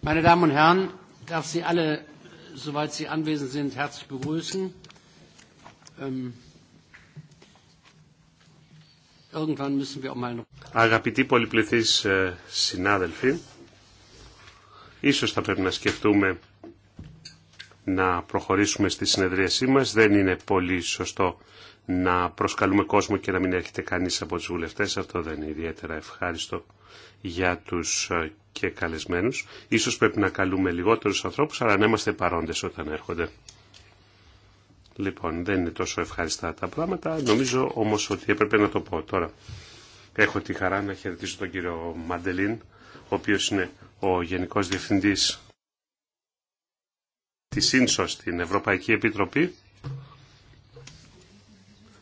Meine Damen und Herren, ich darf Sie alle, soweit Sie anwesend sind, herzlich begrüßen. Irgendwann müssen wir auch mal... Αγαπητοί πολυπληθείς συνάδελφοι, ίσως θα πρέπει να σκεφτούμε να προχωρήσουμε στη συνεδρίασή μας. Δεν είναι πολύ σωστό να προσκαλούμε κόσμο και να μην έρχεται κανείς από τους βουλευτές. Αυτό δεν είναι ιδιαίτερα ευχάριστο για τους ε, και καλεσμένους. Ίσως πρέπει να καλούμε λιγότερους ανθρώπους, αλλά να είμαστε παρόντες όταν έρχονται. Λοιπόν, δεν είναι τόσο ευχαριστά τα πράγματα. Νομίζω όμως ότι έπρεπε να το πω τώρα. Έχω τη χαρά να χαιρετήσω τον κύριο Μαντελίν, ο οποίος είναι ο Γενικός Διευθυντής τη ΣΥΝΣΟ στην Ευρωπαϊκή Επιτροπή.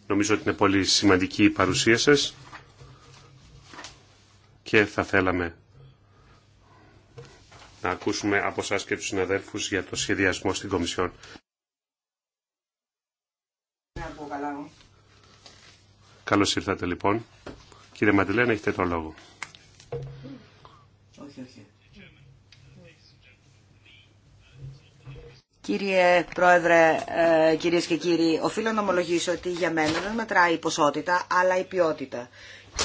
Νομίζω ότι είναι πολύ σημαντική η παρουσία σας και θα θέλαμε να ακούσουμε από σας και τους συναδέλφους για το σχεδιασμό στην Κομισιόν. Καλώς ήρθατε λοιπόν. Κύριε Μαντιλένα, έχετε τον λόγο. Όχι, όχι. Κύριε Πρόεδρε, ε, κυρίες και κύριοι, οφείλω να ομολογήσω ότι για μένα δεν μετράει η ποσότητα, αλλά η ποιότητα.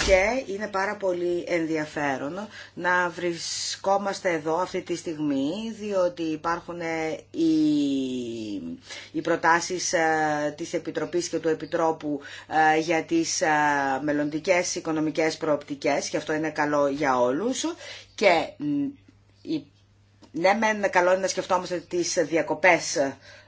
Και είναι πάρα πολύ ενδιαφέρον να βρισκόμαστε εδώ αυτή τη στιγμή, διότι υπάρχουν ε, οι, οι προτάσεις ε, της Επιτροπής και του Επιτρόπου για τις μελλοντικές οικονομικές προοπτικές, και αυτό είναι καλό για όλους. Και ναι μεν καλό είναι να σκεφτόμαστε τι διακοπέ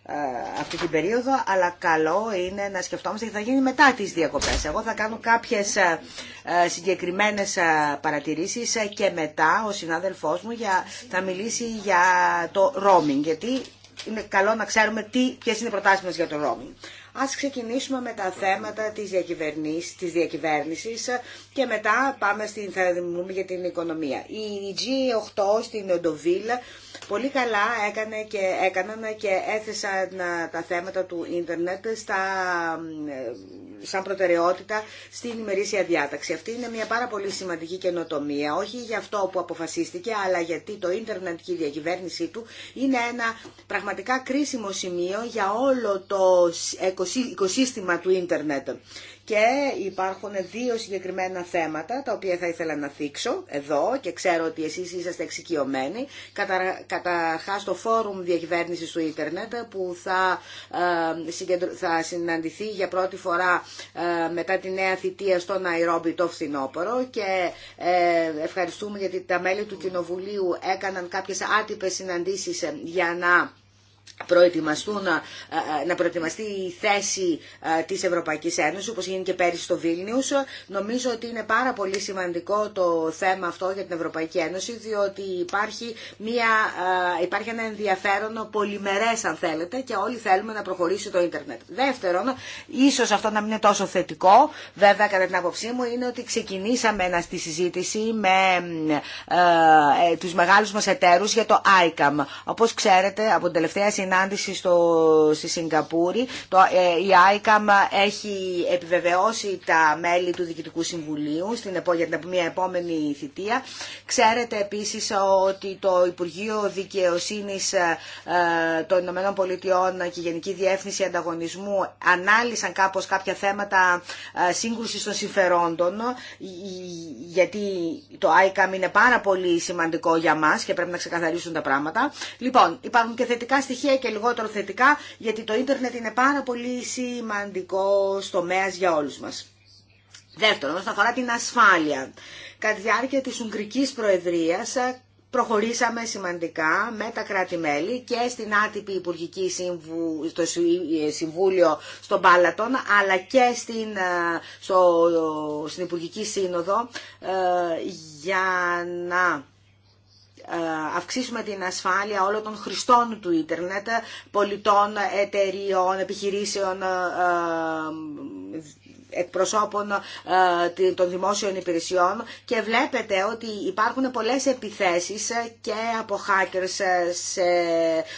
ε, αυτή την περίοδο, αλλά καλό είναι να σκεφτόμαστε τι θα γίνει μετά τι διακοπέ. Εγώ θα κάνω κάποιε ε, παρατηρήσει ε, ε, παρατηρήσεις ε, και μετά ο συνάδελφό μου για, θα μιλήσει για το roaming, γιατί είναι καλό να ξέρουμε τι, είναι οι προτάσει μα για το roaming. Ας ξεκινήσουμε με τα θέματα της, διακυβέρνησης, της διακυβέρνησης και μετά πάμε στην, θα για την οικονομία. Η G8 στην Οντοβίλ πολύ καλά έκανε και, έκαναν και έθεσαν ε, τα θέματα του ίντερνετ στα, ε, σαν προτεραιότητα στην ημερήσια διάταξη. Αυτή είναι μια πάρα πολύ σημαντική καινοτομία, όχι για αυτό που αποφασίστηκε, αλλά γιατί το ίντερνετ και η διακυβέρνησή του είναι ένα πραγματικά κρίσιμο σημείο για όλο το οικοσύστημα του ίντερνετ. Και υπάρχουν δύο συγκεκριμένα θέματα τα οποία θα ήθελα να θίξω εδώ και ξέρω ότι εσείς είσαστε εξοικειωμένοι. Κατα, καταρχάς το φόρουμ διακυβέρνησης του ίντερνετ που θα, ε, θα συναντηθεί για πρώτη φορά ε, μετά τη νέα θητεία στο Ναϊρόμπι το φθινόπωρο και ε, ευχαριστούμε γιατί τα μέλη του Κοινοβουλίου έκαναν κάποιες άτυπες συναντήσεις ε, για να προετοιμαστούν, να προετοιμαστεί η θέση της Ευρωπαϊκής Ένωσης, όπως γίνει και πέρυσι στο Βίλνιους. Νομίζω ότι είναι πάρα πολύ σημαντικό το θέμα αυτό για την Ευρωπαϊκή Ένωση, διότι υπάρχει, μια, υπάρχει ένα ενδιαφέρον πολυμερές, αν θέλετε, και όλοι θέλουμε να προχωρήσει το ίντερνετ. Δεύτερον, ίσως αυτό να μην είναι τόσο θετικό, βέβαια κατά την άποψή μου, είναι ότι ξεκινήσαμε στη συζήτηση με ε, ε, τους μεγάλους μας εταίρους για το ICAM. Όπως ξέρετε, από την τελευταία συνάντηση στο, στη Σιγκαπούρη. Το, ε, η ICAM έχει επιβεβαιώσει τα μέλη του Διοικητικού Συμβουλίου στην, για μια επόμενη θητεία. Ξέρετε επίσης ότι το Υπουργείο Δικαιοσύνης ε, των Ηνωμένων Πολιτειών και η Γενική Διεύθυνση Ανταγωνισμού ανάλυσαν κάπως κάποια θέματα ε, σύγκρουσης των συμφερόντων γιατί το ICAM είναι πάρα πολύ σημαντικό για μας και πρέπει να ξεκαθαρίσουν τα πράγματα. Λοιπόν, υπάρχουν και θετικά στοιχεία και λιγότερο θετικά, γιατί το ίντερνετ είναι πάρα πολύ σημαντικό τομέα για όλους μας. Δεύτερον, όσον αφορά την ασφάλεια. Κατά τη διάρκεια της Ουγγρικής Προεδρίας ε, προχωρήσαμε σημαντικά με τα κράτη-μέλη και στην άτυπη Υπουργική Συμβου... στο ε, Συμβούλιο στον Πάλατον, αλλά και στην, ε, στο... στην Υπουργική Σύνοδο για να ε, αυξήσουμε την ασφάλεια όλων των χρηστών του ίντερνετ, πολιτών, εταιρείων, επιχειρήσεων, ε, ε, εκπροσώπων των δημόσιων υπηρεσιών και βλέπετε ότι υπάρχουν πολλές επιθέσεις και από hackers σε,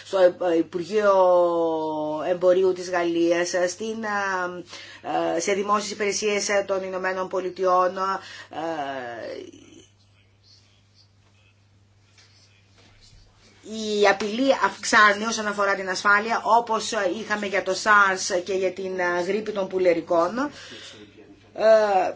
στο Υπουργείο Εμπορίου της Γαλλίας, στην, σε δημόσιες υπηρεσίες των Ηνωμένων Πολιτειών, η απειλή αυξάνει όσον αφορά την ασφάλεια, όπως είχαμε για το SARS και για την ε, γρήπη των πουλερικών. Ε,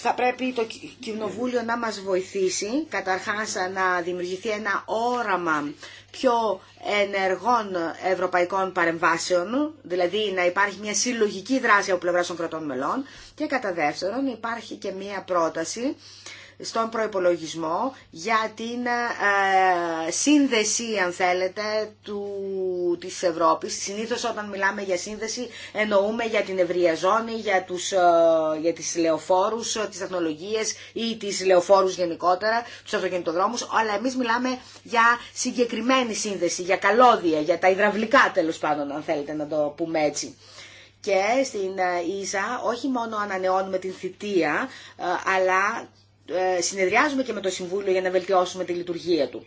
θα πρέπει το Κοινοβούλιο να μας βοηθήσει, καταρχάς να δημιουργηθεί ένα όραμα πιο ενεργών ευρωπαϊκών παρεμβάσεων, δηλαδή να υπάρχει μια συλλογική δράση από πλευρά των κρατών μελών και κατά δεύτερον υπάρχει και μια πρόταση στον προϋπολογισμό για την ε, σύνδεση, αν θέλετε, του, της Ευρώπης. Συνήθως όταν μιλάμε για σύνδεση εννοούμε για την ευρεία ζώνη, για, τους, ε, για τις λεωφόρους, ε, τις τεχνολογίες ή τις λεωφόρους γενικότερα, τους αυτοκινητοδρόμους, αλλά εμείς μιλάμε για συγκεκριμένη σύνδεση, για καλώδια, για τα υδραυλικά τέλος πάντων, αν θέλετε να το πούμε έτσι. Και στην ΙΖΑ όχι μόνο ανανεώνουμε την θητεία, αλλά ε, συνεδριάζουμε και με το Συμβούλιο για να βελτιώσουμε τη λειτουργία του.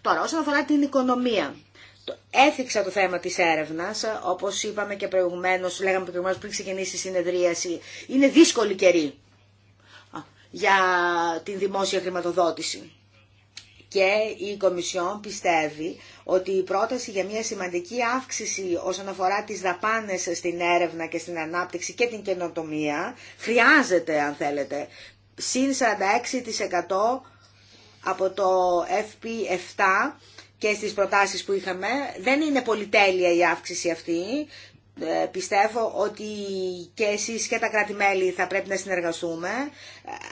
Τώρα, όσον αφορά την οικονομία, έθιξα το θέμα της έρευνας, όπως είπαμε και προηγουμένως, λέγαμε προηγουμένως πριν ξεκινήσει η συνεδρίαση, είναι δύσκολη καιρή για την δημόσια χρηματοδότηση. Και η Κομισιόν πιστεύει ότι η πρόταση για μια σημαντική αύξηση όσον αφορά τις δαπάνες στην έρευνα και στην ανάπτυξη και την καινοτομία χρειάζεται, αν θέλετε συν 46% από το FP7 και στις προτάσεις που είχαμε. Δεν είναι πολυτέλεια η αύξηση αυτή. Ε, πιστεύω ότι και εσείς και τα κράτη-μέλη θα πρέπει να συνεργαστούμε.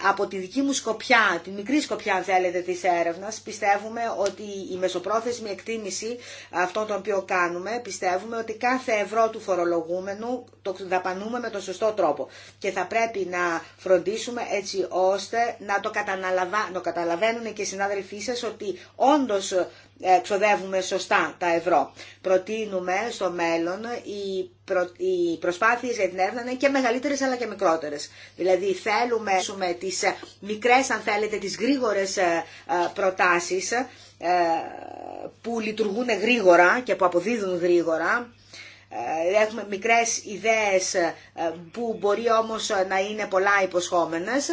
Από τη δική μου σκοπιά, τη μικρή σκοπιά αν θέλετε της έρευνας, πιστεύουμε ότι η μεσοπρόθεσμη εκτίμηση αυτών των οποίων κάνουμε, πιστεύουμε ότι κάθε ευρώ του φορολογούμενου το δαπανούμε με τον σωστό τρόπο. Και θα πρέπει να φροντίσουμε έτσι ώστε να το, να το καταλαβαίνουν και οι συνάδελφοί σας ότι όντως ξοδεύουμε σωστά τα ευρώ. Προτείνουμε στο μέλλον οι, προ, οι προσπάθειες για την έρευνα είναι και μεγαλύτερες αλλά και μικρότερες. Δηλαδή θέλουμε τις ε, μικρές αν θέλετε τις γρήγορες ε, ε, προτάσεις που λειτουργούν γρήγορα και που αποδίδουν γρήγορα ε, έχουμε μικρές ιδέες ε, που μπορεί όμως ε, να είναι πολλά υποσχόμενες,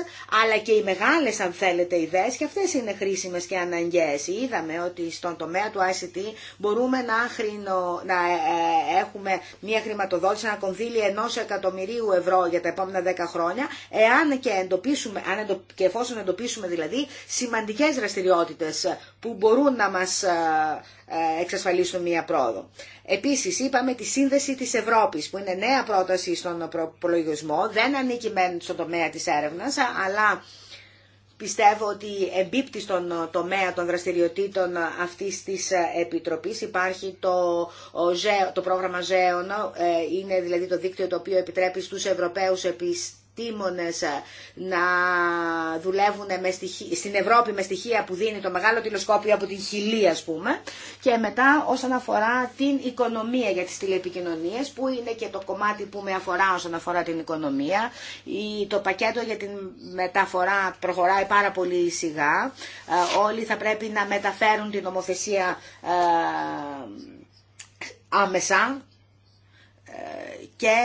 αλλά και οι μεγάλες αν θέλετε ιδέες και αυτές είναι χρήσιμες και αναγκαίες. Είδαμε ότι στον τομέα του ICT μπορούμε να, να έχουμε μια χρηματοδότηση, ένα κονδύλι ενό εκατομμυρίου ευρώ για τα επόμενα 10 χρόνια, εάν και, εντοπίσουμε, αν και εφόσον εντοπίσουμε δηλαδή σημαντικές δραστηριότητες που μπορούν να μας ε, εξασφαλίσουν μία πρόοδο. Επίσης είπαμε τη σύνδεση της Ευρώπης που είναι νέα πρόταση στον προπολογισμό, δεν ανήκει μεν στον τομέα της έρευνας αλλά πιστεύω ότι εμπίπτει στον ε, τομέα των δραστηριοτήτων ε, αυτής της Επιτροπής. Υπάρχει το, το πρόγραμμα ΖΕΟΝ, e είναι δηλαδή το δίκτυο το οποίο επιτρέπει στους Ευρωπαίου επιστήμονε επιστήμονες ε, να δουλεύουν με στην Ευρώπη με στοιχεία που δίνει το μεγάλο τηλεσκόπιο από την Χιλή ας πούμε και μετά όσον αφορά την οικονομία για τις τηλεπικοινωνίες που είναι και το κομμάτι που με αφορά όσον αφορά την οικονομία το πακέτο για την μεταφορά προχωράει πάρα πολύ σιγά ε, όλοι θα πρέπει να μεταφέρουν την νομοθεσία ε, άμεσα και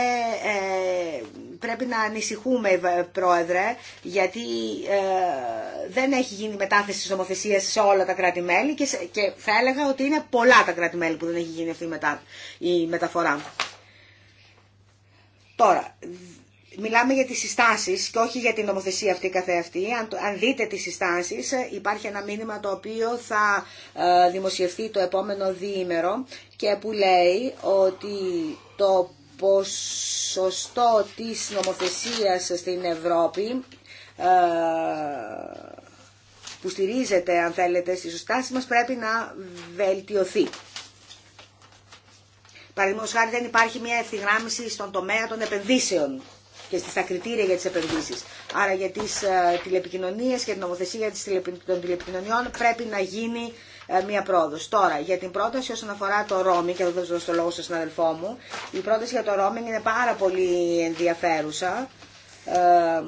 πρέπει να ανησυχούμε, Πρόεδρε, γιατί ε, δεν έχει γίνει μετάθεση της νομοθεσίας σε όλα τα κράτη-μέλη και, και θα έλεγα ότι είναι πολλά τα κράτη-μέλη που δεν έχει γίνει αυτή η, μετα, η μεταφορά. Τώρα, μιλάμε για τις συστάσεις και όχι για την νομοθεσία αυτή καθεαυτή. Αν, αν δείτε τις συστάσεις ε, υπάρχει ένα μήνυμα το οποίο θα ε, δημοσιευθεί το επόμενο διήμερο και που λέει ότι το ποσοστό της νομοθεσίας στην Ευρώπη ε, που στηρίζεται αν θέλετε στις συστάσεις μας πρέπει να βελτιωθεί. Παραδείγματος χάρη δεν υπάρχει μια ευθυγράμμιση στον τομέα των επενδύσεων και στα κριτήρια για τις επενδύσεις. Άρα για τις ε, τηλεπικοινωνίες και την νομοθεσία για τις των τηλεπικοινωνιών πρέπει να γίνει ε, μια πρόοδος. Τώρα, για την πρόταση όσον αφορά το Ρόμι, και εδώ θα δώσω το λόγο στον αδελφό μου, η πρόταση για το Ρόμι είναι πάρα πολύ ενδιαφέρουσα, ε,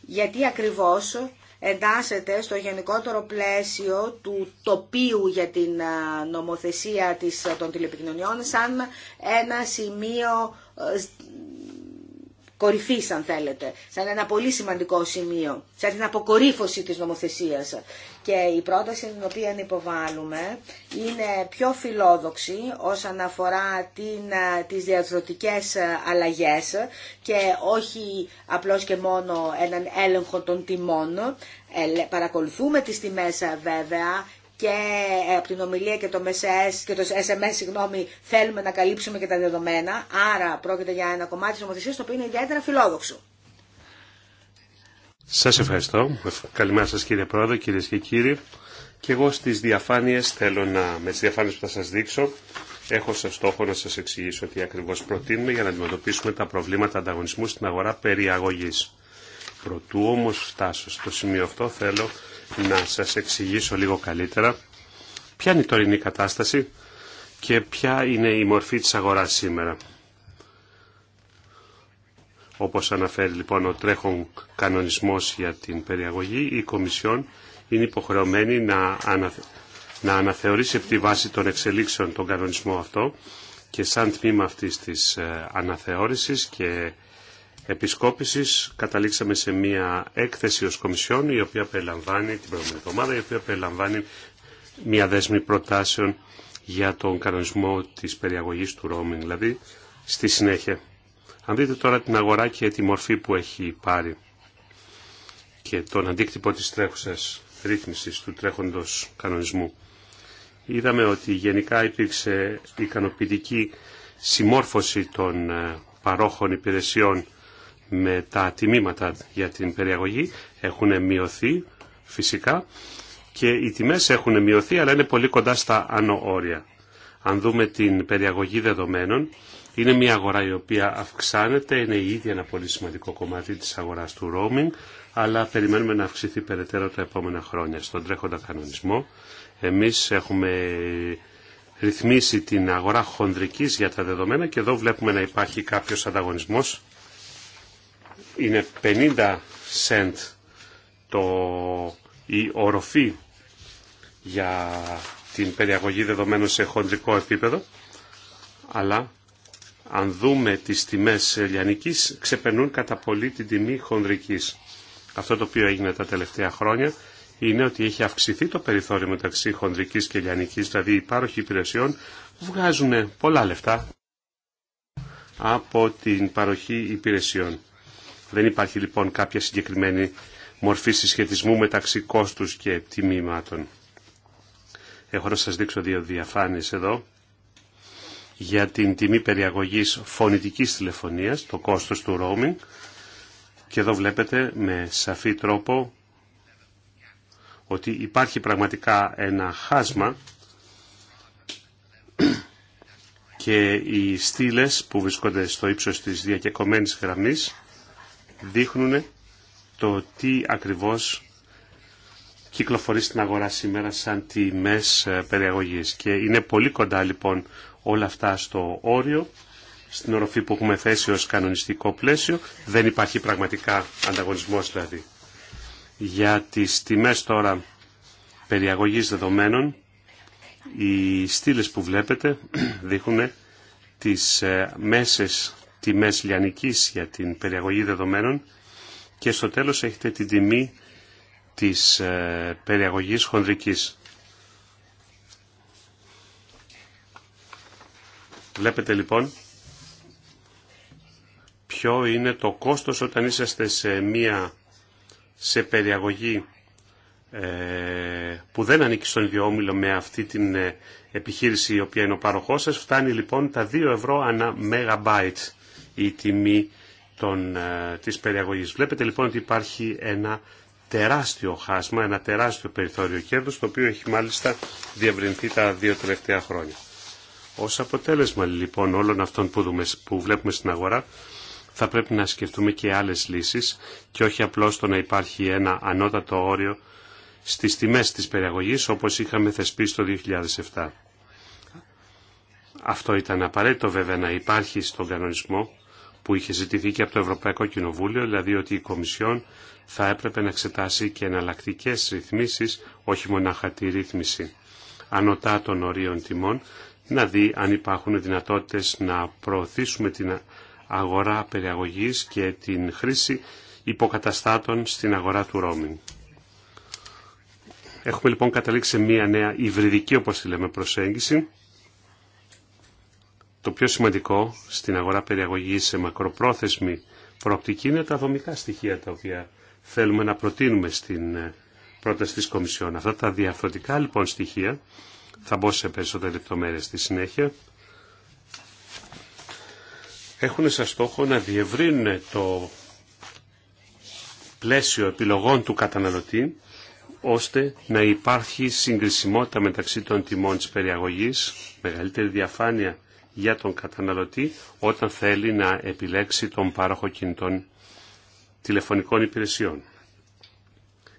γιατί ακριβώς εντάσσεται στο γενικότερο πλαίσιο του τοπίου για την ε, νομοθεσία της, των τηλεπικοινωνιών σαν ένα σημείο κορυφής αν θέλετε, σαν ένα πολύ σημαντικό σημείο, σαν την αποκορύφωση της νομοθεσίας. Και η πρόταση την οποία υποβάλλουμε είναι πιο φιλόδοξη όσον αφορά την, ε, τις διαδροτικές ε, αλλαγές και όχι απλώς και μόνο έναν έλεγχο των τιμών. Ε, παρακολουθούμε τις τιμές βέβαια και ε, από την ομιλία και το, MSS, και το SMS συγγνώμη, θέλουμε να καλύψουμε και τα δεδομένα. Άρα πρόκειται για ένα κομμάτι της νομοθεσίας το οποίο είναι ιδιαίτερα φιλόδοξο. Σας ευχαριστώ. Καλημέρα σας κύριε Πρόεδρε, κύριε και κύριοι. Και εγώ στις διαφάνειες θέλω να, με τις διαφάνειες που θα σας δείξω, έχω σε στόχο να σας εξηγήσω τι ακριβώς προτείνουμε για να αντιμετωπίσουμε τα προβλήματα ανταγωνισμού στην αγορά περιαγωγής. Προτού όμως φτάσω στο σημείο αυτό θέλω να σας εξηγήσω λίγο καλύτερα ποια είναι η τωρινή κατάσταση και ποια είναι η μορφή της αγοράς σήμερα. Όπως αναφέρει λοιπόν ο τρέχον κανονισμός για την περιαγωγή, η Κομισιόν είναι υποχρεωμένη να, να αναθεωρήσει από τη βάση των εξελίξεων τον κανονισμό αυτό και σαν τμήμα αυτής της ε, αναθεώρησης και επισκόπησης καταλήξαμε σε μια έκθεση ως Κομισιόν η οποία περιλαμβάνει την προηγούμενη εβδομάδα η οποία περιλαμβάνει μια δέσμη προτάσεων για τον κανονισμό της περιαγωγής του roaming δηλαδή στη συνέχεια. Αν δείτε τώρα την αγορά και τη μορφή που έχει πάρει και τον αντίκτυπο της τρέχουσας ρύθμισης του τρέχοντος κανονισμού. Είδαμε ότι γενικά υπήρξε ικανοποιητική συμμόρφωση των ε, παρόχων υπηρεσιών με τα τιμήματα για την περιαγωγή έχουν μειωθεί φυσικά και οι τιμές έχουν μειωθεί αλλά είναι πολύ κοντά στα άνω όρια. Αν δούμε την περιαγωγή δεδομένων, είναι μια αγορά η οποία αυξάνεται, είναι η ίδια ένα πολύ σημαντικό κομμάτι της αγοράς του roaming, αλλά περιμένουμε να αυξηθεί περαιτέρω τα επόμενα χρόνια. Στον τρέχοντα κανονισμό, εμείς έχουμε ρυθμίσει την αγορά χονδρικής για τα δεδομένα και εδώ βλέπουμε να υπάρχει κάποιος ανταγωνισμός είναι 50 cent το, η οροφή για την περιαγωγή δεδομένων σε χοντρικό επίπεδο, αλλά αν δούμε τις τιμές λιανικής, ξεπερνούν κατά πολύ την τιμή χονδρικής. Αυτό το οποίο έγινε τα τελευταία χρόνια είναι ότι έχει αυξηθεί το περιθώριο μεταξύ χονδρικής και λιανικής, δηλαδή οι πάροχοι υπηρεσιών βγάζουν πολλά λεφτά από την παροχή υπηρεσιών. Δεν υπάρχει λοιπόν κάποια συγκεκριμένη μορφή συσχετισμού μεταξύ κόστους και τιμήματων. Έχω να σας δείξω δύο διαφάνειες εδώ για την τιμή περιαγωγής φωνητικής τηλεφωνίας, το κόστος του roaming και εδώ βλέπετε με σαφή τρόπο ότι υπάρχει πραγματικά ένα χάσμα και οι στήλες που βρίσκονται στο ύψος της διακεκομένης γραμμής δείχνουν το τι ακριβώς κυκλοφορεί στην αγορά σήμερα σαν τιμές ε, περιαγωγής. Και είναι πολύ κοντά λοιπόν όλα αυτά στο όριο, στην οροφή που έχουμε θέσει ως κανονιστικό πλαίσιο. Δεν υπάρχει πραγματικά ανταγωνισμός δηλαδή. Για τις τιμές τώρα περιαγωγής δεδομένων, οι στήλες που βλέπετε δείχνουν τις ε, μέσες τιμές λιανικής για την περιαγωγή δεδομένων και στο τέλος έχετε την τιμή της ε, περιαγωγής χονδρικής. Βλέπετε λοιπόν ποιο είναι το κόστος όταν είσαστε σε μία σε περιαγωγή ε, που δεν ανήκει στον ίδιο με αυτή την ε, επιχείρηση η οποία είναι ο παροχός σας. Φτάνει λοιπόν τα 2 ευρώ ανά megabyte η τιμή των, ε, της περιαγωγής. Βλέπετε λοιπόν ότι υπάρχει ένα τεράστιο χάσμα, ένα τεράστιο περιθώριο κέρδους, το οποίο έχει μάλιστα διευρυνθεί τα δύο τελευταία χρόνια. Ως αποτέλεσμα λοιπόν όλων αυτών που, δούμε, που βλέπουμε στην αγορά, θα πρέπει να σκεφτούμε και άλλες λύσεις και όχι απλώς το να υπάρχει ένα ανώτατο όριο στις τιμές της περιαγωγής όπως είχαμε θεσπίσει το 2007. Αυτό ήταν απαραίτητο βέβαια να υπάρχει στον κανονισμό που είχε ζητηθεί και από το Ευρωπαϊκό Κοινοβούλιο, δηλαδή ότι η Κομισιόν θα έπρεπε να εξετάσει και εναλλακτικέ ρυθμίσει, όχι μονάχα τη ρύθμιση ανωτά των ορίων τιμών, να δει αν υπάρχουν δυνατότητε να προωθήσουμε την αγορά περιαγωγή και την χρήση υποκαταστάτων στην αγορά του ρόμιν. Έχουμε λοιπόν καταλήξει σε μία νέα υβριδική, όπως τη λέμε, προσέγγιση, το πιο σημαντικό στην αγορά περιαγωγή σε μακροπρόθεσμη προοπτική είναι τα δομικά στοιχεία τα οποία θέλουμε να προτείνουμε στην ε, πρόταση της Κομισιόν. Αυτά τα διαφορετικά λοιπόν στοιχεία θα μπω σε περισσότερες λεπτομέρειες στη συνέχεια έχουν σαν στόχο να διευρύνουν το πλαίσιο επιλογών του καταναλωτή ώστε να υπάρχει συγκρισιμότητα μεταξύ των τιμών της περιαγωγής, μεγαλύτερη διαφάνεια για τον καταναλωτή όταν θέλει να επιλέξει τον πάροχο κινητών τηλεφωνικών υπηρεσιών.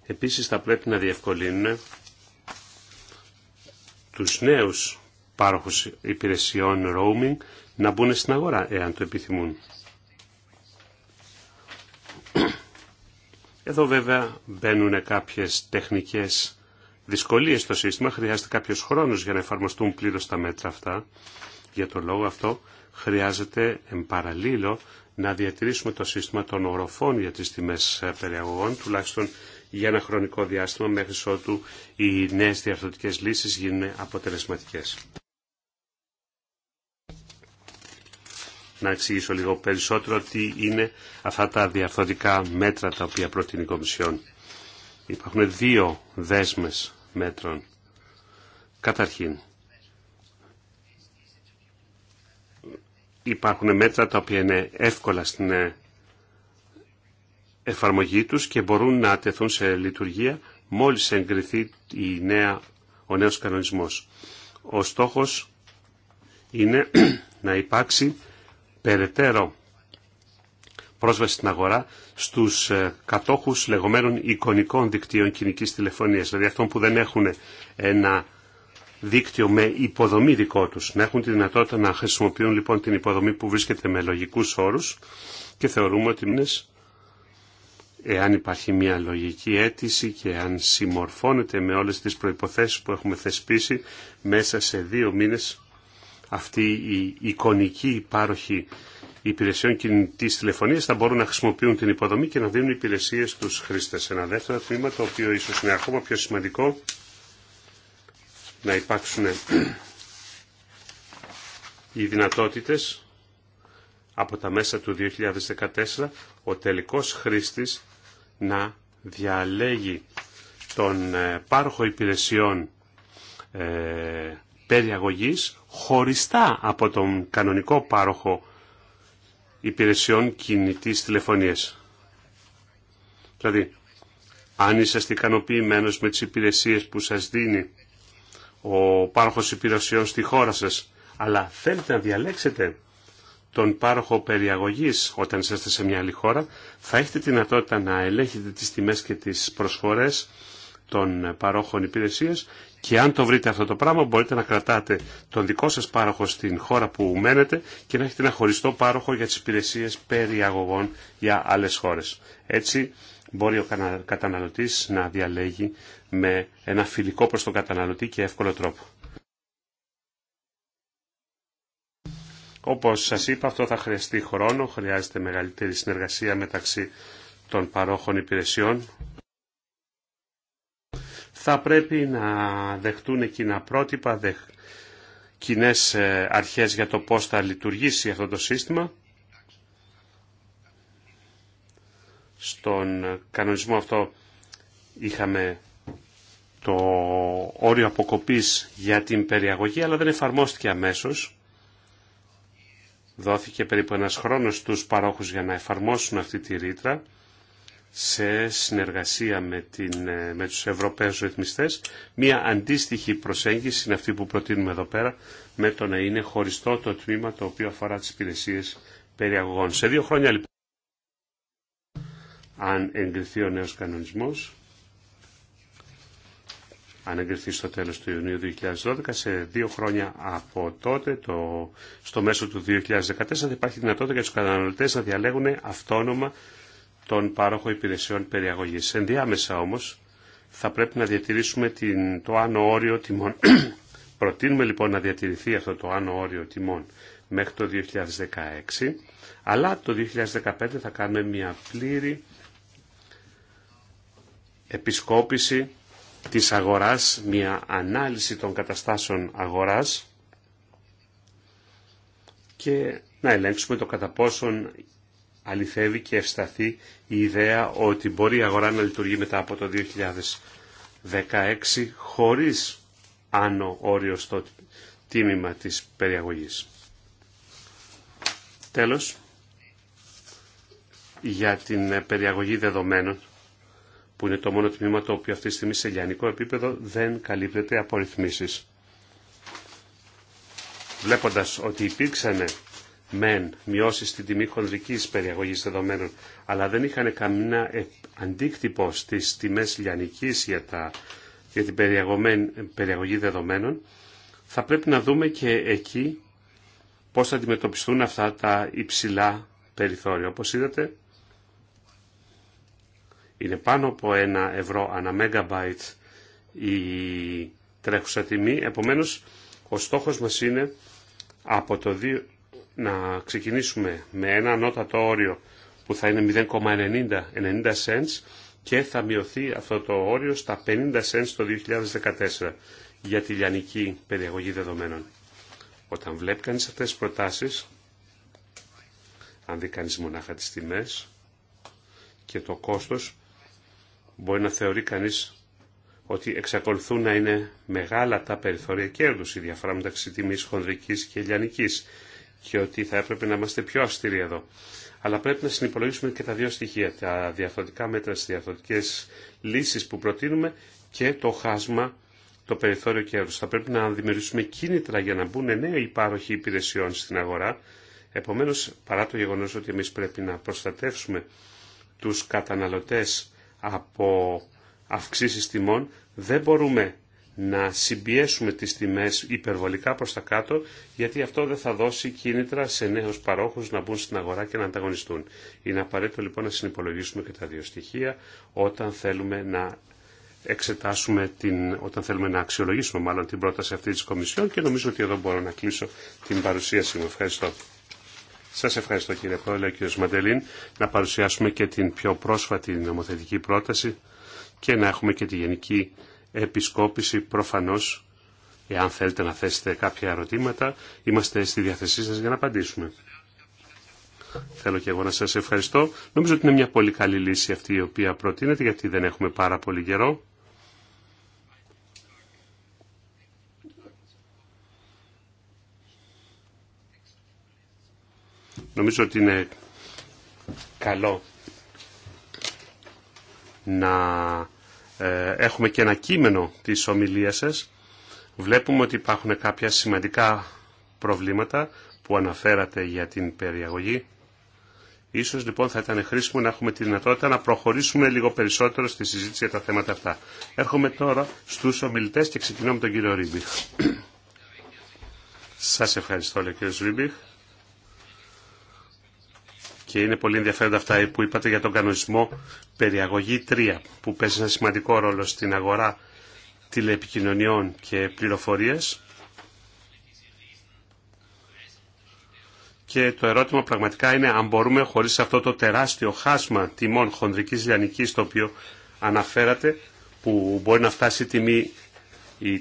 Επίσης θα πρέπει να διευκολύνουν τους νέους πάροχους υπηρεσιών roaming να μπουν στην αγορά εάν το επιθυμούν. Εδώ βέβαια μπαίνουν κάποιες τεχνικές δυσκολίες στο σύστημα, χρειάζεται κάποιος χρόνος για να εφαρμοστούν πλήρως τα μέτρα αυτά για τον λόγο αυτό χρειάζεται παραλύλο να διατηρήσουμε το σύστημα των οροφών για τις τιμές περιαγωγών, τουλάχιστον για ένα χρονικό διάστημα μέχρι ότου οι νέες διαρθρωτικές λύσεις γίνουν αποτελεσματικές. Να εξηγήσω λίγο περισσότερο τι είναι αυτά τα διαρθρωτικά μέτρα τα οποία προτείνει η Κομισιόν. Υπάρχουν δύο δέσμες μέτρων. Καταρχήν, υπάρχουν μέτρα τα οποία είναι εύκολα στην ε, εφαρμογή τους και μπορούν να τεθούν σε λειτουργία μόλις εγκριθεί η νέα, ο νέος κανονισμός. Ο στόχος είναι να υπάρξει περαιτέρω πρόσβαση στην αγορά στους ε, κατόχους λεγόμενων εικονικών δικτύων κοινικής τηλεφωνίας, δηλαδή αυτών που δεν έχουν ένα δίκτυο με υποδομή δικό τους, να έχουν τη δυνατότητα να χρησιμοποιούν λοιπόν την υποδομή που βρίσκεται με λογικούς όρους και θεωρούμε ότι μήνες, εάν υπάρχει μια λογική αίτηση και αν συμμορφώνεται με όλες τις προϋποθέσεις που έχουμε θεσπίσει μέσα σε δύο μήνες αυτή η εικονική υπάροχη υπηρεσιών κινητή τηλεφωνία θα μπορούν να χρησιμοποιούν την υποδομή και να δίνουν υπηρεσίε στου χρήστε. Ένα δεύτερο τμήμα, το οποίο ίσω είναι ακόμα πιο σημαντικό, να υπάρξουν οι δυνατότητες από τα μέσα του 2014 ο τελικός χρήστης να διαλέγει τον ε, πάροχο υπηρεσιών ε, περιαγωγής χωριστά από τον κανονικό πάροχο υπηρεσιών κινητής τηλεφωνίας. Δηλαδή, αν είσαστε ικανοποιημένος με τις υπηρεσίες που σας δίνει ο πάροχος υπηρεσιών στη χώρα σας, αλλά θέλετε να διαλέξετε τον πάροχο περιαγωγής όταν είστε σε μια άλλη χώρα, θα έχετε τη δυνατότητα να ελέγχετε τις τιμές και τις προσφορές των παρόχων υπηρεσίας και αν το βρείτε αυτό το πράγμα μπορείτε να κρατάτε τον δικό σας πάροχο στην χώρα που μένετε και να έχετε ένα χωριστό πάροχο για τις υπηρεσίες περιαγωγών για άλλες χώρες. Έτσι μπορεί ο καταναλωτής να διαλέγει με ένα φιλικό προς τον καταναλωτή και εύκολο τρόπο. Όπως σας είπα, αυτό θα χρειαστεί χρόνο, χρειάζεται μεγαλύτερη συνεργασία μεταξύ των παρόχων υπηρεσιών. Θα πρέπει να δεχτούν κοινά πρότυπα, κοινές ε, αρχές για το πώς θα λειτουργήσει αυτό το σύστημα Στον κανονισμό αυτό είχαμε το όριο αποκοπής για την περιαγωγή, αλλά δεν εφαρμόστηκε αμέσως. Δόθηκε περίπου ένας χρόνος στους παρόχους για να εφαρμόσουν αυτή τη ρήτρα σε συνεργασία με, την, ε, με τους Ευρωπαίους ρυθμιστές. Μία αντίστοιχη προσέγγιση είναι αυτή που προτείνουμε εδώ πέρα με το να είναι χωριστό το τμήμα το οποίο αφορά τις υπηρεσίες περιαγωγών. Σε δύο χρόνια λοιπόν αν εγκριθεί ο νέος κανονισμός, αν εγκριθεί στο τέλος του Ιουνίου 2012, σε δύο χρόνια από τότε, το, στο μέσο του 2014, θα υπάρχει δυνατότητα για τους καταναλωτές να διαλέγουν αυτόνομα τον πάροχο υπηρεσιών περιαγωγής. Ενδιάμεσα όμως θα πρέπει να διατηρήσουμε την, το άνω όριο τιμών. Προτείνουμε λοιπόν να διατηρηθεί αυτό το άνω όριο τιμών μέχρι το 2016, αλλά το 2015 θα κάνουμε μια πλήρη επισκόπηση της αγοράς, μια ανάλυση των καταστάσεων αγοράς και να ελέγξουμε το κατά πόσον αληθεύει και ευσταθεί η ιδέα ότι μπορεί η αγορά να λειτουργεί μετά από το 2016 χωρίς άνω όριο στο τίμημα της περιαγωγής. Τέλος, για την περιαγωγή δεδομένων που είναι το μόνο τμήμα το οποίο αυτή τη στιγμή σε λιανικό επίπεδο δεν καλύπτεται από ρυθμίσει. Βλέποντας ότι υπήρξαν μεν μειώσεις στην τιμή χονδρικής περιαγωγή δεδομένων, αλλά δεν είχαν καμία αντίκτυπο στι τιμές λιανικής για, τα, για την περιαγωγή δεδομένων, θα πρέπει να δούμε και εκεί πώς θα αντιμετωπιστούν αυτά τα υψηλά περιθώρια. Όπως είδατε, είναι πάνω από 1 ευρώ ανά μεγαμπάιτ η τρέχουσα τιμή. Επομένως, ο στόχος μας είναι από το 2, να ξεκινήσουμε με ένα ανώτατο όριο που θα είναι 0,90 cents και θα μειωθεί αυτό το όριο στα 50 cents το 2014 για τη λιανική περιαγωγή δεδομένων. Όταν βλέπει κανείς αυτές τις προτάσεις, αν δει κανείς μονάχα τις τιμές και το κόστος, μπορεί να θεωρεί κανείς ότι εξακολουθούν να είναι μεγάλα τα περιθώρια κέρδους, η διαφορά μεταξύ τιμής χονδρικής και ελληνική και ότι θα έπρεπε να είμαστε πιο αυστηροί εδώ. Αλλά πρέπει να συνυπολογίσουμε και τα δύο στοιχεία, τα διαφορετικά μέτρα, τις διαφορετικέ λύσεις που προτείνουμε και το χάσμα, το περιθώριο κέρδους. Θα πρέπει να δημιουργήσουμε κίνητρα για να μπουν νέοι υπάροχοι υπηρεσιών στην αγορά. Επομένως, παρά το γεγονός ότι εμείς πρέπει να προστατεύσουμε τους καταναλωτές από αυξήσεις τιμών, δεν μπορούμε να συμπιέσουμε τις τιμές υπερβολικά προς τα κάτω, γιατί αυτό δεν θα δώσει κίνητρα σε νέους παρόχους να μπουν στην αγορά και να ανταγωνιστούν. Είναι απαραίτητο λοιπόν να συνυπολογίσουμε και τα δύο στοιχεία όταν θέλουμε να εξετάσουμε την, όταν θέλουμε να αξιολογήσουμε μάλλον την πρόταση αυτή της Κομισιόν και νομίζω ότι εδώ μπορώ να κλείσω την παρουσίαση μου. Ευχαριστώ. Σας ευχαριστώ κύριε Πρόεδρε, κύριε Μαντελίν, να παρουσιάσουμε και την πιο πρόσφατη νομοθετική πρόταση και να έχουμε και τη γενική επισκόπηση προφανώ, Εάν θέλετε να θέσετε κάποια ερωτήματα, είμαστε στη διάθεσή σα για να απαντήσουμε. Θέλω και εγώ να σας ευχαριστώ. Νομίζω ότι είναι μια πολύ καλή λύση αυτή η οποία προτείνεται, γιατί δεν έχουμε πάρα πολύ καιρό. Νομίζω ότι είναι καλό να ε, έχουμε και ένα κείμενο της ομιλίας σας. Βλέπουμε ότι υπάρχουν κάποια σημαντικά προβλήματα που αναφέρατε για την περιαγωγή. Ίσως λοιπόν θα ήταν χρήσιμο να έχουμε τη δυνατότητα να προχωρήσουμε λίγο περισσότερο στη συζήτηση για τα θέματα αυτά. Έρχομαι τώρα στους ομιλητές και ξεκινώ με τον κύριο Ρίμπιχ. Σας ευχαριστώ λέει κύριο Ρίμπιχ και είναι πολύ ενδιαφέροντα αυτά που είπατε για τον κανονισμό περιαγωγή 3 που παίζει ένα σημαντικό ρόλο στην αγορά τηλεπικοινωνιών και πληροφορίες. Και το ερώτημα πραγματικά είναι αν μπορούμε χωρίς αυτό το τεράστιο χάσμα τιμών χονδρικής λιανικής το οποίο αναφέρατε που μπορεί να φτάσει τιμή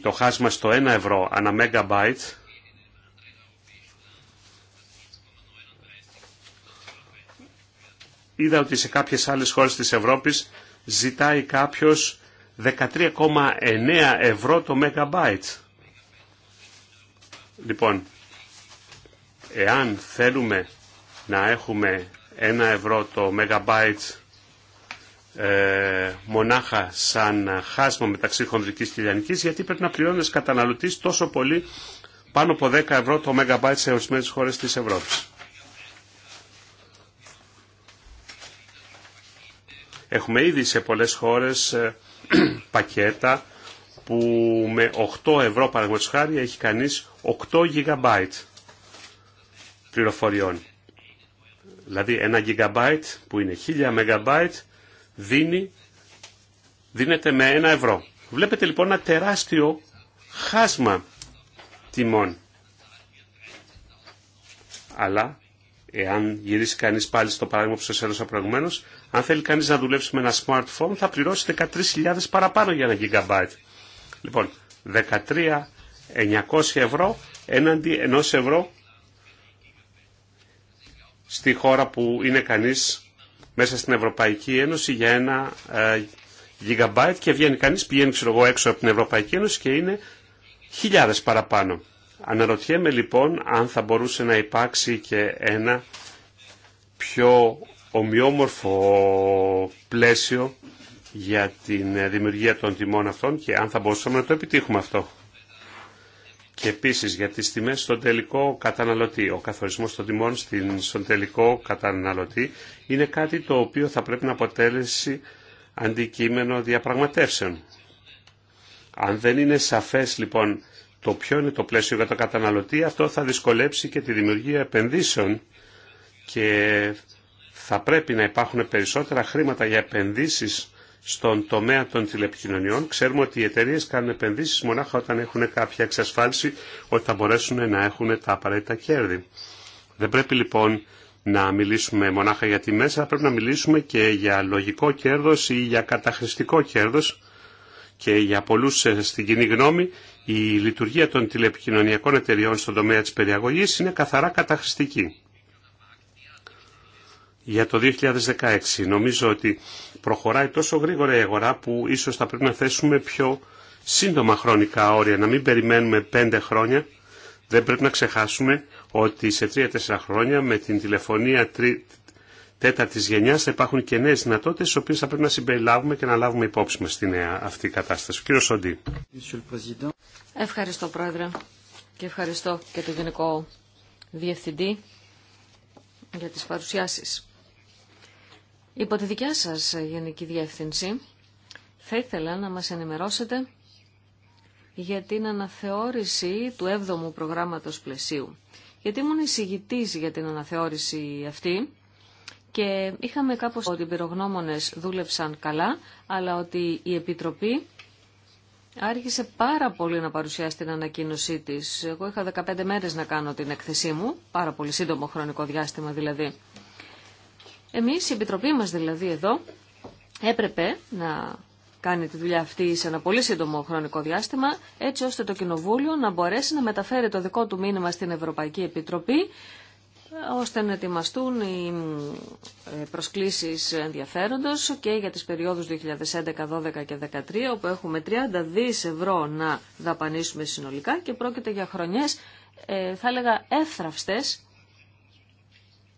το χάσμα στο 1 ευρώ ανά megabyte είδα ότι σε κάποιες άλλες χώρες της Ευρώπης ζητάει κάποιος 13,9 ευρώ το megabyte. Λοιπόν, εάν θέλουμε να έχουμε ένα ευρώ το μεγαμπάιτ μονάχα σαν χάσμα μεταξύ χονδρικής και λιανικής, γιατί πρέπει να πληρώνεις καταναλωτής τόσο πολύ πάνω από 10 ευρώ το μεγαμπάιτ σε ορισμένες χώρες της Ευρώπης. Έχουμε ήδη σε πολλές χώρες ε, πακέτα που με 8 ευρώ παραγωγής χάρη έχει κανείς 8 γιγαμπάιτ πληροφοριών. Δηλαδή ένα γιγαμπάιτ που είναι 1000 μεγαμπάιτ δίνει, δίνεται με ένα ευρώ. Βλέπετε λοιπόν ένα τεράστιο χάσμα τιμών. Αλλά εάν γυρίσει κανείς πάλι στο παράδειγμα που σας έδωσα προηγουμένως, αν θέλει κανείς να δουλέψει με ένα smartphone θα πληρώσει 13.000 παραπάνω για ένα gigabyte. Λοιπόν, 13.900 ευρώ έναντι 1 ευρώ στη χώρα που είναι κανείς μέσα στην Ευρωπαϊκή Ένωση για ένα ε, gigabyte και βγαίνει κανείς, πηγαίνει ξέρω εγώ έξω από την Ευρωπαϊκή Ένωση και είναι χιλιάδες παραπάνω. Αναρωτιέμαι λοιπόν αν θα μπορούσε να υπάρξει και ένα πιο ομοιόμορφο πλαίσιο για την ε, δημιουργία των τιμών αυτών και αν θα μπορούσαμε να το επιτύχουμε αυτό. Και επίσης για τις τιμές στον τελικό καταναλωτή. Ο καθορισμός των τιμών στον τελικό καταναλωτή είναι κάτι το οποίο θα πρέπει να αποτέλεσει αντικείμενο διαπραγματεύσεων. Αν δεν είναι σαφές λοιπόν το ποιο είναι το πλαίσιο για τον καταναλωτή, αυτό θα δυσκολέψει και τη δημιουργία επενδύσεων και θα πρέπει να υπάρχουν περισσότερα χρήματα για επενδύσεις στον τομέα των τηλεπικοινωνιών. Ξέρουμε ότι οι εταιρείε κάνουν επενδύσεις μονάχα όταν έχουν κάποια εξασφάλιση ότι θα μπορέσουν να έχουν τα απαραίτητα κέρδη. Δεν πρέπει λοιπόν να μιλήσουμε μονάχα για μέσα, αλλά πρέπει να μιλήσουμε και για λογικό κέρδος ή για καταχρηστικό κέρδος και για πολλούς ε, στην κοινή γνώμη η λειτουργία των τηλεπικοινωνιακών εταιριών στον τομέα της περιαγωγής είναι καθαρά καταχρηστική για το 2016. Νομίζω ότι προχωράει τόσο γρήγορα η αγορά που ίσως θα πρέπει να θέσουμε πιο σύντομα χρονικά όρια, να μην περιμένουμε πέντε χρόνια. Δεν πρέπει να ξεχάσουμε ότι σε τρία-τέσσερα χρόνια με την τηλεφωνία τρι... τέταρτη γενιά θα υπάρχουν και νέε δυνατότητε, τι οποίε θα πρέπει να συμπεριλάβουμε και να λάβουμε υπόψη μα στη νέα αυτή κατάσταση. Κύριο Σοντή. Ευχαριστώ, Πρόεδρε, και ευχαριστώ και τον Γενικό Διευθυντή για τις παρουσιάσεις. Υπό τη δικιά σας Γενική Διεύθυνση, θα ήθελα να μας ενημερώσετε για την αναθεώρηση του 7ου προγράμματος πλαισίου. Γιατί ήμουν εισηγητής για την αναθεώρηση αυτή και είχαμε κάπως ότι οι πυρογνώμονες δούλεψαν καλά, αλλά ότι η Επιτροπή άρχισε πάρα πολύ να παρουσιάσει την ανακοίνωσή της. Εγώ είχα 15 μέρες να κάνω την έκθεσή μου, πάρα πολύ σύντομο χρονικό διάστημα δηλαδή. Εμείς, η Επιτροπή μας δηλαδή εδώ, έπρεπε να κάνει τη δουλειά αυτή σε ένα πολύ σύντομο χρονικό διάστημα, έτσι ώστε το Κοινοβούλιο να μπορέσει να μεταφέρει το δικό του μήνυμα στην Ευρωπαϊκή Επιτροπή, ώστε να ετοιμαστούν οι ε, προσκλήσεις ενδιαφέροντος και για τις περιόδους 2011, 12 και 2013, όπου έχουμε 30 δις ευρώ να δαπανίσουμε συνολικά και πρόκειται για χρονιές, ε, θα έλεγα, εύθραυστες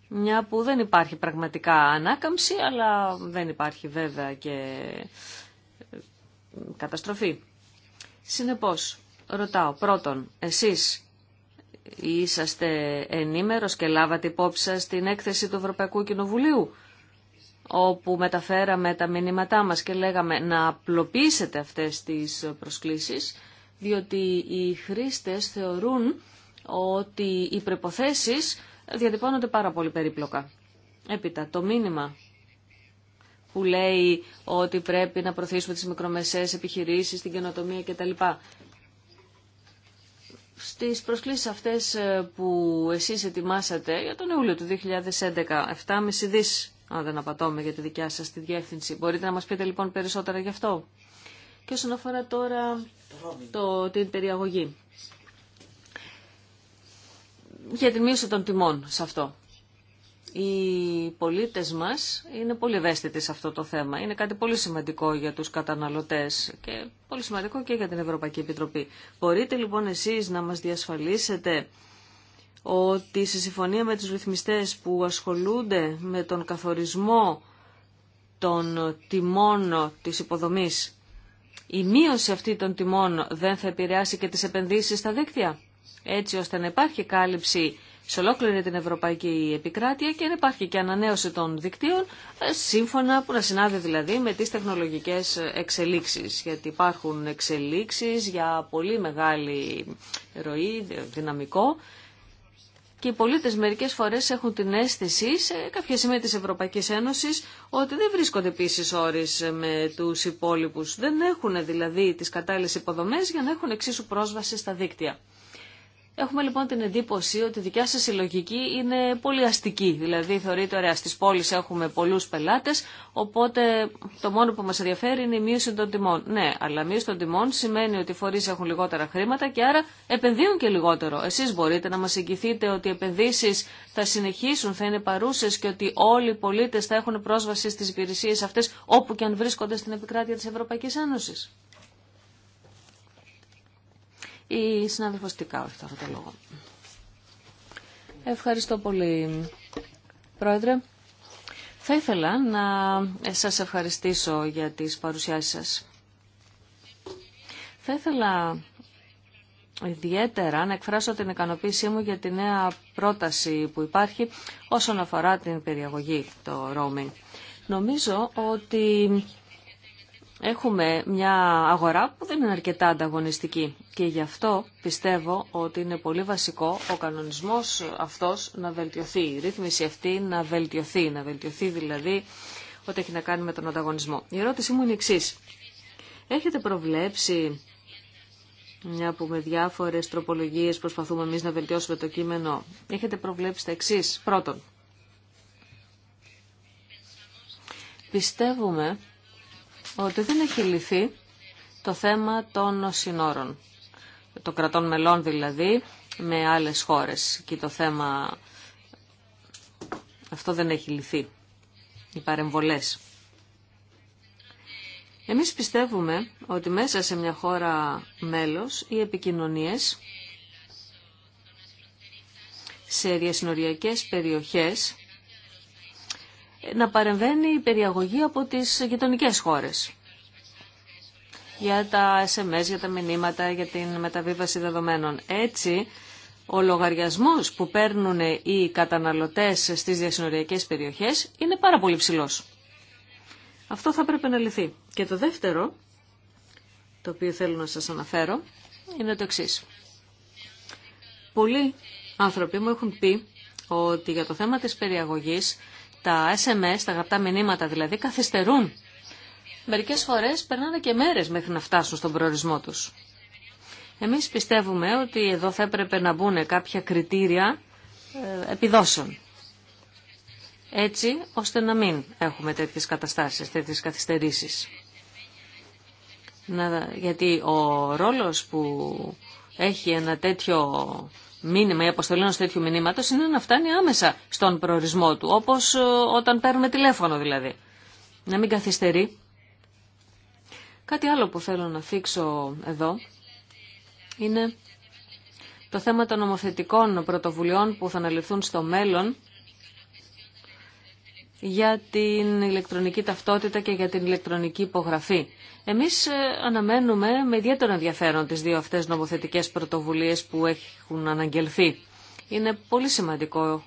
μια που δεν υπάρχει πραγματικά ανάκαμψη, αλλά δεν υπάρχει βέβαια και ε, καταστροφή. Συνεπώς, ρωτάω πρώτον, εσείς είσαστε ενήμερος και λάβατε υπόψη σας την έκθεση του Ευρωπαϊκού Κοινοβουλίου, όπου μεταφέραμε τα μηνύματά μας και λέγαμε να απλοποιήσετε αυτές τις προσκλήσεις, διότι οι χρήστες θεωρούν ότι οι προποθέσει διατυπώνονται πάρα πολύ περίπλοκα. Έπειτα, το μήνυμα που λέει ότι πρέπει να προωθήσουμε τις μικρομεσαίες επιχειρήσεις, την καινοτομία κτλ. Στις προσκλήσεις αυτές ε, που εσείς ετοιμάσατε για τον Ιούλιο του 2011, 7,5 δις, αν δεν απατώμε για τη δικιά σας τη διεύθυνση, μπορείτε να μας πείτε λοιπόν περισσότερα γι' αυτό. Και όσον αφορά τώρα το, την περιαγωγή για την μείωση των τιμών σε αυτό. Οι πολίτες μας είναι πολύ ευαίσθητοι σε αυτό το θέμα. Είναι κάτι πολύ σημαντικό για τους καταναλωτές και πολύ σημαντικό και για την Ευρωπαϊκή Επιτροπή. Μπορείτε λοιπόν εσείς να μας διασφαλίσετε ότι σε συμφωνία με τους ρυθμιστές που ασχολούνται με τον καθορισμό των τιμών της υποδομής, η μείωση αυτή των τιμών δεν θα επηρεάσει και τις επενδύσεις στα δίκτυα έτσι ώστε να υπάρχει κάλυψη σε ολόκληρη την ευρωπαϊκή επικράτεια και να υπάρχει και ανανέωση των δικτύων, ε, σύμφωνα που να συνάδει δηλαδή με τις τεχνολογικές εξελίξεις, γιατί υπάρχουν εξελίξεις για πολύ μεγάλη ροή, δυναμικό, και οι πολίτες μερικές φορές έχουν την αίσθηση σε κάποια σημεία της Ευρωπαϊκής Ένωσης ότι δεν βρίσκονται επίση όρις με τους υπόλοιπους. Δεν έχουν δηλαδή τις κατάλληλες υποδομές για να έχουν εξίσου πρόσβαση στα δίκτυα. Έχουμε λοιπόν την εντύπωση ότι η δικιά σα συλλογική είναι πολύ αστική. Δηλαδή θεωρείτε, ωραία, στι πόλει έχουμε πολλού πελάτε, οπότε το μόνο που μα ενδιαφέρει είναι η μείωση των τιμών. Ναι, αλλά μείωση των τιμών σημαίνει ότι οι φορεί έχουν λιγότερα χρήματα και άρα επενδύουν και λιγότερο. Εσεί μπορείτε να μα εγγυηθείτε ότι οι επενδύσει θα συνεχίσουν, θα είναι παρούσε και ότι όλοι οι πολίτε θα έχουν πρόσβαση στι υπηρεσίε αυτέ όπου και αν βρίσκονται στην επικράτεια τη Ευρωπαϊκή Ένωση. Η συνάδελφος όχι αυτό το λόγο. Ευχαριστώ πολύ, Πρόεδρε. Θα ήθελα να σας ευχαριστήσω για τις παρουσιάσεις σας. Θα ήθελα ιδιαίτερα να εκφράσω την ικανοποίησή μου για τη νέα πρόταση που υπάρχει όσον αφορά την περιαγωγή, το roaming. Νομίζω ότι έχουμε μια αγορά που δεν είναι αρκετά ανταγωνιστική και γι' αυτό πιστεύω ότι είναι πολύ βασικό ο κανονισμός αυτός να βελτιωθεί, η ρύθμιση αυτή να βελτιωθεί, να βελτιωθεί δηλαδή ό,τι έχει να κάνει με τον ανταγωνισμό. Η ερώτησή μου είναι εξή. Έχετε προβλέψει, μια που με διάφορες τροπολογίες προσπαθούμε εμείς να βελτιώσουμε το κείμενο, έχετε προβλέψει τα εξή. Πρώτον, πιστεύουμε ότι δεν έχει λυθεί το θέμα των συνόρων, των κρατών μελών δηλαδή, με άλλες χώρες. Και το θέμα αυτό δεν έχει λυθεί, οι παρεμβολές. Εμείς πιστεύουμε ότι μέσα σε μια χώρα μέλος οι επικοινωνίες σε διασυνοριακές περιοχές να παρεμβαίνει η περιαγωγή από τις γειτονικέ χώρες για τα SMS, για τα μηνύματα, για την μεταβίβαση δεδομένων. Έτσι, ο λογαριασμός που παίρνουν οι καταναλωτές στις διασυνοριακές περιοχές είναι πάρα πολύ ψηλός. Αυτό θα πρέπει να λυθεί. Και το δεύτερο, το οποίο θέλω να σας αναφέρω, είναι το εξής. Πολλοί άνθρωποι μου έχουν πει ότι για το θέμα της περιαγωγής τα SMS, τα γραπτά μηνύματα δηλαδή, καθυστερούν. Μερικές φορές περνάνε και μέρες μέχρι να φτάσουν στον προορισμό τους. Εμείς πιστεύουμε ότι εδώ θα έπρεπε να μπουν κάποια κριτήρια ε, επιδόσεων. Έτσι ώστε να μην έχουμε τέτοιες καταστάσεις, τέτοιες καθυστερήσεις. Να, γιατί ο ρόλος που έχει ένα τέτοιο μήνυμα ή αποστολή ενό τέτοιου μηνύματο είναι να φτάνει άμεσα στον προορισμό του, όπω ε, όταν παίρνουμε τηλέφωνο δηλαδή. Να μην καθυστερεί. Κάτι άλλο που θέλω να θίξω εδώ είναι το θέμα των νομοθετικών πρωτοβουλειών που θα αναλυθούν στο μέλλον για την ηλεκτρονική ταυτότητα και για την ηλεκτρονική υπογραφή. Εμείς ε, αναμένουμε με ιδιαίτερο ενδιαφέρον τις δύο αυτές νομοθετικές πρωτοβουλίες που έχουν αναγγελθεί. Είναι πολύ σημαντικό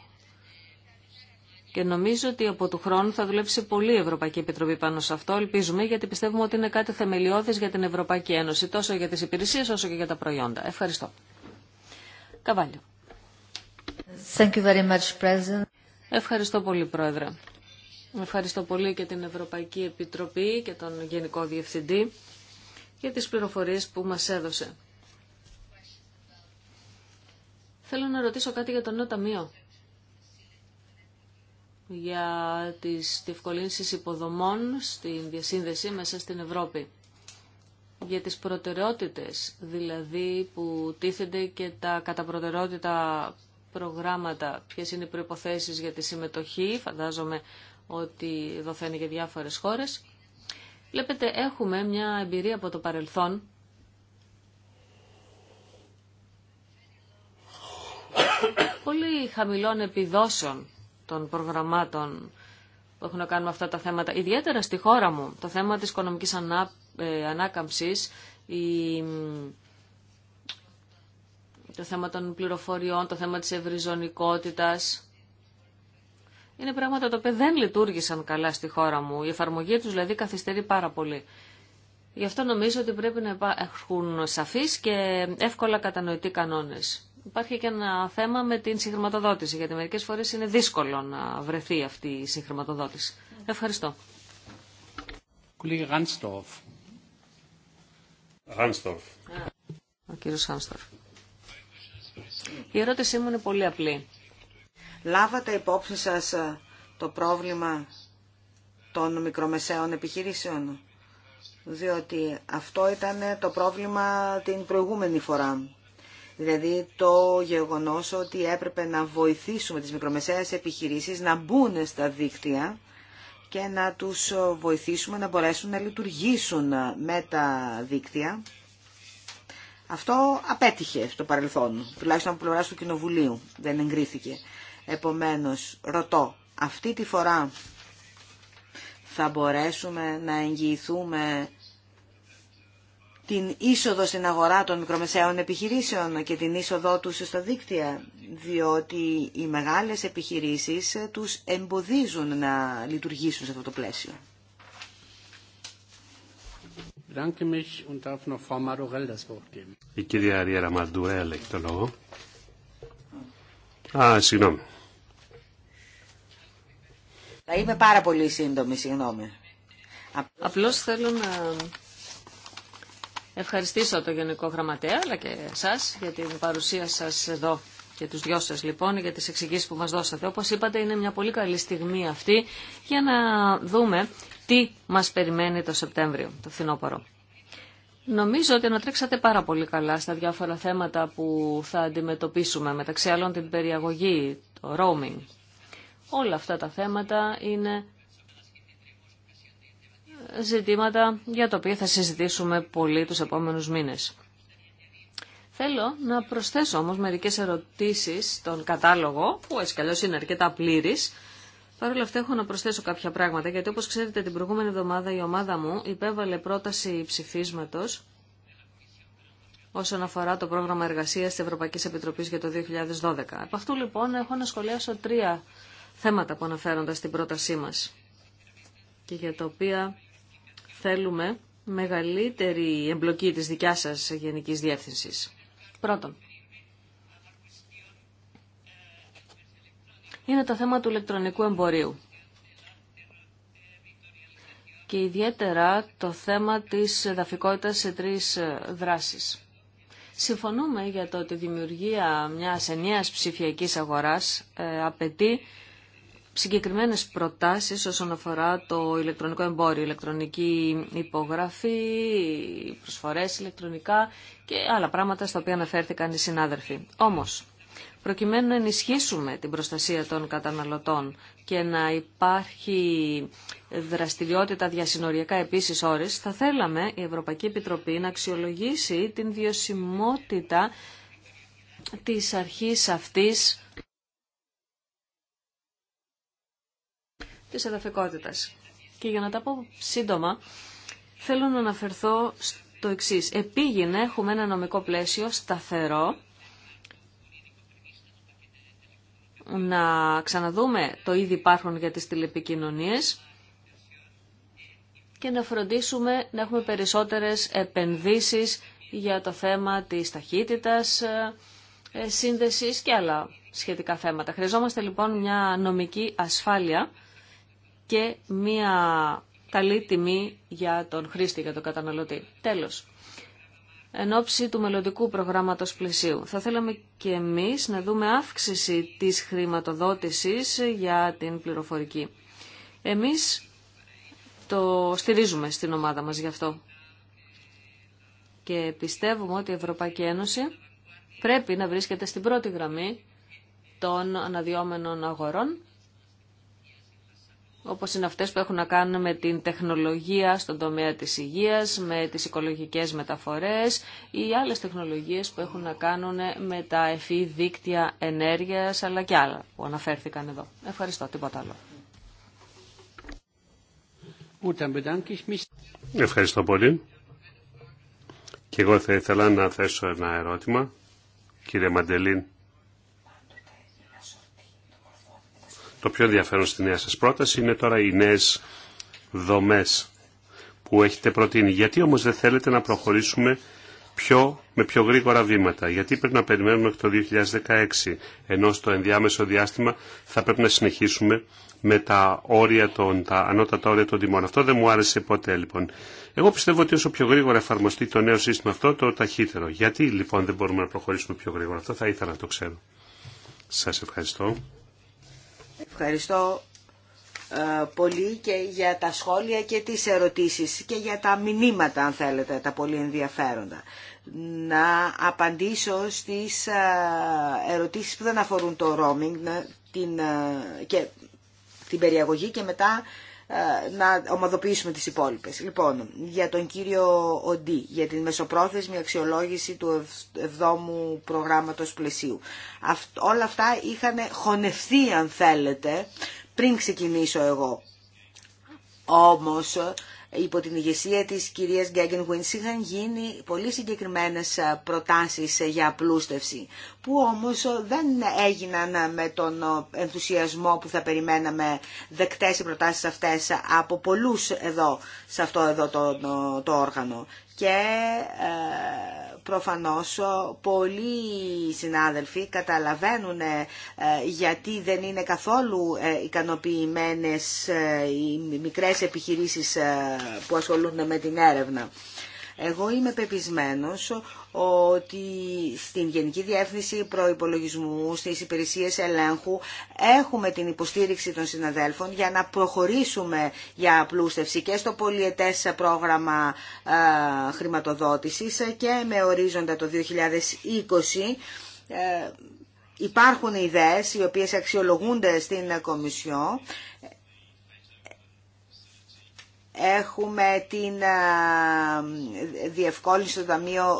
και νομίζω ότι από του χρόνου θα δουλέψει πολύ η Ευρωπαϊκή Επιτροπή πάνω σε αυτό. Ελπίζουμε γιατί πιστεύουμε ότι είναι κάτι θεμελιώδες για την Ευρωπαϊκή Ένωση, τόσο για τις υπηρεσίες όσο και για τα προϊόντα. Ευχαριστώ. Καβάλιο. Ευχαριστώ πολύ, Πρόεδρε. Ευχαριστώ πολύ και την Ευρωπαϊκή Επιτροπή και τον Γενικό Διευθυντή για τις πληροφορίες που μας έδωσε. Θέλω να ρωτήσω κάτι για το νέο ταμείο. Για τις διευκολύνσεις υποδομών στην διασύνδεση μέσα στην Ευρώπη. Για τις προτεραιότητες, δηλαδή που τίθενται και τα καταπροτεραιότητα προγράμματα. Ποιες είναι οι προϋποθέσεις για τη συμμετοχή, φαντάζομαι ότι εδώ θα για διάφορες χώρες. Βλέπετε, έχουμε μια εμπειρία από το παρελθόν πολύ χαμηλών επιδόσεων των προγραμμάτων που έχουν να κάνουν αυτά τα θέματα. Ιδιαίτερα στη χώρα μου, το θέμα της οικονομικής ανά, ε, ανάκαμψης, το θέμα των πληροφοριών, το θέμα της ευρυζωνικότητας, είναι πράγματα τα οποία δεν λειτουργήσαν καλά στη χώρα μου. Η εφαρμογή τους δηλαδή καθυστερεί πάρα πολύ. Γι' αυτό νομίζω ότι πρέπει να έχουν σαφείς και εύκολα κατανοητοί κανόνες. Υπάρχει και ένα θέμα με την συγχρηματοδότηση, γιατί μερικές φορές είναι δύσκολο να βρεθεί αυτή η συγχρηματοδότηση. Ευχαριστώ. Ο Η ερώτησή μου είναι πολύ απλή λάβατε υπόψη σας ε, το πρόβλημα των μικρομεσαίων επιχειρήσεων, διότι αυτό ήταν ε, το πρόβλημα την προηγούμενη φορά. Δηλαδή το γεγονός ότι έπρεπε να βοηθήσουμε τις μικρομεσαίες επιχειρήσεις να μπουν στα δίκτυα και να τους ε, βοηθήσουμε να μπορέσουν να λειτουργήσουν με τα δίκτυα. Αυτό απέτυχε στο παρελθόν, τουλάχιστον από πλευρά του Κοινοβουλίου, δεν εγκρίθηκε. Επομένως, ρωτώ, αυτή τη φορά θα μπορέσουμε να εγγυηθούμε την είσοδο στην αγορά των μικρομεσαίων επιχειρήσεων και την είσοδό τους στα δίκτυα, διότι οι μεγάλες επιχειρήσεις τους εμποδίζουν να λειτουργήσουν σε αυτό το πλαίσιο. Η κυρία Ριέρα Μαρντουέλ έχει το λόγο. Α, συγγνώμη. Θα είμαι πάρα πολύ σύντομη, συγγνώμη. Απλώς θέλω να ευχαριστήσω το Γενικό Γραμματέα, αλλά και εσάς για την παρουσία σας εδώ και τους δυο σας λοιπόν για τις εξηγήσεις που μας δώσατε. Όπως είπατε είναι μια πολύ καλή στιγμή αυτή για να δούμε τι μας περιμένει το Σεπτέμβριο, το φθινόπωρο. Νομίζω ότι ανατρέξατε πάρα πολύ καλά στα διάφορα θέματα που θα αντιμετωπίσουμε, μεταξύ άλλων την περιαγωγή, το roaming, Όλα αυτά τα θέματα είναι ζητήματα για τα οποία θα συζητήσουμε πολύ τους επόμενους μήνες. Θέλω να προσθέσω όμως μερικές ερωτήσεις στον κατάλογο, που έτσι είναι αρκετά πλήρης. Παρ' όλα αυτά έχω να προσθέσω κάποια πράγματα, γιατί όπως ξέρετε την προηγούμενη εβδομάδα η ομάδα μου υπέβαλε πρόταση ψηφίσματος όσον αφορά το πρόγραμμα εργασίας της Ευρωπαϊκής Επιτροπής για το 2012. Από αυτού λοιπόν έχω να σχολιάσω τρία θέματα που αναφέρονται στην πρότασή μας και για τα οποία θέλουμε μεγαλύτερη εμπλοκή της δικιάς σας Γενικής Διεύθυνσης. Πρώτον, είναι το θέμα του ηλεκτρονικού εμπορίου και ιδιαίτερα το θέμα της δαφικότητας σε τρεις δράσεις. Συμφωνούμε για το ότι η δημιουργία μιας ενιαίας ψηφιακής αγοράς ε, απαιτεί συγκεκριμένες προτάσεις όσον αφορά το ηλεκτρονικό εμπόριο, ηλεκτρονική υπογραφή, προσφορές ηλεκτρονικά και άλλα πράγματα στα οποία αναφέρθηκαν οι συνάδελφοι. Όμως, προκειμένου να ενισχύσουμε την προστασία των καταναλωτών και να υπάρχει δραστηριότητα διασυνοριακά επίσης ώρες, θα θέλαμε η Ευρωπαϊκή Επιτροπή να αξιολογήσει την βιωσιμότητα της αρχής αυτής της αδερφικότητας. Και για να τα πω σύντομα, θέλω να αναφερθώ στο εξής. Επίγεινε, έχουμε ένα νομικό πλαίσιο σταθερό, να ξαναδούμε το ήδη υπάρχουν για τις τηλεπικοινωνίες και να φροντίσουμε να έχουμε περισσότερες επενδύσεις για το θέμα της ταχύτητας, ε, σύνδεσης και άλλα σχετικά θέματα. Χρειαζόμαστε λοιπόν μια νομική ασφάλεια και μια καλή τιμή για τον χρήστη, για τον καταναλωτή. Τέλος, εν ώψη του μελλοντικού προγράμματος πλαισίου, θα θέλαμε και εμείς να δούμε αύξηση της χρηματοδότησης για την πληροφορική. Εμείς το στηρίζουμε στην ομάδα μας γι' αυτό. Και πιστεύουμε ότι η Ευρωπαϊκή Ένωση πρέπει να βρίσκεται στην πρώτη γραμμή των αναδυόμενων αγορών όπως είναι αυτές που έχουν να κάνουν με την τεχνολογία στον τομέα της υγείας, με τις οικολογικές μεταφορές ή άλλες τεχνολογίες που έχουν να κάνουν με τα ευφύ δίκτυα ενέργειας, αλλά και άλλα που αναφέρθηκαν εδώ. Ευχαριστώ, τίποτα άλλο. Ευχαριστώ πολύ. Και εγώ θα ήθελα να θέσω ένα ερώτημα, κύριε Μαντελίν. Το πιο ενδιαφέρον στη νέα σας πρόταση είναι τώρα οι νέες δομές που έχετε προτείνει. Γιατί όμως δεν θέλετε να προχωρήσουμε πιο, με πιο γρήγορα βήματα. Γιατί πρέπει να περιμένουμε το 2016, ενώ στο ενδιάμεσο διάστημα θα πρέπει να συνεχίσουμε με τα, όρια των, τα ανώτατα όρια των τιμών. Αυτό δεν μου άρεσε ποτέ λοιπόν. Εγώ πιστεύω ότι όσο πιο γρήγορα εφαρμοστεί το νέο σύστημα αυτό, το ταχύτερο. Γιατί λοιπόν δεν μπορούμε να προχωρήσουμε πιο γρήγορα. Αυτό θα ήθελα να το ξέρω. Σας ευχαριστώ. Ευχαριστώ ε, πολύ και για τα σχόλια και τις ερωτήσεις και για τα μηνύματα αν θέλετε τα πολύ ενδιαφέροντα να απαντήσω στις ε, ερωτήσεις που δεν αφορούν το roaming την, ε, και την περιαγωγή και μετά ε, να ομαδοποιήσουμε τις υπόλοιπες. Λοιπόν, για τον κύριο Οντί, για την μεσοπρόθεσμη αξιολόγηση του εβδόμου προγράμματος πλαισίου. όλα αυτά είχαν χωνευθεί, αν θέλετε, πριν ξεκινήσω εγώ. Όμως, υπό την ηγεσία της κυρίας Γκέγγεν Γουίνς είχαν γίνει πολύ συγκεκριμένες ε, προτάσεις για απλούστευση που όμως ε, δεν έγιναν ε, με τον ενθουσιασμό που θα περιμέναμε δεκτές οι προτάσεις αυτές από πολλούς εδώ σε αυτό εδώ το, το, όργανο και Προφανώς πολλοί συνάδελφοι καταλαβαίνουν ε, γιατί δεν είναι καθόλου ε, ικανοποιημένες ε, οι μικρές επιχειρήσεις που ασχολούνται με την έρευνα. Εγώ είμαι πεπισμένος ότι στην Γενική Διεύθυνση Προϋπολογισμού, στις υπηρεσίες ελέγχου, έχουμε την υποστήριξη των συναδέλφων για να προχωρήσουμε για απλούστευση και στο πολιετές πρόγραμμα ε, χρηματοδότησης και με ορίζοντα το 2020 ε, Υπάρχουν ιδέες οι οποίες αξιολογούνται στην Κομισιό Έχουμε την διευκόλυνση στο Ταμείο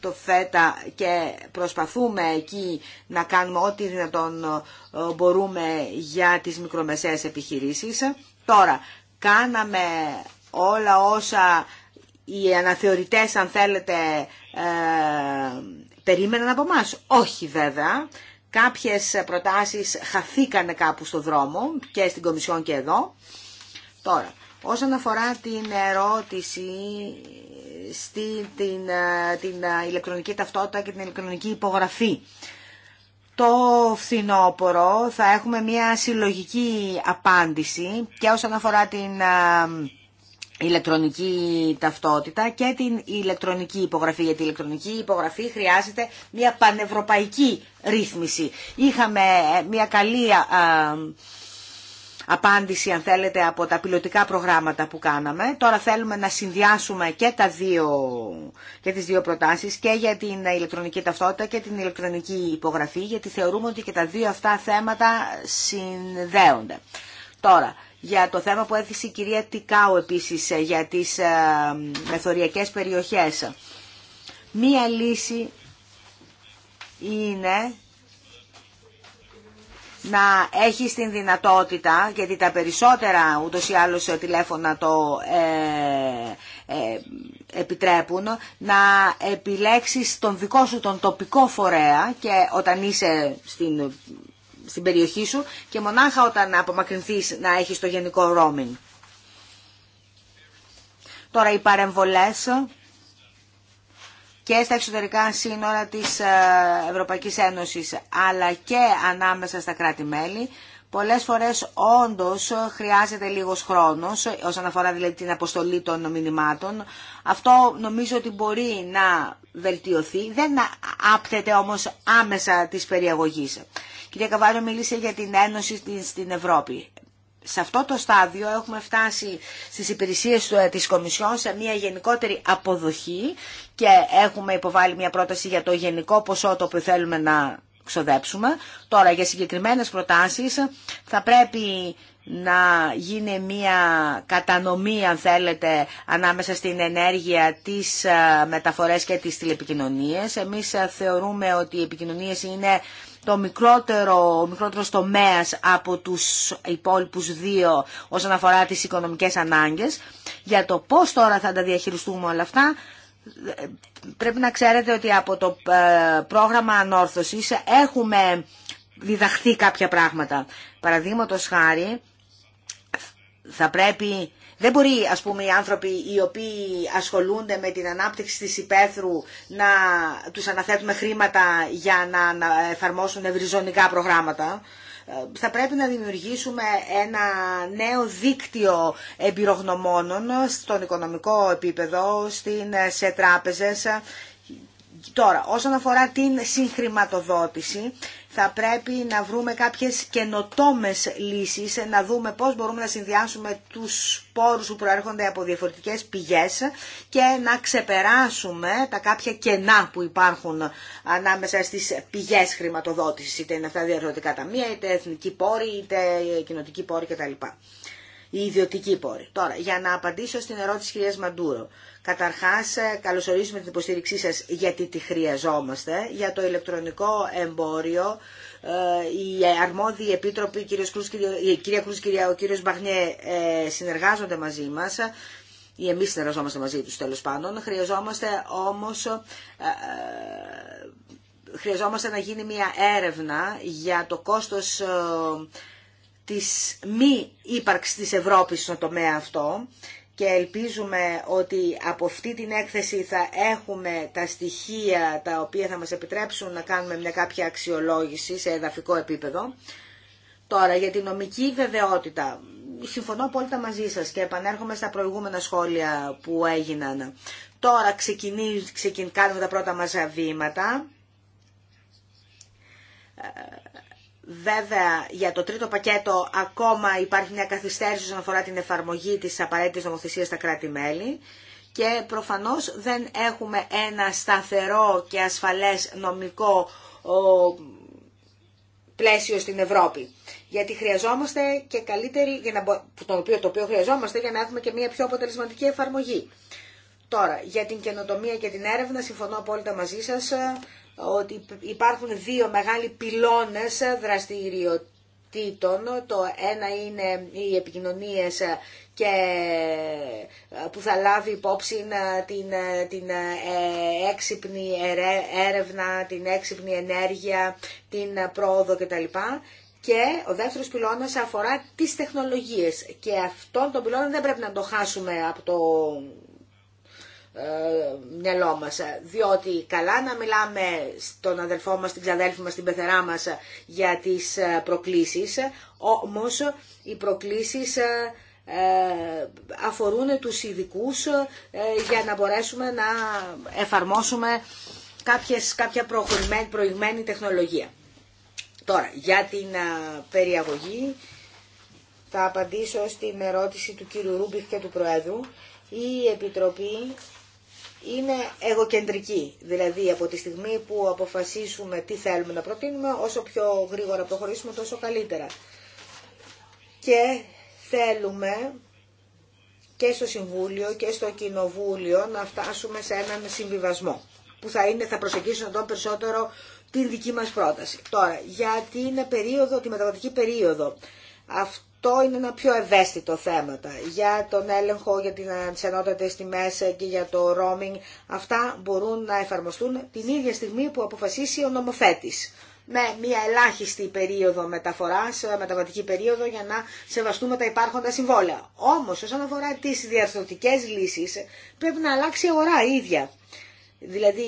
το ΦΕΤΑ και προσπαθούμε εκεί να κάνουμε ό,τι δυνατόν μπορούμε για τις μικρομεσαίες επιχειρήσεις. Τώρα, κάναμε όλα όσα οι αναθεωρητές, αν θέλετε, ε, περίμεναν από εμά. Όχι βέβαια. Κάποιες προτάσεις χαθήκανε κάπου στο δρόμο και στην Κομισιόν και εδώ. Τώρα, όσον αφορά την ερώτηση στην την, ε, την ε, ηλεκτρονική ταυτότητα και την ηλεκτρονική υπογραφή, το φθινόπωρο θα έχουμε μια συλλογική απάντηση και όσον αφορά την ε, ηλεκτρονική ταυτότητα και την ηλεκτρονική υπογραφή. Γιατί η ηλεκτρονική υπογραφή χρειάζεται μια πανευρωπαϊκή ρύθμιση. Είχαμε μια καλή απάντηση αν θέλετε από τα πιλωτικά προγράμματα που κάναμε. Τώρα θέλουμε να συνδυάσουμε και, τα δύο, και τις δύο προτάσεις και για την ηλεκτρονική ταυτότητα και την ηλεκτρονική υπογραφή γιατί θεωρούμε ότι και τα δύο αυτά θέματα συνδέονται. Τώρα, για το θέμα που έθεσε η κυρία Τικάου επίσης ε, για τις ε, μεθοριακές περιοχές. Μία λύση είναι να έχει την δυνατότητα, γιατί τα περισσότερα ούτως ή άλλως τηλέφωνα το ε, ε, επιτρέπουν, να επιλέξεις τον δικό σου τον τοπικό φορέα και όταν είσαι στην, στην περιοχή σου και μονάχα όταν απομακρυνθείς να έχει το γενικό roaming. Τώρα οι παρεμβολές και στα εξωτερικά σύνορα της ε, Ευρωπαϊκής Ένωσης αλλά και ανάμεσα στα κράτη-μέλη. Πολλές φορές όντως χρειάζεται λίγος χρόνος όσον αφορά δηλαδή την αποστολή των μηνυμάτων. Αυτό νομίζω ότι μπορεί να βελτιωθεί, δεν άπτεται όμως άμεσα της περιαγωγής. Κυρία Καβάριο μίλησε για την Ένωση στην Ευρώπη. Σε αυτό το στάδιο έχουμε φτάσει στις υπηρεσίες ε, της Κομισιόν σε μια γενικότερη αποδοχή και έχουμε υποβάλει μια πρόταση για το γενικό ποσό το οποίο θέλουμε να ξοδέψουμε. Τώρα για συγκεκριμένες προτάσεις θα πρέπει να γίνει μια κατανομή αν θέλετε ανάμεσα στην ενέργεια της ε, μεταφορές και της τηλεπικοινωνίες. Εμείς ε, θεωρούμε ότι οι επικοινωνίες είναι το μικρότερο, ο μικρότερος τομέας από τους υπόλοιπους δύο όσον αφορά τις οικονομικές ανάγκες. Για το πώς τώρα θα τα διαχειριστούμε όλα αυτά πρέπει να ξέρετε ότι από το ε, πρόγραμμα ανόρθωσης έχουμε διδαχθεί κάποια πράγματα. Παραδείγματο χάρη, θα πρέπει... Δεν μπορεί, ας πούμε, οι άνθρωποι οι οποίοι ασχολούνται με την ανάπτυξη της υπαίθρου να τους αναθέτουμε χρήματα για να εφαρμόσουν ευρυζωνικά προγράμματα θα πρέπει να δημιουργήσουμε ένα νέο δίκτυο εμπειρογνωμόνων στον οικονομικό επίπεδο, στην, ε, σε τράπεζες. Τώρα, όσον αφορά την συγχρηματοδότηση, θα πρέπει να βρούμε κάποιες καινοτόμες λύσεις, να δούμε πώς μπορούμε να συνδυάσουμε τους πόρους που προέρχονται από διαφορετικές πηγές και να ξεπεράσουμε τα κάποια κενά που υπάρχουν ανάμεσα στις πηγές χρηματοδότησης, είτε είναι αυτά διαδροτικά ταμεία, είτε εθνική πόρη, είτε κοινοτική πόρη κτλ η ιδιωτική πόροι. Τώρα, για να απαντήσω στην ερώτηση της κυρίας Μαντούρο. Καταρχάς, ε, καλωσορίζουμε την υποστήριξή σας γιατί τη χρειαζόμαστε. Για το ηλεκτρονικό εμπόριο, οι ε, αρμόδιοι επίτροποι, η κυρία Κρούς και ο κύριος Μπαχνιέ ε, συνεργάζονται μαζί μας ή εμείς συνεργαζόμαστε μαζί τους τέλος πάντων. Χρειαζόμαστε όμως χρειαζόμαστε να γίνει μια έρευνα για το κόστος της μη ύπαρξης της Ευρώπης στον τομέα αυτό και ελπίζουμε ότι από αυτή την έκθεση θα έχουμε τα στοιχεία τα οποία θα μας επιτρέψουν να κάνουμε μια κάποια αξιολόγηση σε εδαφικό επίπεδο. Τώρα για την νομική βεβαιότητα. Συμφωνώ απόλυτα μαζί σας και επανέρχομαι στα προηγούμενα σχόλια που έγιναν. Τώρα ξεκινήσουμε, τα πρώτα μας βήματα ε, Βέβαια, για το τρίτο πακέτο ακόμα υπάρχει μια καθυστέρηση όσον αφορά την εφαρμογή της απαραίτητης νομοθεσίας στα κράτη-μέλη και προφανώς δεν έχουμε ένα σταθερό και ασφαλές νομικό πλαίσιο στην Ευρώπη. Γιατί χρειαζόμαστε και καλύτερη, για να, το, οποίο, το οποίο χρειαζόμαστε για να έχουμε και μια πιο αποτελεσματική εφαρμογή. Τώρα, για την καινοτομία και την έρευνα, συμφωνώ απόλυτα μαζί σας, ότι υπάρχουν δύο μεγάλοι πυλώνες δραστηριοτήτων. Το ένα είναι οι επικοινωνίες και ε, που θα λάβει υπόψη ε, την, ε, έξυπνη έρευνα, την έξυπνη ενέργεια, την πρόοδο κτλ. Και ο δεύτερος πυλώνας αφορά τις τεχνολογίες και αυτόν τον πυλώνα δεν πρέπει να το χάσουμε από το ε, μυαλό μας. Διότι καλά να μιλάμε στον αδελφό μας, την ξαδέλφη μας, την πεθερά μας για τις ε, προκλήσεις, όμως οι προκλήσεις ε, αφορούν τους ειδικού για να μπορέσουμε να εφαρμόσουμε κάποιες, κάποια προηγμένη, προηγμένη τεχνολογία. Τώρα, για την περιαγωγή θα απαντήσω στην ερώτηση του κύριου Ρούμπιχ και του Προέδρου. Η Επιτροπή είναι εγωκεντρική. Δηλαδή από τη στιγμή που αποφασίσουμε τι θέλουμε να προτείνουμε, όσο πιο γρήγορα προχωρήσουμε τόσο καλύτερα. Και θέλουμε και στο Συμβούλιο και στο Κοινοβούλιο να φτάσουμε σε έναν συμβιβασμό που θα, είναι, θα προσεγγίσουν τον περισσότερο την δική μας πρόταση. Τώρα, για είναι περίοδο, τη μεταβατική περίοδο. Αυτό το είναι ένα πιο ευαίσθητο θέμα για τον έλεγχο, για ε, τις στη τιμές ε, και για το roaming. Αυτά μπορούν να εφαρμοστούν την ίδια στιγμή που αποφασίσει ο νομοθέτης με μια ελάχιστη περίοδο μεταφοράς, ε, μεταβατική περίοδο για να σεβαστούμε τα υπάρχοντα συμβόλαια. Όμως όσον αφορά τις διαρθρωτικές λύσεις πρέπει να αλλάξει η αγορά ίδια. Δηλαδή,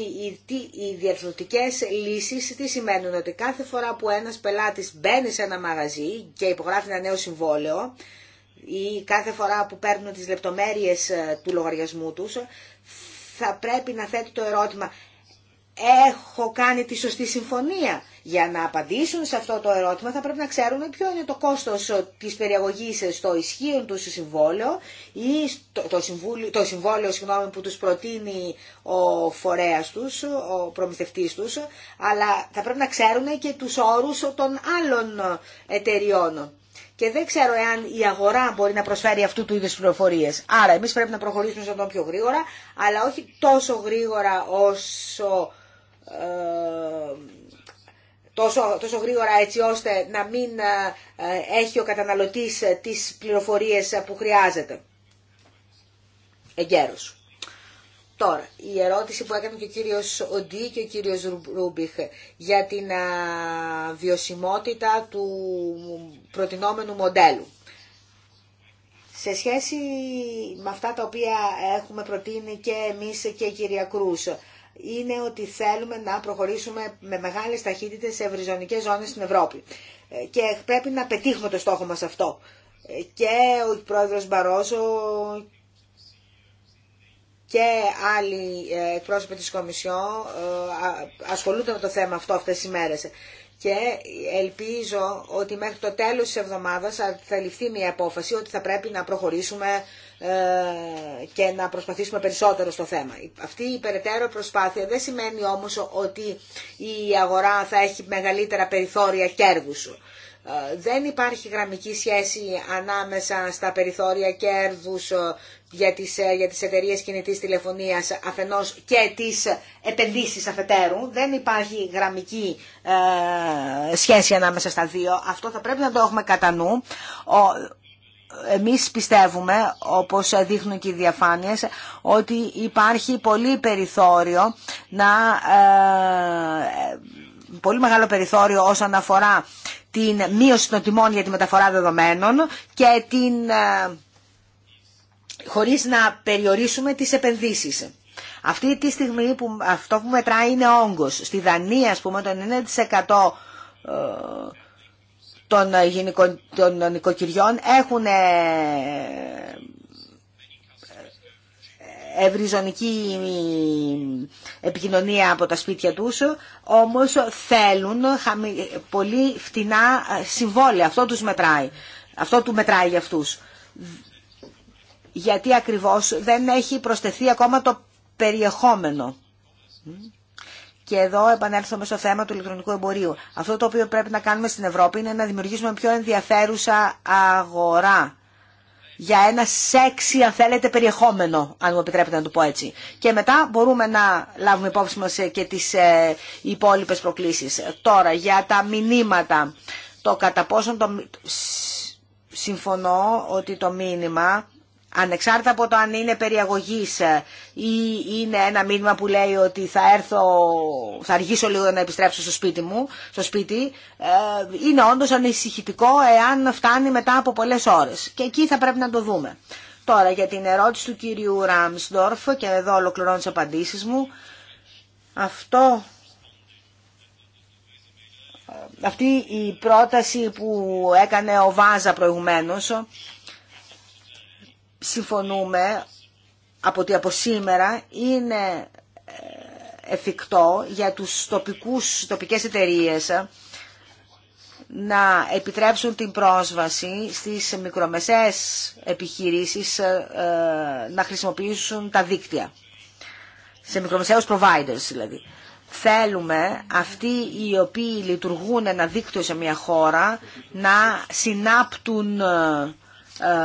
οι διαρθρωτικές λύσεις τι σημαίνουν ότι κάθε φορά που ένας πελάτης μπαίνει σε ένα μαγαζί και υπογράφει ένα νέο συμβόλαιο ή κάθε φορά που παίρνουν τις λεπτομέρειες ε, του λογαριασμού τους, θα πρέπει να θέτει το ερώτημα έχω κάνει τη σωστή συμφωνία. Για να απαντήσουν σε αυτό το ερώτημα θα πρέπει να ξέρουν ποιο είναι το κόστος της περιαγωγής στο ισχύον του συμβόλαιο ή το, το συμβόλαιο που τους προτείνει ο φορέας τους, ο προμηθευτής τους, αλλά θα πρέπει να ξέρουν και τους όρους των άλλων εταιριών. Και δεν ξέρω εάν η αγορά μπορεί να προσφέρει αυτού του είδους πληροφορίες. Άρα εμείς πρέπει να προχωρήσουμε σε τον πιο γρήγορα, αλλά όχι τόσο γρήγορα όσο ε, τόσο, τόσο γρήγορα έτσι ώστε να μην ε, ε, έχει ο καταναλωτής τις πληροφορίες που χρειάζεται. Εγκαίρος. Τώρα, η ερώτηση που έκανε και ο κύριος Οντί και ο κύριος Ρούμπιχ για την βιωσιμότητα του προτινόμενου μοντέλου. Σε σχέση με αυτά τα οποία έχουμε προτείνει και εμείς και η κυρία Κρούς, είναι ότι θέλουμε να προχωρήσουμε με μεγάλες ταχύτητες σε ευρυζωνικές ζώνες στην Ευρώπη. Ε, και πρέπει να πετύχουμε το στόχο μας αυτό. Ε, και ο πρόεδρος Μπαρόζο και άλλοι ε, εκπρόσωποι της Κομισιό ασχολούνται με το θέμα αυτό αυτές τις μέρες. Και ελπίζω ότι μέχρι το τέλος της εβδομάδας θα ληφθεί μια απόφαση ότι θα πρέπει να προχωρήσουμε ε, και να προσπαθήσουμε περισσότερο στο θέμα. Αυτή η περαιτέρω προσπάθεια δεν σημαίνει όμως ότι η αγορά θα έχει μεγαλύτερα περιθώρια κέρδους. Ε, δεν υπάρχει γραμμική σχέση ανάμεσα στα περιθώρια κέρδους ε, για τις, για τις εταιρείες κινητής τηλεφωνίας αφενός και τις επενδύσεις αφετέρου. Δεν υπάρχει γραμμική σχέση ανάμεσα στα δύο. Αυτό θα πρέπει να το έχουμε κατά νου εμείς πιστεύουμε, όπως δείχνουν και οι διαφάνειες, ότι υπάρχει πολύ περιθώριο να... Ε, πολύ μεγάλο περιθώριο όσον αφορά την μείωση των τιμών για τη μεταφορά δεδομένων και την, ε, χωρίς να περιορίσουμε τις επενδύσεις. Αυτή τη στιγμή που αυτό που μετράει είναι όγκος. Στη Δανία, ας πούμε, το 90% ε, των, ε, γυναικο, των νοικοκυριών έχουν ε, ευρυζωνική ε, επικοινωνία από τα σπίτια τους, όμως θέλουν πολύ φτηνά συμβόλαια. Αυτό τους μετράει. Αυτό του μετράει για αυτούς. Γιατί ακριβώς δεν έχει προσθεθεί ακόμα το περιεχόμενο. Και εδώ επανέλθουμε στο θέμα του ηλεκτρονικού εμπορίου. Αυτό το οποίο πρέπει να κάνουμε στην Ευρώπη είναι να δημιουργήσουμε πιο ενδιαφέρουσα αγορά για ένα σεξι αν θέλετε περιεχόμενο, αν μου επιτρέπετε να το πω έτσι. Και μετά μπορούμε να λάβουμε υπόψη μας ε, και τις ε, υπόλοιπες προκλήσεις. Τώρα, για τα μηνύματα, το κατά πόσον το... Συμφωνώ ότι το μήνυμα ανεξάρτητα από το αν είναι περιαγωγής ε, ή είναι ένα μήνυμα που λέει ότι θα έρθω, θα αργήσω λίγο να επιστρέψω στο σπίτι μου, στο σπίτι, ε, είναι όντως ανησυχητικό εάν φτάνει μετά από πολλές ώρες. Και εκεί θα πρέπει να το δούμε. Τώρα για την ερώτηση του κυρίου Ράμστορφ και εδώ ολοκληρώνω τι απαντήσει μου. Αυτό αυτή η πρόταση που έκανε ο Βάζα προηγουμένως συμφωνούμε από ότι από σήμερα είναι ε, εφικτό για τους τοπικούς, τοπικές εταιρείες να επιτρέψουν την πρόσβαση στις μικρομεσαίες επιχειρήσεις ε, ε, να χρησιμοποιήσουν τα δίκτυα. Σε μικρομεσαίους providers δηλαδή. Θέλουμε αυτοί οι οποίοι λειτουργούν ένα δίκτυο σε μια χώρα να συνάπτουν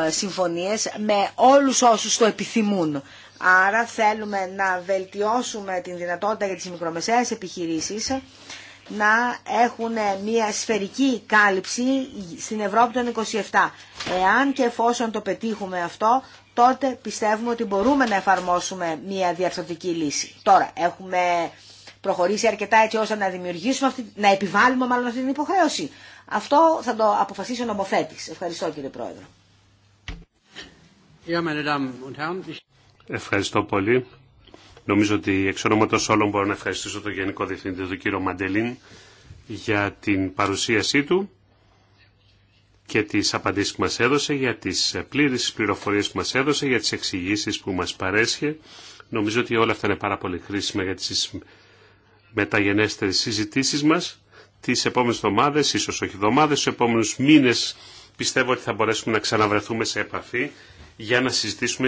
ε, συμφωνίες με όλους όσους το επιθυμούν. Άρα θέλουμε να βελτιώσουμε την δυνατότητα για τις μικρομεσαίες επιχειρήσεις να έχουν μια σφαιρική κάλυψη στην Ευρώπη των 27. Εάν και εφόσον το πετύχουμε αυτό, τότε πιστεύουμε ότι μπορούμε να εφαρμόσουμε μια διαρθρωτική λύση. Τώρα, έχουμε προχωρήσει αρκετά έτσι ώστε να δημιουργήσουμε, αυτή, να επιβάλλουμε μάλλον αυτή την υποχρέωση. Αυτό θα το αποφασίσει ο νομοθέτης. Ευχαριστώ κύριε Πρόεδρο. Ευχαριστώ πολύ. Νομίζω ότι εξ ονόματος όλων μπορώ να ευχαριστήσω τον Γενικό Διευθυντή του κύριο Μαντελίν για την παρουσίασή του και τις απαντήσεις που μας έδωσε, για τις πλήρες πληροφορίες που μας έδωσε, για τις εξηγήσει που μας παρέσχε. Νομίζω ότι όλα αυτά είναι πάρα πολύ χρήσιμα για τις μεταγενέστερες συζητήσεις μας. Τις επόμενες εβδομάδες, ίσως όχι εβδομάδες, στους επόμενους μήνες πιστεύω ότι θα μπορέσουμε να ξαναβρεθούμε σε επαφή για να συζητήσουμε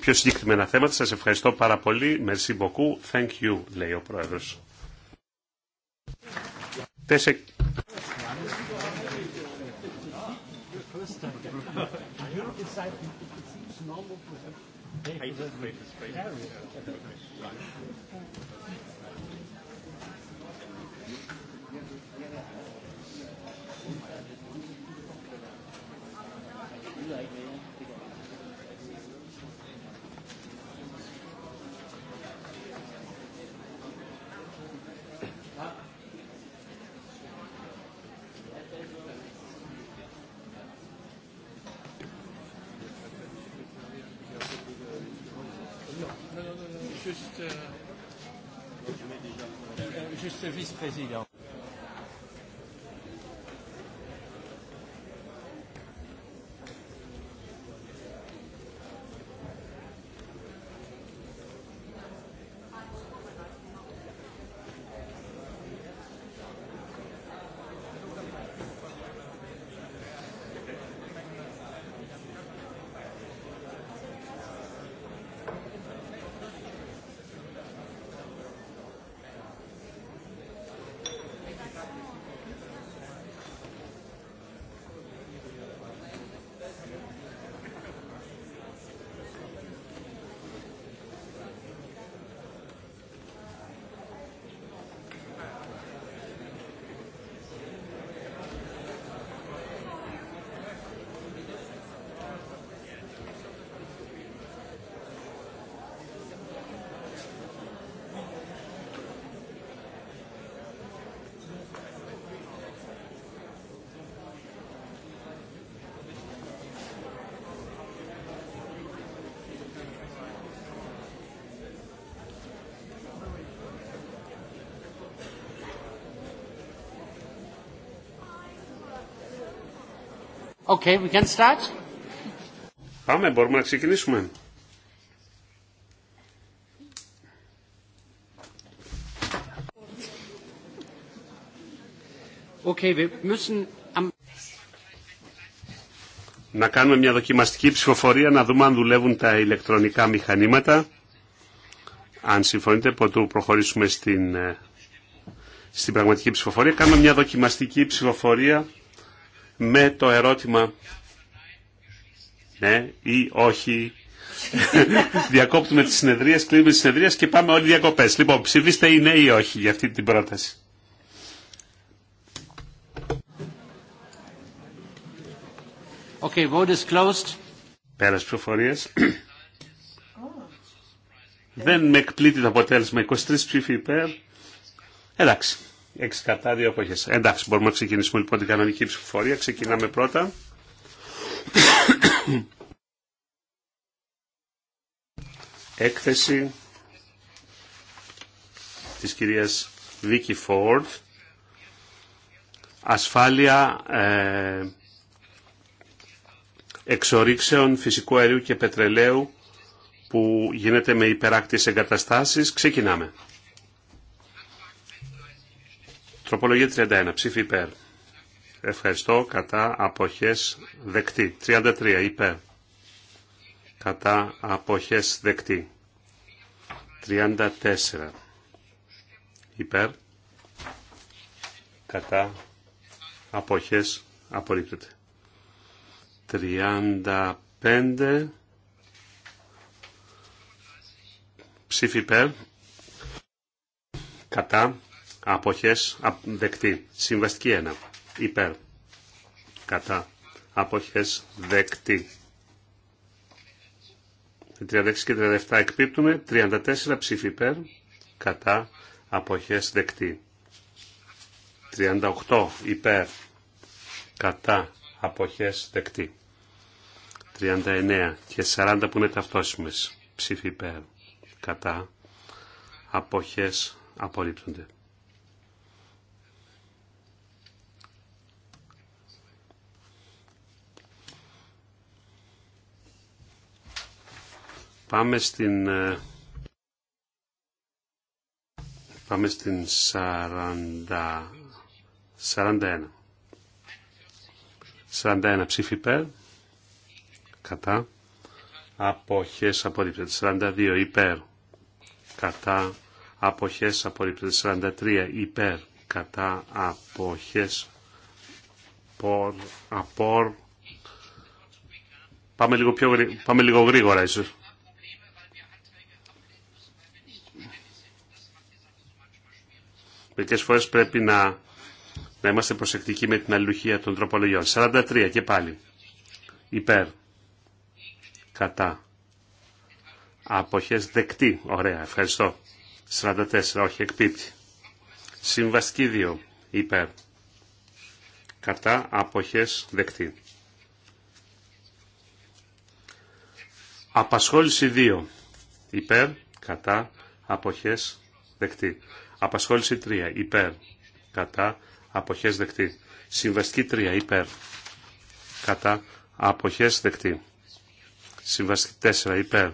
πιο συγκεκριμένα θέματα. Σας ευχαριστώ πάρα πολύ. Merci beaucoup. Thank you, λέει ο Πρόεδρος. Président. Okay, Πάμε, μπορούμε να ξεκινήσουμε. Okay, we Να κάνουμε μια δοκιμαστική ψηφοφορία, να δούμε αν δουλεύουν τα ηλεκτρονικά μηχανήματα. Αν συμφωνείτε, ποτού προχωρήσουμε στην, ε, στην πραγματική ψηφοφορία. Κάνουμε μια δοκιμαστική ψηφοφορία με το ερώτημα ναι ή όχι. Διακόπτουμε τις συνεδρίες, κλείνουμε τις συνεδρίες και πάμε όλοι διακοπές. Λοιπόν, ψηφίστε ή ναι ή όχι για αυτή την πρόταση. Okay, vote is closed. Πέρας προφορίες. Oh. Δεν με εκπλήττει το αποτέλεσμα. 23 ψήφοι υπέρ. Εντάξει. 6 κατά, Εντάξει, μπορούμε να ξεκινήσουμε λοιπόν την κανονική ψηφοφορία. Ξεκινάμε πρώτα. Έκθεση της κυρίας Βίκη Φόρτ. Ασφάλεια ε, εξορίξεων φυσικού αερίου και πετρελαίου που γίνεται με υπεράκτιες εγκαταστάσεις. Ξεκινάμε. Τροπολογία 31. Ψήφι υπέρ. Ευχαριστώ. Κατά αποχές δεκτή. 33. Υπέρ. Κατά αποχές δεκτή. 34. Υπέρ. Κατά αποχές απορρίπτεται. 35. Ψήφι υπέρ. Κατά αποχές δεκτή. Συμβαστική 1 υπέρ κατά αποχές δεκτή. 36 και 37 εκπίπτουμε, 34 ψήφι υπέρ κατά αποχές δεκτή. 38 υπέρ κατά αποχές δεκτή. 39 και 40 που είναι ταυτόσιμες ψήφι υπέρ κατά αποχές απορρίπτονται. Πάμε στην... Ε, πάμε στην 40... 41. 41 ψήφι υπέρ. Κατά. Αποχές απορρίπτεται. 42 υπέρ. Κατά. Αποχές απορρίπτεται. 43 υπέρ. Κατά. Αποχές. Πορ. Απορ. Πάμε λίγο, πιο, πάμε λίγο γρήγορα ίσως. Μερικέ φορέ πρέπει να, να είμαστε προσεκτικοί με την αλληλουχία των τροπολογιών. 43 και πάλι. Υπέρ. Κατά. Αποχές δεκτή. Ωραία, ευχαριστώ. 44, όχι εκπίπτει. Συμβαστική 2. Υπέρ. Κατά αποχές δεκτή. Απασχόληση 2. Υπέρ. Κατά αποχές δεκτή. Απασχόληση 3 υπέρ κατά αποχές δεκτή. Συμβαστική 3 υπέρ κατά αποχές δεκτή. Συμβαστική 4 υπέρ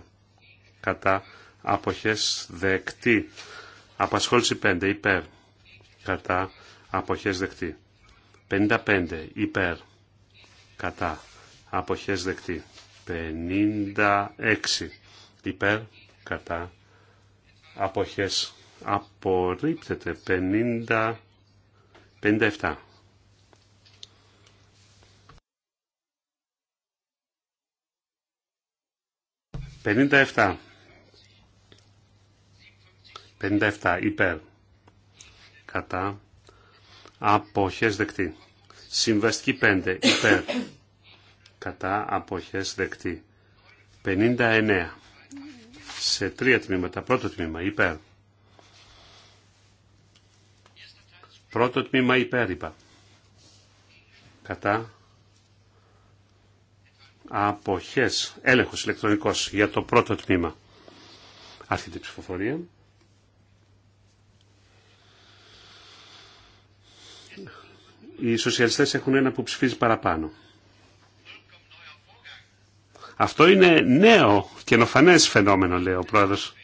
κατά αποχές δεκτή. Απασχόληση 5 υπέρ κατά αποχές δεκτή. 55 υπέρ κατά αποχές δεκτή. 56 υπέρ κατά αποχές απορρίπτεται 50, 57. 57. Υπέρ. Κατά. Αποχές δεκτή. Συμβαστική 5. Υπέρ. Κατά. Αποχές δεκτή. 59. Σε τρία τμήματα. Πρώτο τμήμα. Υπέρ Πρώτο τμήμα υπέρ Κατά αποχές, έλεγχος ηλεκτρονικός για το πρώτο τμήμα. Άρχεται η ψηφοφορία. Οι σοσιαλιστές έχουν ένα που ψηφίζει παραπάνω. Αυτό είναι νέο, νοφανές φαινόμενο, λέει ο πρόεδρος.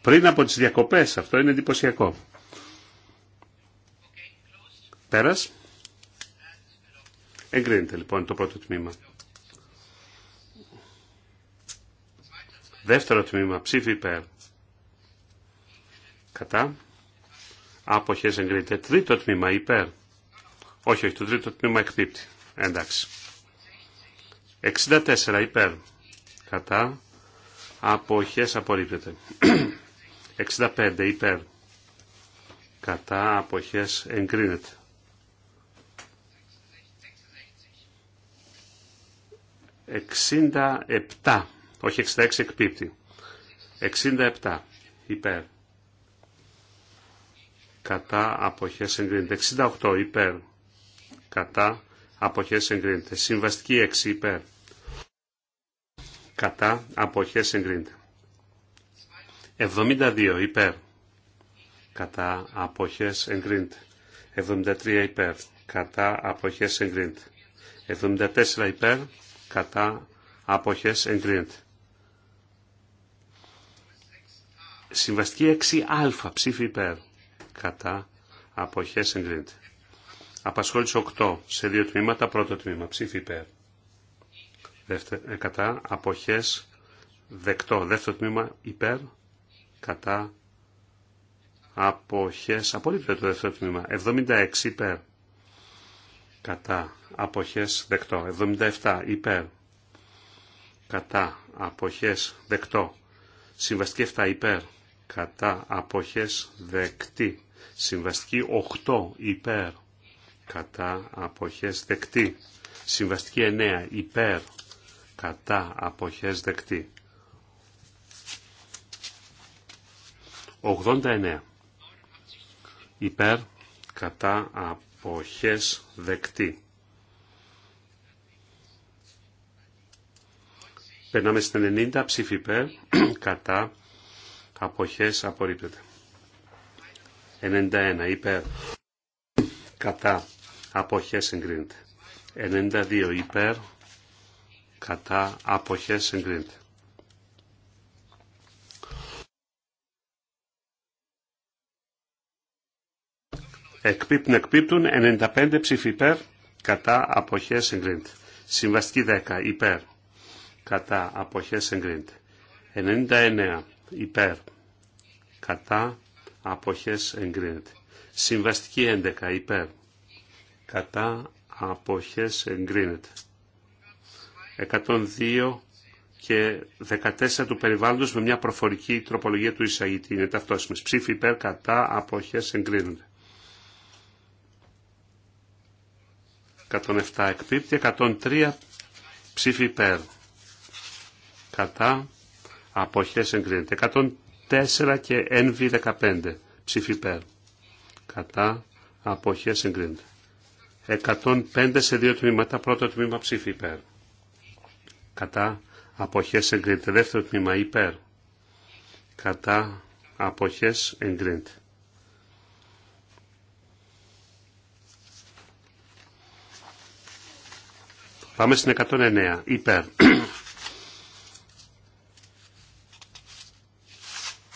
Πριν από τις διακοπές, αυτό είναι εντυπωσιακό. Πέρας. Εγκρίνεται λοιπόν το πρώτο τμήμα. Δεύτερο τμήμα. Ψήφι υπέρ. Κατά. Άποχες εγκρίνεται. Τρίτο τμήμα υπέρ. Όχι, όχι, το τρίτο τμήμα εκπίπτει. Εντάξει. 64 υπέρ. Κατά. Αποχές απορρίπτεται. 65 υπέρ. Κατά αποχές εγκρίνεται. 67, όχι 66 εκπίπτει. 67 υπέρ. Κατά αποχές εγκρίνεται. 68 υπέρ. Κατά αποχές εγκρίνεται. Συμβαστική 6 υπέρ. Κατά αποχές εγκρίνεται. 72 υπέρ. Κατά αποχές εγκρίνεται. 73 υπέρ. Κατά αποχές εγκρίνεται. 74 υπέρ κατά αποχές εγκρίνεται. Συμβαστική 6α ψήφι υπέρ κατά αποχές εγκρίνεται. Απασχόληση 8 σε δύο τμήματα, πρώτο τμήμα ψήφι υπέρ. Ε, κατά αποχές δεκτό. Δεύτερο τμήμα υπέρ κατά αποχές απολύτω το δεύτερο τμήμα. 76 υπέρ κατά αποχές δεκτό. 77 υπέρ κατά αποχές δεκτό. Συμβαστική 7 υπέρ κατά αποχές δεκτή. Συμβαστική 8 υπέρ κατά αποχές δεκτή. Συμβαστική 9 υπέρ κατά αποχές δεκτή. 89 υπέρ κατά αποχές δεκτή. Περνάμε στην 90 ψήφι υπέρ, κατά, αποχές απορρίπτεται. 91 υπέρ, κατά, αποχές εγκρίνεται. 92 υπέρ, κατά, αποχές εγκρίνεται. εκπίπτουν εκπίπτουν 95 ψήφοι υπέρ κατά αποχές εγκρίνεται. Συμβαστική 10 υπέρ κατά αποχές εγκρίνεται. 99 υπέρ κατά αποχές εγκρίνεται. Συμβαστική 11 υπέρ κατά αποχές εγκρίνεται. 102 και 14 του περιβάλλοντος με μια προφορική τροπολογία του εισαγητή. Είναι ταυτόσιμες. Ψήφι υπέρ κατά αποχές εγκρίνονται. 107 εκπίπτει, 103 ψήφι υπέρ κατά αποχές εγκρίνεται 104 και NV15 ψήφι υπέρ κατά αποχές εγκρίνεται 105 σε δύο τμήματα πρώτο τμήμα ψήφι υπέρ κατά αποχές εγκρίνεται δεύτερο τμήμα υπέρ κατά αποχές εγκρίνεται Πάμε στην 109. Υπέρ.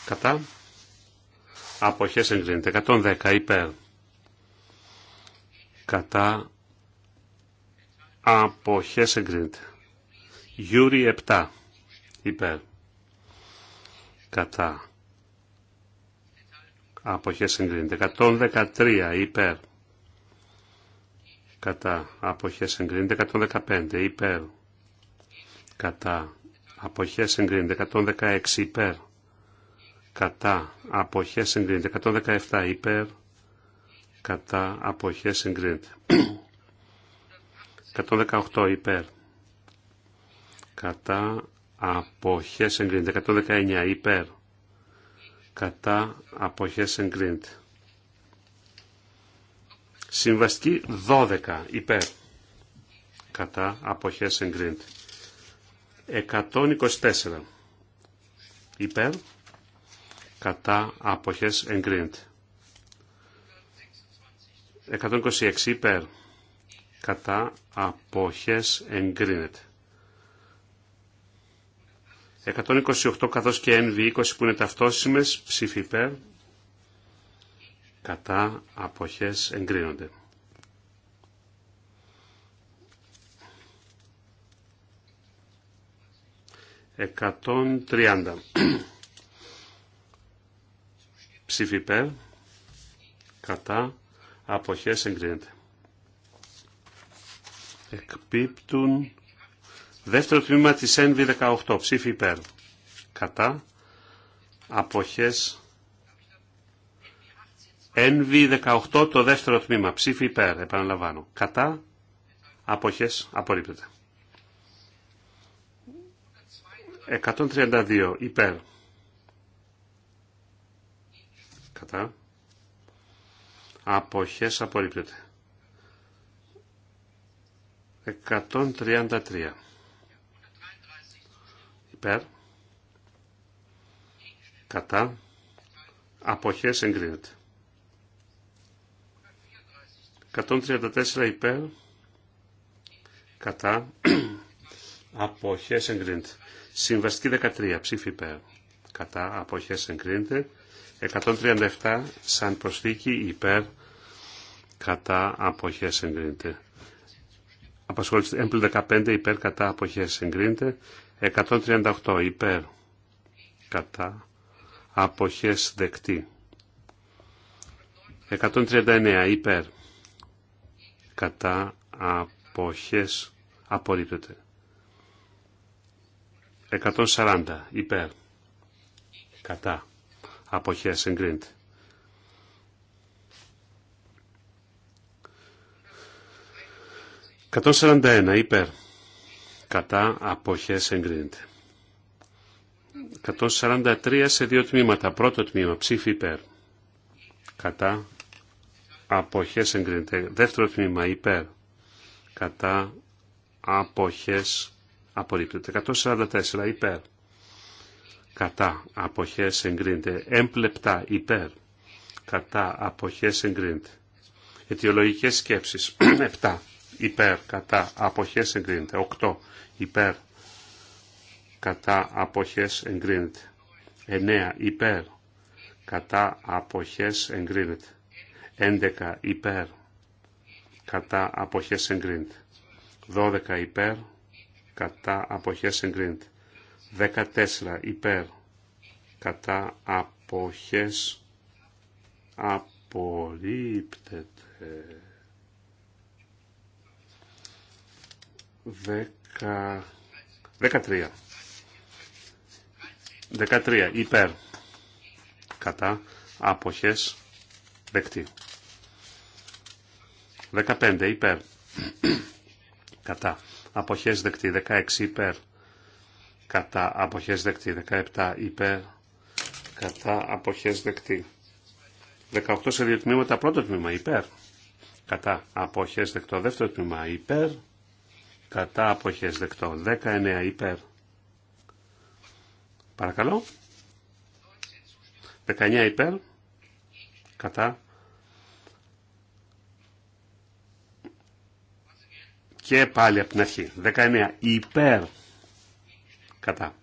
κατά αποχές εγκρίνεται 110 υπέρ κατά αποχές εγκρίνεται Γιούρι 7 υπέρ κατά αποχές εγκρίνεται 113 υπέρ κατά αποχές εγκρίνεται 115 υπέρ κατά αποχές εγκρίνεται 116 υπέρ κατά αποχές εγκρίνεται. 117 υπέρ κατά αποχές εγκρίνεται. 118 υπέρ κατά αποχές εγκρίνεται. 119 υπέρ κατά αποχές εγκρίνεται. Συμβαστική 12 υπέρ κατά αποχές εγκρίνεται. 124 υπέρ κατά αποχές εγκρίνεται. 126 υπέρ κατά αποχές εγκρίνεται. 128 καθώς και NV20 που είναι ταυτόσιμες ψήφι υπέρ κατά αποχές εγκρίνονται. 130 Ψήφι Κατά. Αποχές εγκρίνεται. Εκπίπτουν. Δεύτερο τμήμα της NV18. Ψήφι υπέρ. Κατά. Αποχές. NV18 το δεύτερο τμήμα. Ψήφι υπέρ. Επαναλαμβάνω. Κατά. Αποχές. Απορρίπτεται. 132 υπέρ κατά αποχές απορρίπτεται 133 υπέρ κατά αποχές εγκρίνεται 134 υπέρ κατά αποχές εγκρίνεται συμβαστική 13 ψήφι υπέρ κατά αποχές εγκρίνεται 137 σαν προσθήκη υπέρ κατά αποχές εγκρίνεται. Απασχόληση έμπλη 15 υπέρ κατά αποχές εγκρίνεται. 138 υπέρ κατά αποχές δεκτή. 139 υπέρ κατά αποχές απορρίπτεται. 140 υπέρ κατά αποχές εγκρίνεται. «141 υπέρ κατά αποχές εγκρίνεται». 143 σε δύο τμήματα. Πρώτο τμήμα ψήφι υπέρ κατά αποχές εγκρίνεται. Δεύτερο τμήμα υπέρ κατά αποχές απορρίπτεται. 144 υπέρ κατά αποχές εγκρίνεται. Έμπλεπτα υπέρ κατά αποχές εγκρίνεται. Αιτιολογικές σκέψεις 7 υπέρ κατά αποχές εγκρίνεται. 8 υπέρ κατά αποχές εγκρίνεται. 9 υπέρ κατά αποχές εγκρίνεται. 11 υπέρ κατά αποχές εγκρίνεται. 12 υπέρ κατά αποχές εγκρίνεται. 14 υπέρ κατά αποχές απορρίπτεται 10... 13 13 υπέρ κατά αποχές δεκτή 15 υπέρ κατά αποχές δεκτή 16 υπέρ κατά αποχές δεκτή. 17 υπέρ κατά αποχές δεκτή. 18 σε δύο τμήματα. Πρώτο τμήμα υπέρ κατά αποχές δεκτό. Δεύτερο τμήμα υπέρ κατά αποχές δεκτό. 19 υπέρ. Παρακαλώ. 19 υπέρ κατά και πάλι από την αρχή. 19 υπέρ κατά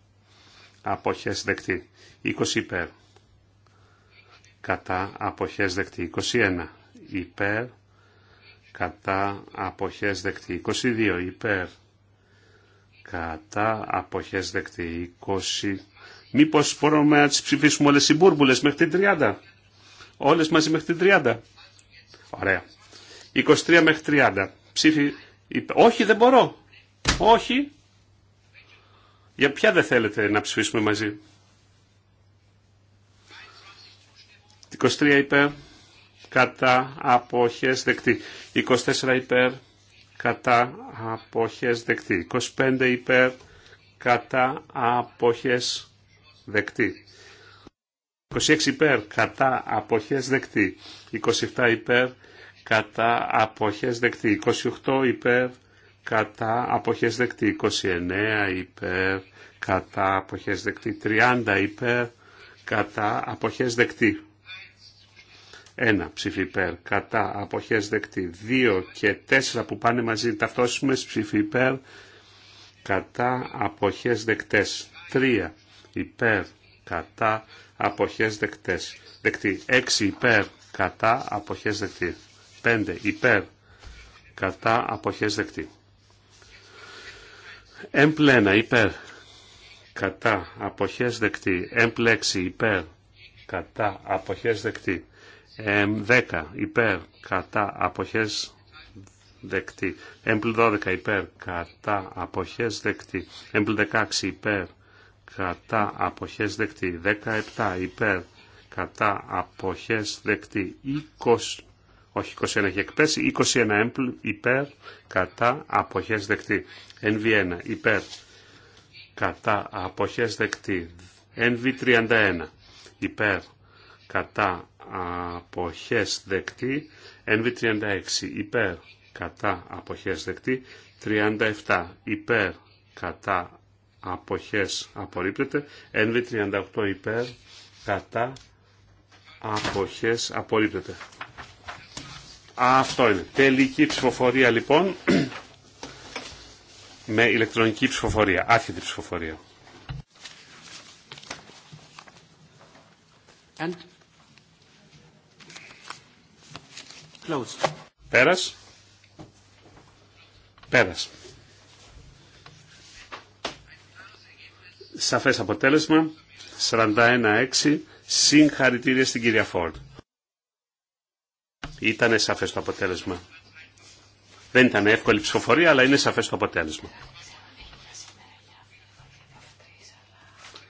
αποχές δεκτή 20 υπέρ κατά αποχές δεκτή 21 υπέρ κατά αποχές δεκτή 22 υπέρ κατά αποχές δεκτή 20 μήπως μπορούμε να τις ψηφίσουμε όλες οι μπούρμπουλες μέχρι την 30 όλες μαζί μέχρι την 30 ωραία 23 μέχρι 30 ψήφι όχι δεν μπορώ όχι για ποια δεν θέλετε να ψηφίσουμε μαζί. 23 υπέρ, κατά αποχές δεκτή. 24 υπέρ, κατά αποχές δεκτή. 25 υπέρ, κατά αποχές δεκτή. 26 υπέρ, κατά αποχές δεκτή. 27 υπέρ, κατά αποχές δεκτή. 28 υπέρ, κατά αποχές δεκτή 29 υπέρ, κατά αποχές δεκτή 30 υπέρ, κατά αποχές δεκτή. 1 ψήφι υπέρ, κατά αποχές δεκτή 2 και 4 που πάνε μαζί ταυτόσιμες ψήφι υπέρ, κατά αποχές δεκτές 3 υπέρ, κατά αποχές δεκτές δεκτή 6 υπέρ, κατά αποχές δεκτή 5 υπέρ, κατά αποχές δεκτή. Εμπλένα υπέρ κατά αποχές δεκτή. Εμπλέξη υπέρ κατά αποχές δεκτή. Εμ10 υπέρ κατά αποχές δεκτή. Εμπλ12 υπέρ κατά αποχές δεκτή. Εμπλ16 υπέρ κατά αποχές δεκτή. 17 υπέρ κατά αποχές δεκτή. 20 όχι 21 έχει εκπέσει, 21 έμπλ υπέρ κατά αποχές δεκτή. NV1 υπέρ κατά αποχές δεκτή. NV31 υπέρ κατά αποχές δεκτή. NV36 υπέρ κατά αποχές δεκτή. 37 υπέρ κατά αποχές απορρίπτεται. NV38 υπέρ κατά αποχές απορρίπτεται. Αυτό είναι. Τελική ψηφοφορία λοιπόν με ηλεκτρονική ψηφοφορία. Άρχεται ψηφοφορία. And... Closed. Πέρας. Πέρας. Σαφές αποτέλεσμα. 41-6. Συγχαρητήρια στην κυρία Φόρντ. Ήταν σαφές το αποτέλεσμα. Δεν ήταν εύκολη ψηφοφορία, αλλά είναι σαφές το αποτέλεσμα.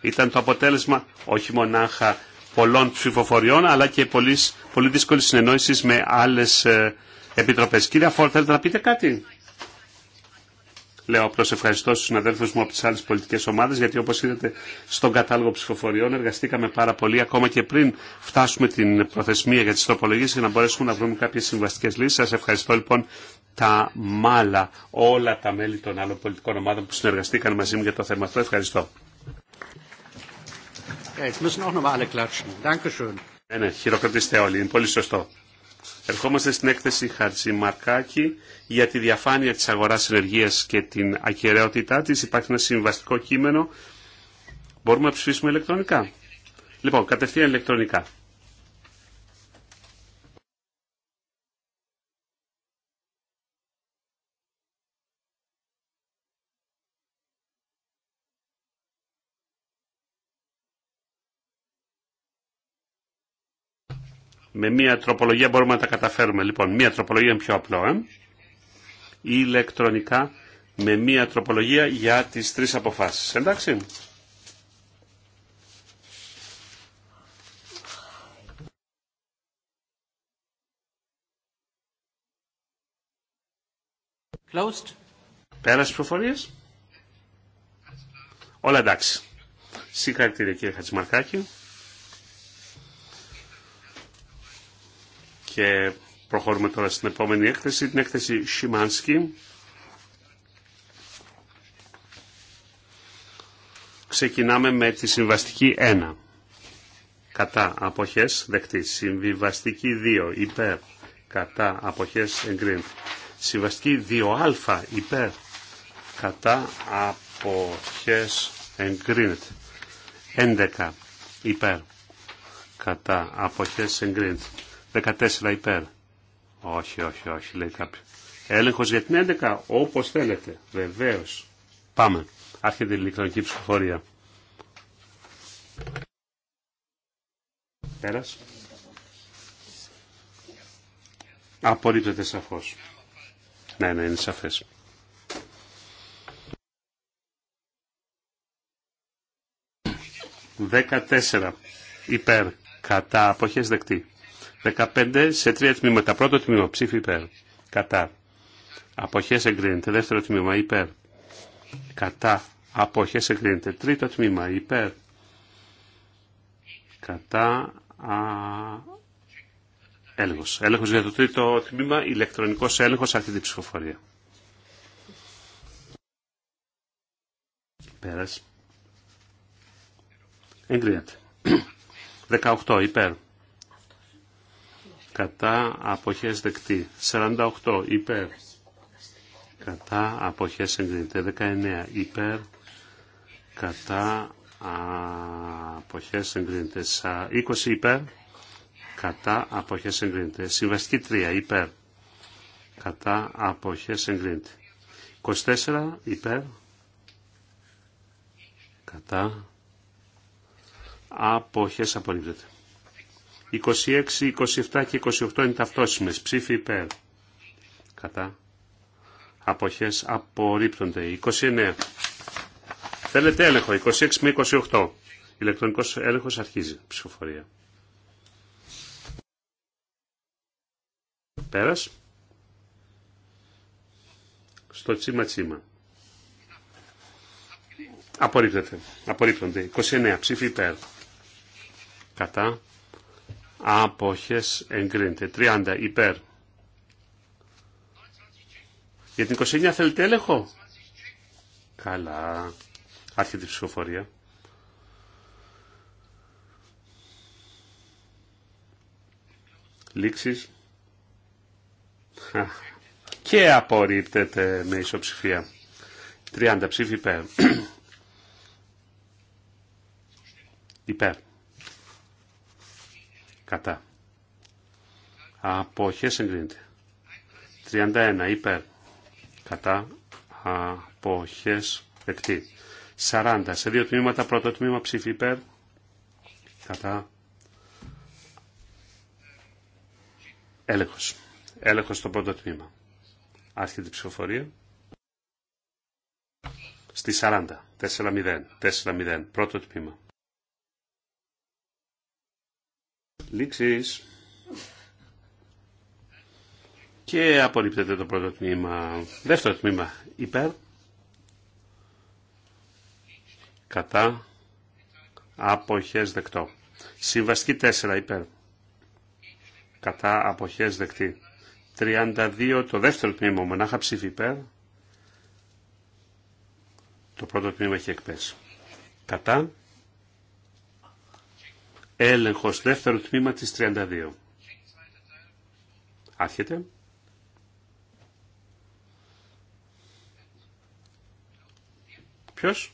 Ήταν το αποτέλεσμα όχι μονάχα πολλών ψηφοφοριών, αλλά και πολύ δύσκολη συνεννόησης με άλλες ε, επιτροπές. Κύριε Φόρ, θέλετε να πείτε κάτι. Λέω απλώ ευχαριστώ στου συναδέλφου μου από τι άλλε πολιτικέ ομάδε, γιατί όπω είδατε στον κατάλογο ψηφοφοριών εργαστήκαμε πάρα πολύ, ακόμα και πριν φτάσουμε την προθεσμία για τι τροπολογίε, για να μπορέσουμε να βρούμε κάποιε συμβαστικέ λύσει. Σα ευχαριστώ λοιπόν τα μάλα, όλα τα μέλη των άλλων πολιτικών ομάδων που συνεργαστήκαν μαζί μου για το θέμα αυτό. Ευχαριστώ. Ε, ναι, ναι, χειροκροτήστε όλοι. Είναι πολύ σωστό. Ερχόμαστε στην έκθεση Μαρκάκη για τη διαφάνεια της αγοράς ενεργείας και την ακαιρεότητά της. Υπάρχει ένα συμβαστικό κείμενο. Μπορούμε να ψηφίσουμε ηλεκτρονικά. Λοιπόν, κατευθείαν ηλεκτρονικά. Με μία τροπολογία μπορούμε να τα καταφέρουμε. Λοιπόν, μία τροπολογία είναι πιο απλό. Ε? Ηλεκτρονικά με μία τροπολογία για τις τρεις αποφάσεις. Εντάξει. Closed. Πέρασε προφορίες. Όλα εντάξει. Συγχαρητήρια κύριε Χατζημαρκάκη. Και προχωρούμε τώρα στην επόμενη έκθεση, την έκθεση Σιμάνσκι. Ξεκινάμε με τη συμβαστική 1. Κατά αποχές δεκτή. Συμβιβαστική 2 υπέρ. Κατά αποχές εγκρίνεται. Συμβαστική 2α υπέρ. Κατά αποχές εγκρίνεται. 11 υπέρ. Κατά αποχές εγκρίνεται. 14 υπέρ. Όχι, όχι, όχι, λέει κάποιο. Έλεγχο για την 11, Όπω θέλετε. Βεβαίω. Πάμε. Άρχεται η ηλεκτρονική ψηφοφορία. Πέρας. Απορρίπτεται σαφώ. Ναι, ναι, είναι σαφές. Δεκατέσσερα. Υπέρ. Κατά. Αποχές δεκτή. 15 σε τρία τμήματα. Πρώτο τμήμα, ψήφι υπέρ. Κατά. Αποχές εγκρίνεται. Δεύτερο τμήμα, υπέρ. Κατά. Αποχές εγκρίνεται. Τρίτο τμήμα, υπέρ. Κατά. Α... Έλεγχος. Έλεγχος για το τρίτο τμήμα, ηλεκτρονικός έλεγχος, αυτή την ψηφοφορία. Πέρας. Εγκρίνεται. 18 υπέρ κατά αποχές δεκτή. 48 υπέρ κατά αποχές εγκρίνεται. 19 υπέρ κατά αποχές εγκρίνεται. 20 υπέρ κατά αποχές εγκρίνεται. Συμβαστική 3 υπέρ κατά αποχές εγκρίνεται. 24 υπέρ κατά αποχές απορρίπτεται. 26, 27 και 28 είναι ταυτόσιμες. Ψήφι υπέρ. Κατά. Αποχές απορρίπτονται. 29. Θέλετε έλεγχο. 26 με 28. Ηλεκτρονικός έλεγχος αρχίζει. Ψηφοφορία. Πέρας. Στο τσίμα τσίμα. Απορρίπτεται. Απορρίπτονται. 29. Ψήφι υπέρ. Κατά. Αποχές εγκρίνεται. 30 υπέρ. Για την 29 θέλετε έλεγχο. Καλά. Άρχεται η ψηφοφορία. Λήξεις. Και απορρίπτεται με ισοψηφία. 30 ψήφι υπέρ. υπέρ. Κατά. Απόχε εγκρίνεται. 31 υπέρ. Κατά. Αποχές δεκτή. 40 σε δύο τμήματα. Πρώτο τμήμα ψήφι υπέρ. Κατά. Έλεγχος. Έλεγχος στο πρώτο τμήμα. Άρχεται η ψηφοφορία. Στη 40. 4-0. 4-0. Πρώτο τμήμα. Λήξεις. Και απορρίπτεται το πρώτο τμήμα. Δεύτερο τμήμα. Υπέρ. Κατά. Αποχές δεκτό. Συμβαστική 4 υπέρ. Κατά αποχές δεκτή. 32 το δεύτερο τμήμα μονάχα ψήφι υπέρ. Το πρώτο τμήμα έχει εκπέσει. Κατά έλεγχος δεύτερο τμήμα της 32. Άρχεται. Ποιος?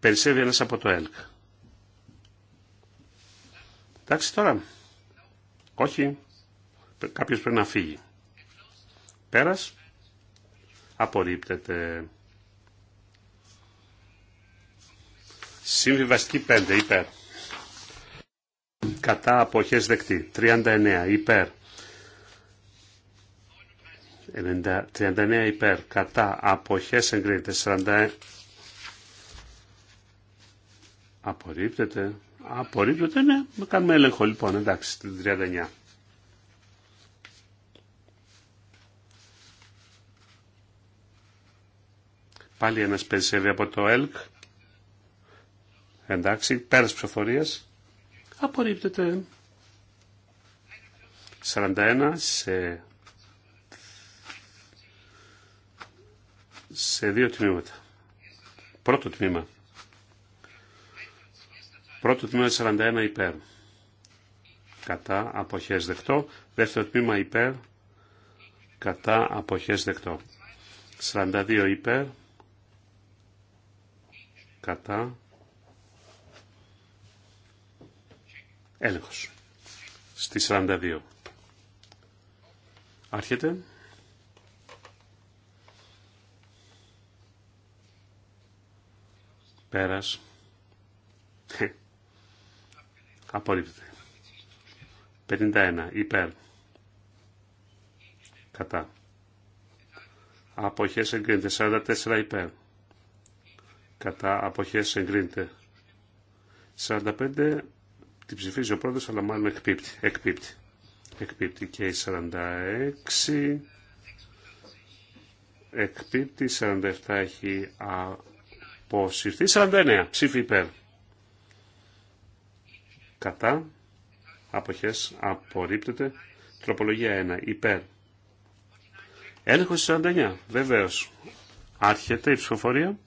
Περισσεύει ένας από το ΕΛΚ. Εντάξει τώρα. Όχι. Κάποιος πρέπει να φύγει. Πέρας. Απορρίπτεται. Συμβιβαστική 5 υπέρ κατά αποχές δεκτή. 39 υπέρ. 39 υπέρ κατά αποχές εγκρίνεται. 41 ε- απορρίπτεται. Απορρίπτεται, ναι. Κάνουμε έλεγχο λοιπόν, εντάξει, την 39. Πάλι ένας περισσεύει από το ΕΛΚ. Εντάξει, πέρας ψηφοφορίας. Απορρίπτεται. 41 σε, σε δύο τμήματα. Πρώτο τμήμα. Πρώτο τμήμα 41 υπέρ. Κατά αποχές δεκτό. Δεύτερο τμήμα υπέρ. Κατά αποχές δεκτό. 42 υπέρ. Κατά Έλεγχος. Στη 42. Άρχεται. Πέρας. Απορρίπτεται. 51. Υπέρ. Κατά. Αποχές εγκρίνεται. 44 υπέρ. Κατά αποχές εγκρίνεται. 45 την ψηφίζει ο πρώτος αλλά μάλλον εκπίπτει. Εκπίπτει. Εκπίπτει και η 46. Εκπίπτει. 47 έχει αποσυρθεί. 49. Ψήφι υπέρ. Κατά. Αποχές. Απορρίπτεται. Τροπολογία 1. Υπέρ. Έλεγχος 49. Βεβαίως. Άρχεται η ψηφοφορία.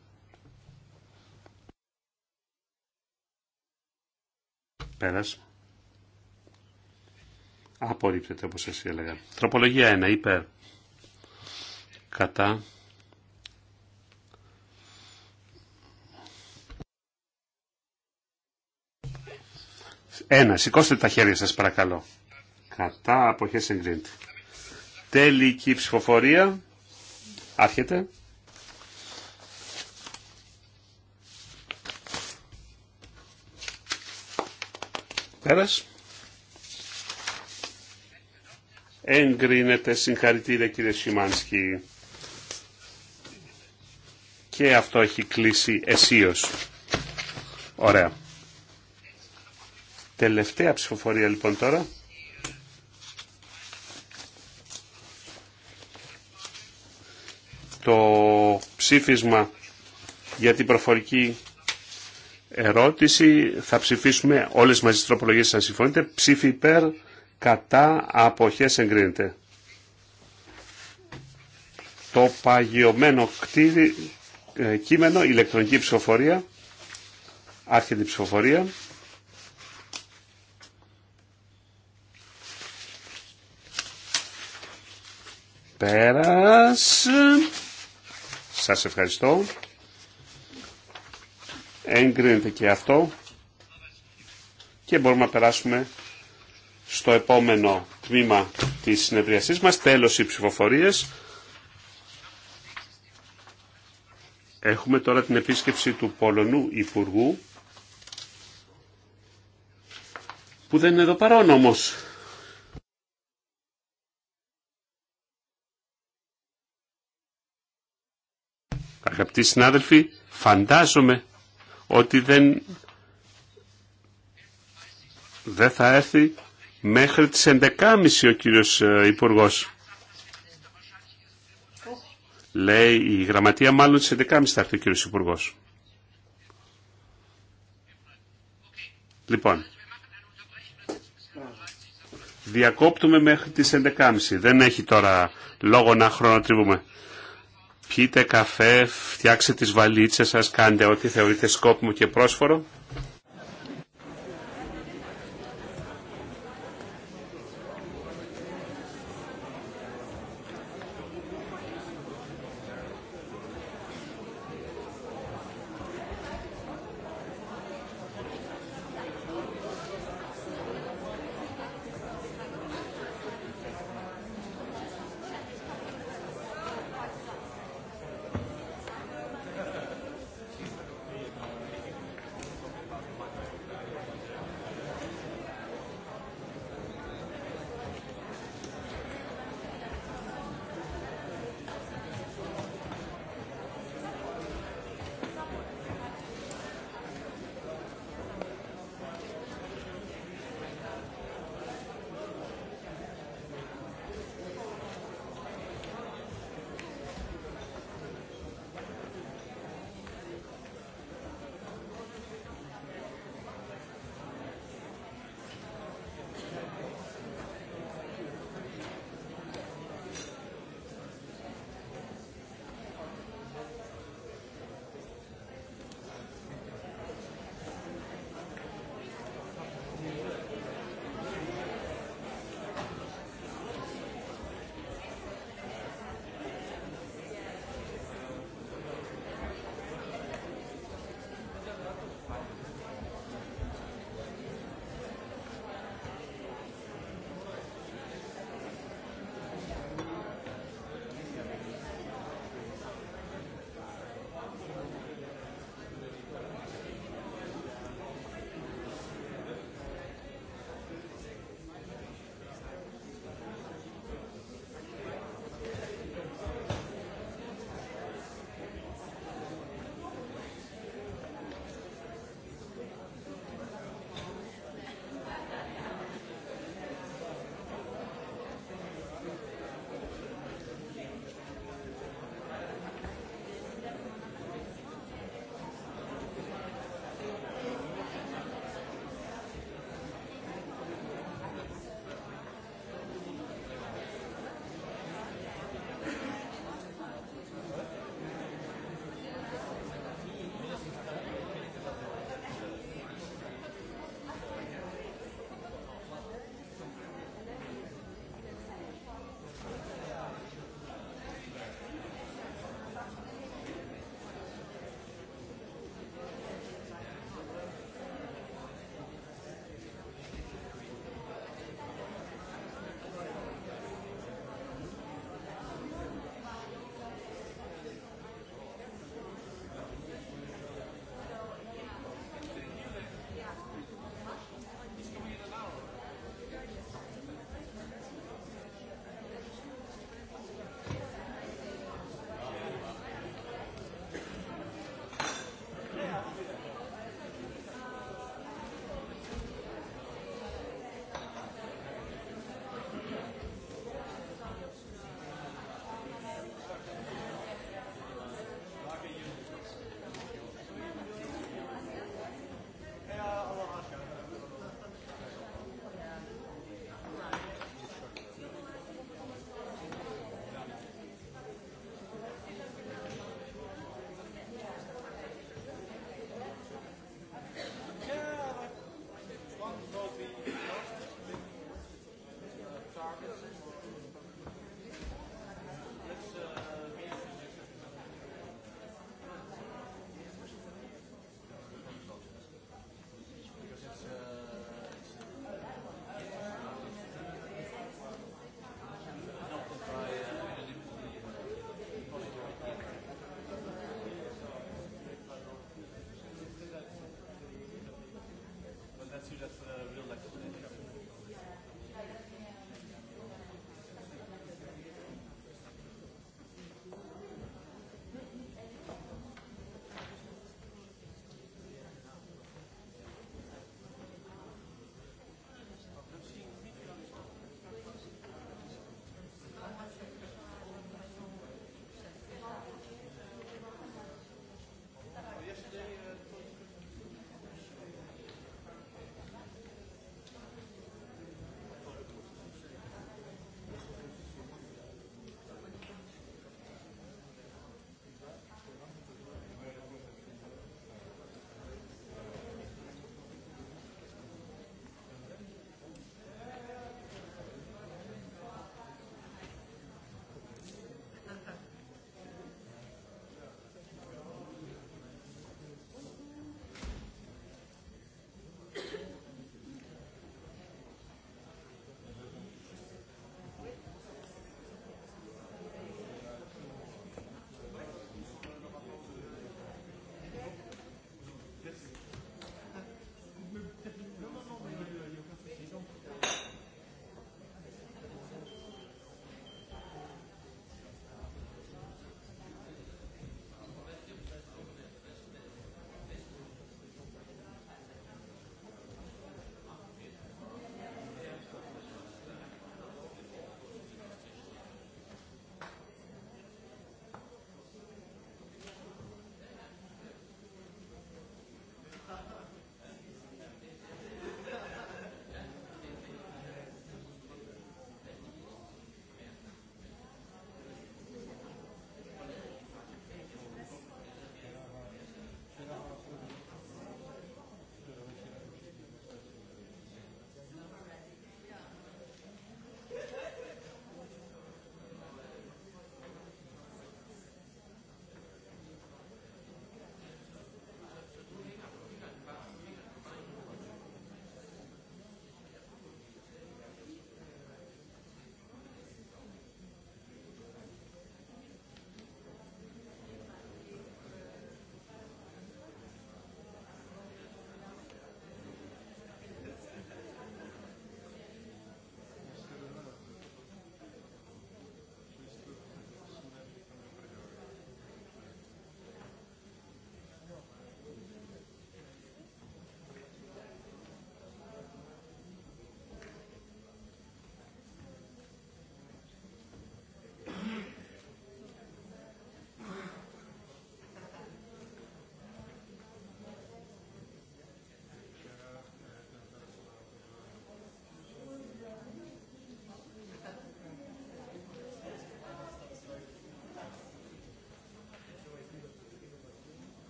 Πέρας. Απορρίπτεται όπως σας έλεγα. Τροπολογία 1 υπέρ. Κατά. Ένα, σηκώστε τα χέρια σας παρακαλώ. Κατά αποχές εγκρίνεται. Τελική ψηφοφορία. Άρχεται. Πέρας. Εγκρίνεται. Συγχαρητήρια κύριε Σιμάνσκι. Και αυτό έχει κλείσει αισίως. Ωραία. Τελευταία ψηφοφορία λοιπόν τώρα. Το ψήφισμα για την προφορική ερώτηση. Θα ψηφίσουμε όλες μαζί τις τροπολογίες αν συμφωνείτε. Ψήφι υπέρ, κατά, αποχές εγκρίνεται. Το παγιωμένο ε, κείμενο, ηλεκτρονική ψηφοφορία, άρχεται ψηφοφορία. Πέρας. Σας ευχαριστώ. Εγκρίνεται και αυτό. Και μπορούμε να περάσουμε στο επόμενο τμήμα της συνεδριασής μας. Τέλος οι ψηφοφορίες. Έχουμε τώρα την επίσκεψη του Πολωνού Υπουργού που δεν είναι εδώ παρόν όμως. Αγαπητοί συνάδελφοι, φαντάζομαι ότι δεν, θα έρθει μέχρι τις 11.30 ο κύριος ε, Υπουργός. Λέει η γραμματεία μάλλον στις 11.30 θα έρθει ο κύριος Υπουργός. Λοιπόν, διακόπτουμε μέχρι τις 11.30. Δεν έχει τώρα λόγο να χρονοτριβούμε. Πείτε καφέ, φτιάξτε τις βαλίτσες σας, κάντε ό,τι θεωρείτε σκόπιμο και πρόσφορο. Jesus.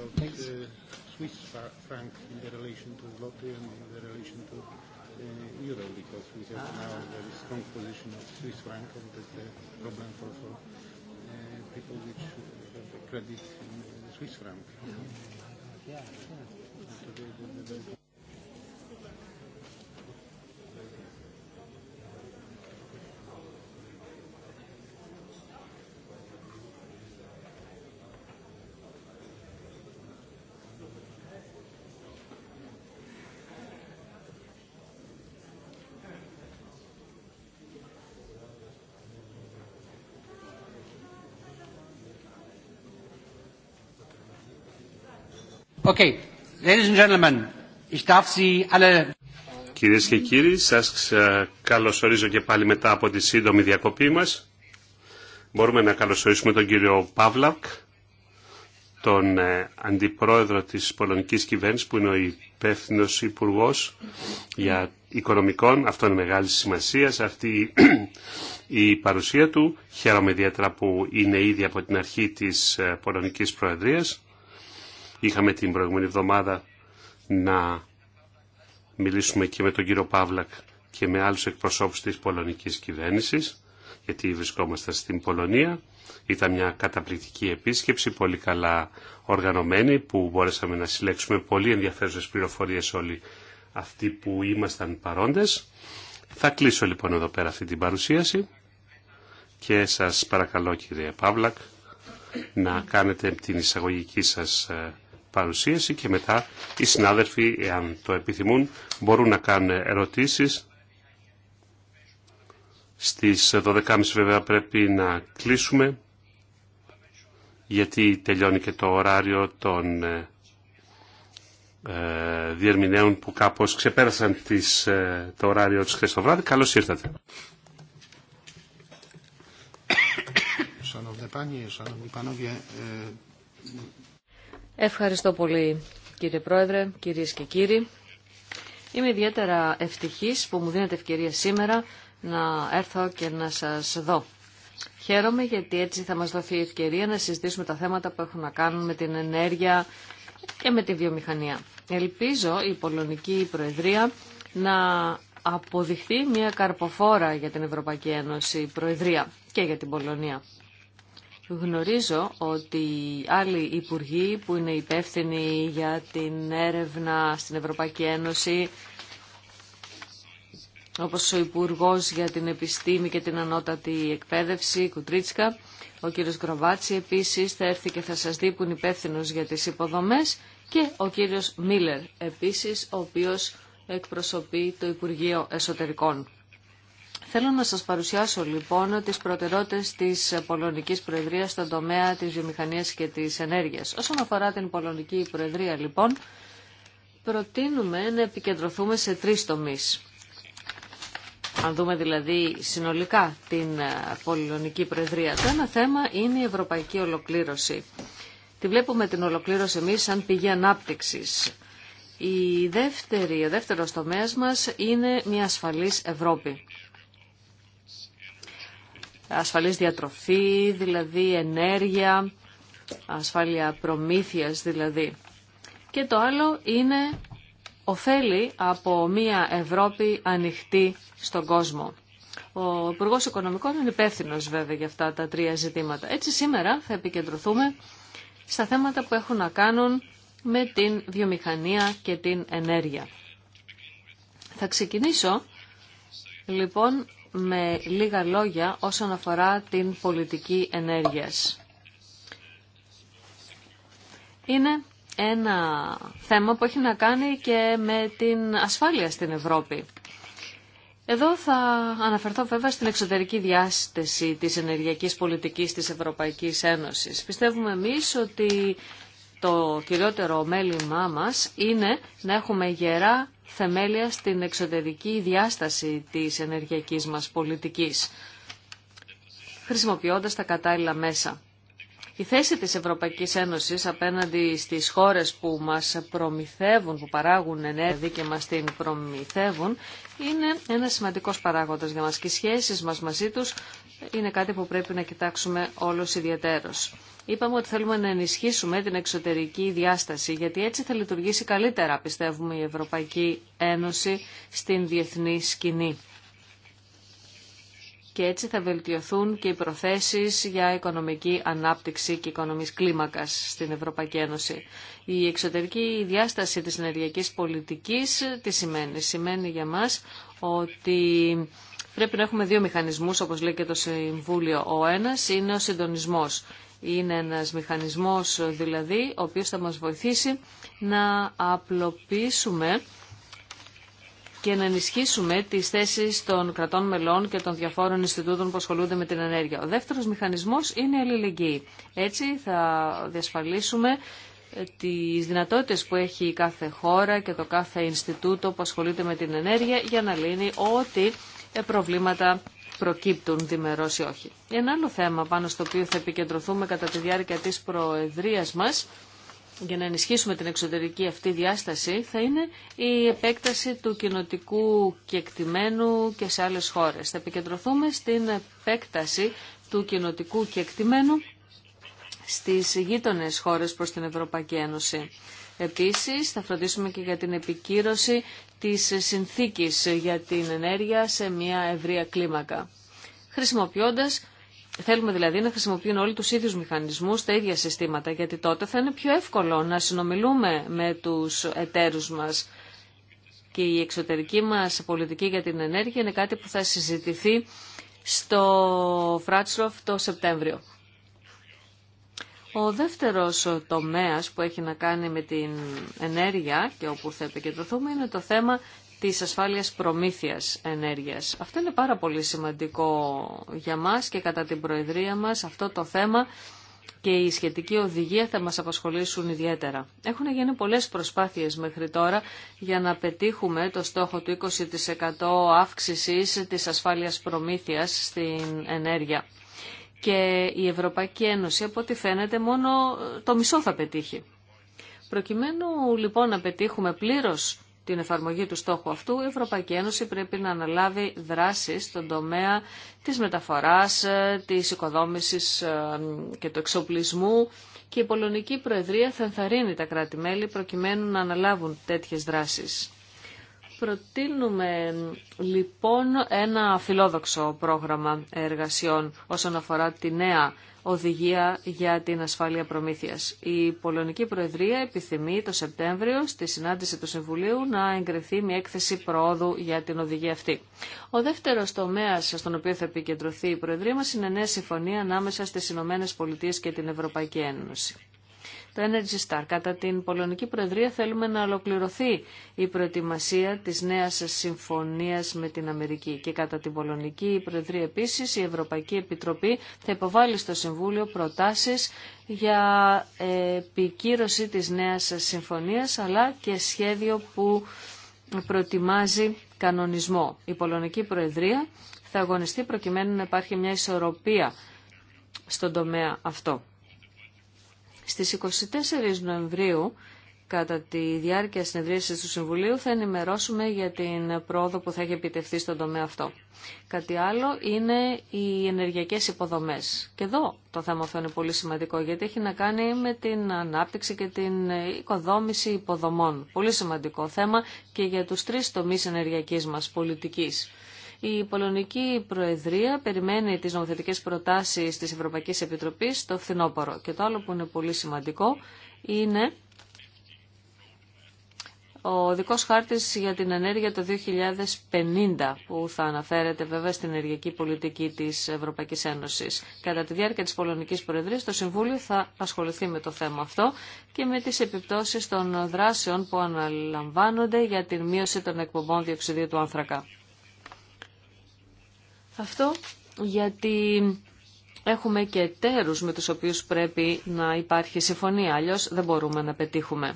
Of the Swiss franc in the relation to zloty and in the relation to euro, because we have now a very strong position of Swiss franc, and that's a problem for, for people which have credit in Swiss franc. Yeah, Κυρίες και κύριοι, σας καλωσορίζω και πάλι μετά από τη σύντομη διακοπή μας. Μπορούμε να καλωσορίσουμε τον κύριο Παύλακ, τον ε, αντιπρόεδρο της πολωνικής κυβέρνησης που είναι ο υπεύθυνο υπουργό για οικονομικών. Αυτό είναι μεγάλη σημασία. Αυτή η παρουσία του χαίρομαι ιδιαίτερα που είναι ήδη από την αρχή της ε, πολωνικής προεδρίας Είχαμε την προηγούμενη εβδομάδα να μιλήσουμε και με τον κύριο Παύλακ και με άλλους εκπροσώπους της πολωνικής κυβέρνησης, γιατί βρισκόμαστε στην Πολωνία. Ήταν μια καταπληκτική επίσκεψη, πολύ καλά οργανωμένη, που μπόρεσαμε να συλλέξουμε πολύ ενδιαφέρουσες πληροφορίες όλοι αυτοί που ήμασταν παρόντες. Θα κλείσω λοιπόν εδώ πέρα αυτή την παρουσίαση και σας παρακαλώ κύριε Παύλακ να κάνετε την εισαγωγική σας ε, παρουσίαση και μετά οι συνάδελφοι, εάν το επιθυμούν, μπορούν να κάνουν ερωτήσεις. Στις 12.30 βέβαια πρέπει να κλείσουμε, γιατί τελειώνει και το ωράριο των ε, ε, διερμηνέων που κάπως ξεπέρασαν τις, ε, το ωράριο της χθες το βράδυ. Καλώς ήρθατε. Ευχαριστώ πολύ κύριε Πρόεδρε, κυρίες και κύριοι. Είμαι ιδιαίτερα ευτυχής που μου δίνετε ευκαιρία σήμερα να έρθω και να σας δω. Χαίρομαι γιατί έτσι θα μας δοθεί η ευκαιρία να συζητήσουμε τα θέματα που έχουν να κάνουν με την ενέργεια και με τη βιομηχανία. Ελπίζω η Πολωνική Προεδρία να αποδειχθεί μια καρποφόρα για την Ευρωπαϊκή Ένωση Προεδρία και για την Πολωνία. Γνωρίζω ότι άλλοι υπουργοί που είναι υπεύθυνοι για την έρευνα στην Ευρωπαϊκή Ένωση, όπως ο Υπουργός για την Επιστήμη και την Ανώτατη Εκπαίδευση, Κουτρίτσκα, ο κύριος Γκροβάτση επίσης θα έρθει και θα σας δει που είναι υπεύθυνο για τις υποδομές και ο κύριος Μίλλερ επίσης, ο οποίος εκπροσωπεί το Υπουργείο Εσωτερικών. Θέλω να σας παρουσιάσω λοιπόν τις προτεραιότητες της Πολωνικής Προεδρίας στον τομέα της βιομηχανίας και της ενέργειας. Όσον αφορά την Πολωνική Προεδρία λοιπόν, προτείνουμε να επικεντρωθούμε σε τρεις τομείς. Αν δούμε δηλαδή συνολικά την ε, Πολωνική Προεδρία, το ένα θέμα είναι η ευρωπαϊκή ολοκλήρωση. Τη βλέπουμε την ολοκλήρωση εμείς σαν πηγή ανάπτυξης. Η δεύτερη, ο δεύτερος τομέας μας είναι μια ασφαλής Ευρώπη ασφαλής διατροφή, δηλαδή ενέργεια, ασφάλεια προμήθειας δηλαδή. Και το άλλο είναι ωφέλη από μια Ευρώπη ανοιχτή στον κόσμο. Ο Υπουργό Οικονομικών είναι υπεύθυνο βέβαια για αυτά τα τρία ζητήματα. Έτσι σήμερα θα επικεντρωθούμε στα θέματα που έχουν να κάνουν με την βιομηχανία και την ενέργεια. Θα ξεκινήσω λοιπόν με λίγα λόγια όσον αφορά την πολιτική ενέργειας. Είναι ένα θέμα που έχει να κάνει και με την ασφάλεια στην Ευρώπη. Εδώ θα αναφερθώ βέβαια στην εξωτερική διάσταση της ενεργειακής πολιτικής της Ευρωπαϊκής Ένωσης. Πιστεύουμε εμείς ότι το κυριότερο μέλημά μας είναι να έχουμε γερά θεμέλια στην εξωτερική διάσταση της ενεργειακής μας πολιτικής, χρησιμοποιώντας τα κατάλληλα μέσα. Η θέση της Ευρωπαϊκής Ένωσης απέναντι στις χώρες που μας προμηθεύουν, που παράγουν ενέργεια και μας την προμηθεύουν, είναι ένα σημαντικός παράγοντας για μας και οι σχέσεις μας μαζί τους είναι κάτι που πρέπει να κοιτάξουμε όλος ιδιαίτερος. Είπαμε ότι θέλουμε να ενισχύσουμε την εξωτερική διάσταση, γιατί έτσι θα λειτουργήσει καλύτερα, πιστεύουμε, η Ευρωπαϊκή Ένωση στην διεθνή σκηνή και έτσι θα βελτιωθούν και οι προθέσεις για οικονομική ανάπτυξη και οικονομής κλίμακας στην Ευρωπαϊκή Ένωση. Η εξωτερική διάσταση της ενεργειακής πολιτικής τι σημαίνει. Σημαίνει για μας ότι πρέπει να έχουμε δύο μηχανισμούς, όπως λέει και το Συμβούλιο. Ο ένας είναι ο συντονισμός. Είναι ένας μηχανισμός δηλαδή, ο οποίος θα μας βοηθήσει να απλοποιήσουμε και να ενισχύσουμε τις θέσει των κρατών μελών και των διαφόρων Ινστιτούτων που ασχολούνται με την ενέργεια. Ο δεύτερος μηχανισμός είναι η αλληλεγγύη. Έτσι θα διασφαλίσουμε ε, τις δυνατότητες που έχει κάθε χώρα και το κάθε Ινστιτούτο που ασχολείται με την ενέργεια για να λύνει ό,τι ε, προβλήματα προκύπτουν διμερώς ή όχι. Ένα άλλο θέμα πάνω στο οποίο θα επικεντρωθούμε κατά τη διάρκεια της Προεδρίας μας για να ενισχύσουμε την εξωτερική αυτή διάσταση θα είναι η επέκταση του κοινοτικού κεκτημένου και σε άλλες χώρες. Θα επικεντρωθούμε στην επέκταση του κοινοτικού κεκτημένου στις γείτονες χώρες προς την Ευρωπαϊκή Ένωση. Επίσης θα φροντίσουμε και για την επικύρωση της συνθήκης για την ενέργεια σε μια ευρεία κλίμακα χρησιμοποιώντας Θέλουμε δηλαδή να χρησιμοποιούν όλοι τους ίδιους μηχανισμούς, τα ίδια συστήματα, γιατί τότε θα είναι πιο εύκολο να συνομιλούμε με τους εταίρους μας. Και η εξωτερική μας πολιτική για την ενέργεια είναι κάτι που θα συζητηθεί στο Φράτσροφ το Σεπτέμβριο. Ο δεύτερος τομέας που έχει να κάνει με την ενέργεια και όπου θα επικεντρωθούμε είναι το θέμα της ασφάλειας προμήθειας ενέργειας. Αυτό είναι πάρα πολύ σημαντικό για μας και κατά την Προεδρία μας αυτό το θέμα και η σχετική οδηγία θα μας απασχολήσουν ιδιαίτερα. Έχουν γίνει πολλές προσπάθειες μέχρι τώρα για να πετύχουμε το στόχο του 20% αύξησης της ασφάλειας προμήθειας στην ενέργεια. Και η Ευρωπαϊκή Ένωση, από ό,τι φαίνεται, μόνο το μισό θα πετύχει. Προκειμένου λοιπόν να πετύχουμε πλήρως την εφαρμογή του στόχου αυτού, η Ευρωπαϊκή Ένωση πρέπει να αναλάβει δράσεις στον τομέα της μεταφοράς, ε, της οικοδόμησης ε, και του εξοπλισμού και η Πολωνική Προεδρία θα ενθαρρύνει τα κράτη-μέλη προκειμένου να αναλάβουν τέτοιες δράσεις. Προτείνουμε λοιπόν ένα φιλόδοξο πρόγραμμα εργασιών όσον αφορά τη νέα οδηγία για την ασφάλεια προμήθειας. Η Πολωνική Προεδρία επιθυμεί το Σεπτέμβριο στη συνάντηση του Συμβουλίου να εγκριθεί μια έκθεση προόδου για την οδηγία αυτή. Ο δεύτερος τομέας στον οποίο θα επικεντρωθεί η Προεδρία μας είναι νέα συμφωνία ανάμεσα στις Ηνωμένε Πολιτείες και την Ευρωπαϊκή Ένωση το Energy Star. Κατά την Πολωνική Προεδρία θέλουμε να ολοκληρωθεί η προετοιμασία της νέας συμφωνίας με την Αμερική. Και κατά την Πολωνική Προεδρία επίσης η Ευρωπαϊκή Επιτροπή θα υποβάλει στο Συμβούλιο προτάσεις για επικύρωση της νέας συμφωνίας αλλά και σχέδιο που προετοιμάζει κανονισμό. Η Πολωνική Προεδρία θα αγωνιστεί προκειμένου να υπάρχει μια ισορροπία στον τομέα αυτό. Στις 24 Νοεμβρίου, κατά τη διάρκεια συνεδρίασης του Συμβουλίου, θα ενημερώσουμε για την πρόοδο που θα έχει επιτευχθεί στον τομέα αυτό. Κάτι άλλο είναι οι ενεργειακές υποδομές. Και εδώ το θέμα αυτό είναι πολύ σημαντικό, γιατί έχει να κάνει με την ανάπτυξη και την οικοδόμηση υποδομών. Πολύ σημαντικό θέμα και για τους τρεις τομείς ενεργειακής μας πολιτικής η Πολωνική Προεδρία περιμένει τις νομοθετικές προτάσεις της Ευρωπαϊκής Επιτροπής στο φθινόπωρο. Και το άλλο που είναι πολύ σημαντικό είναι ο δικός χάρτης για την ενέργεια το 2050 που θα αναφέρεται βέβαια στην ενεργειακή πολιτική της Ευρωπαϊκής Ένωσης. Κατά τη διάρκεια της Πολωνικής Προεδρίας το Συμβούλιο θα ασχοληθεί με το θέμα αυτό και με τις επιπτώσεις των δράσεων που αναλαμβάνονται για την μείωση των εκπομπών διοξιδίου του άνθρακα. Αυτό γιατί έχουμε και τέρους με τους οποίους πρέπει να υπάρχει συμφωνία, αλλιώς δεν μπορούμε να πετύχουμε.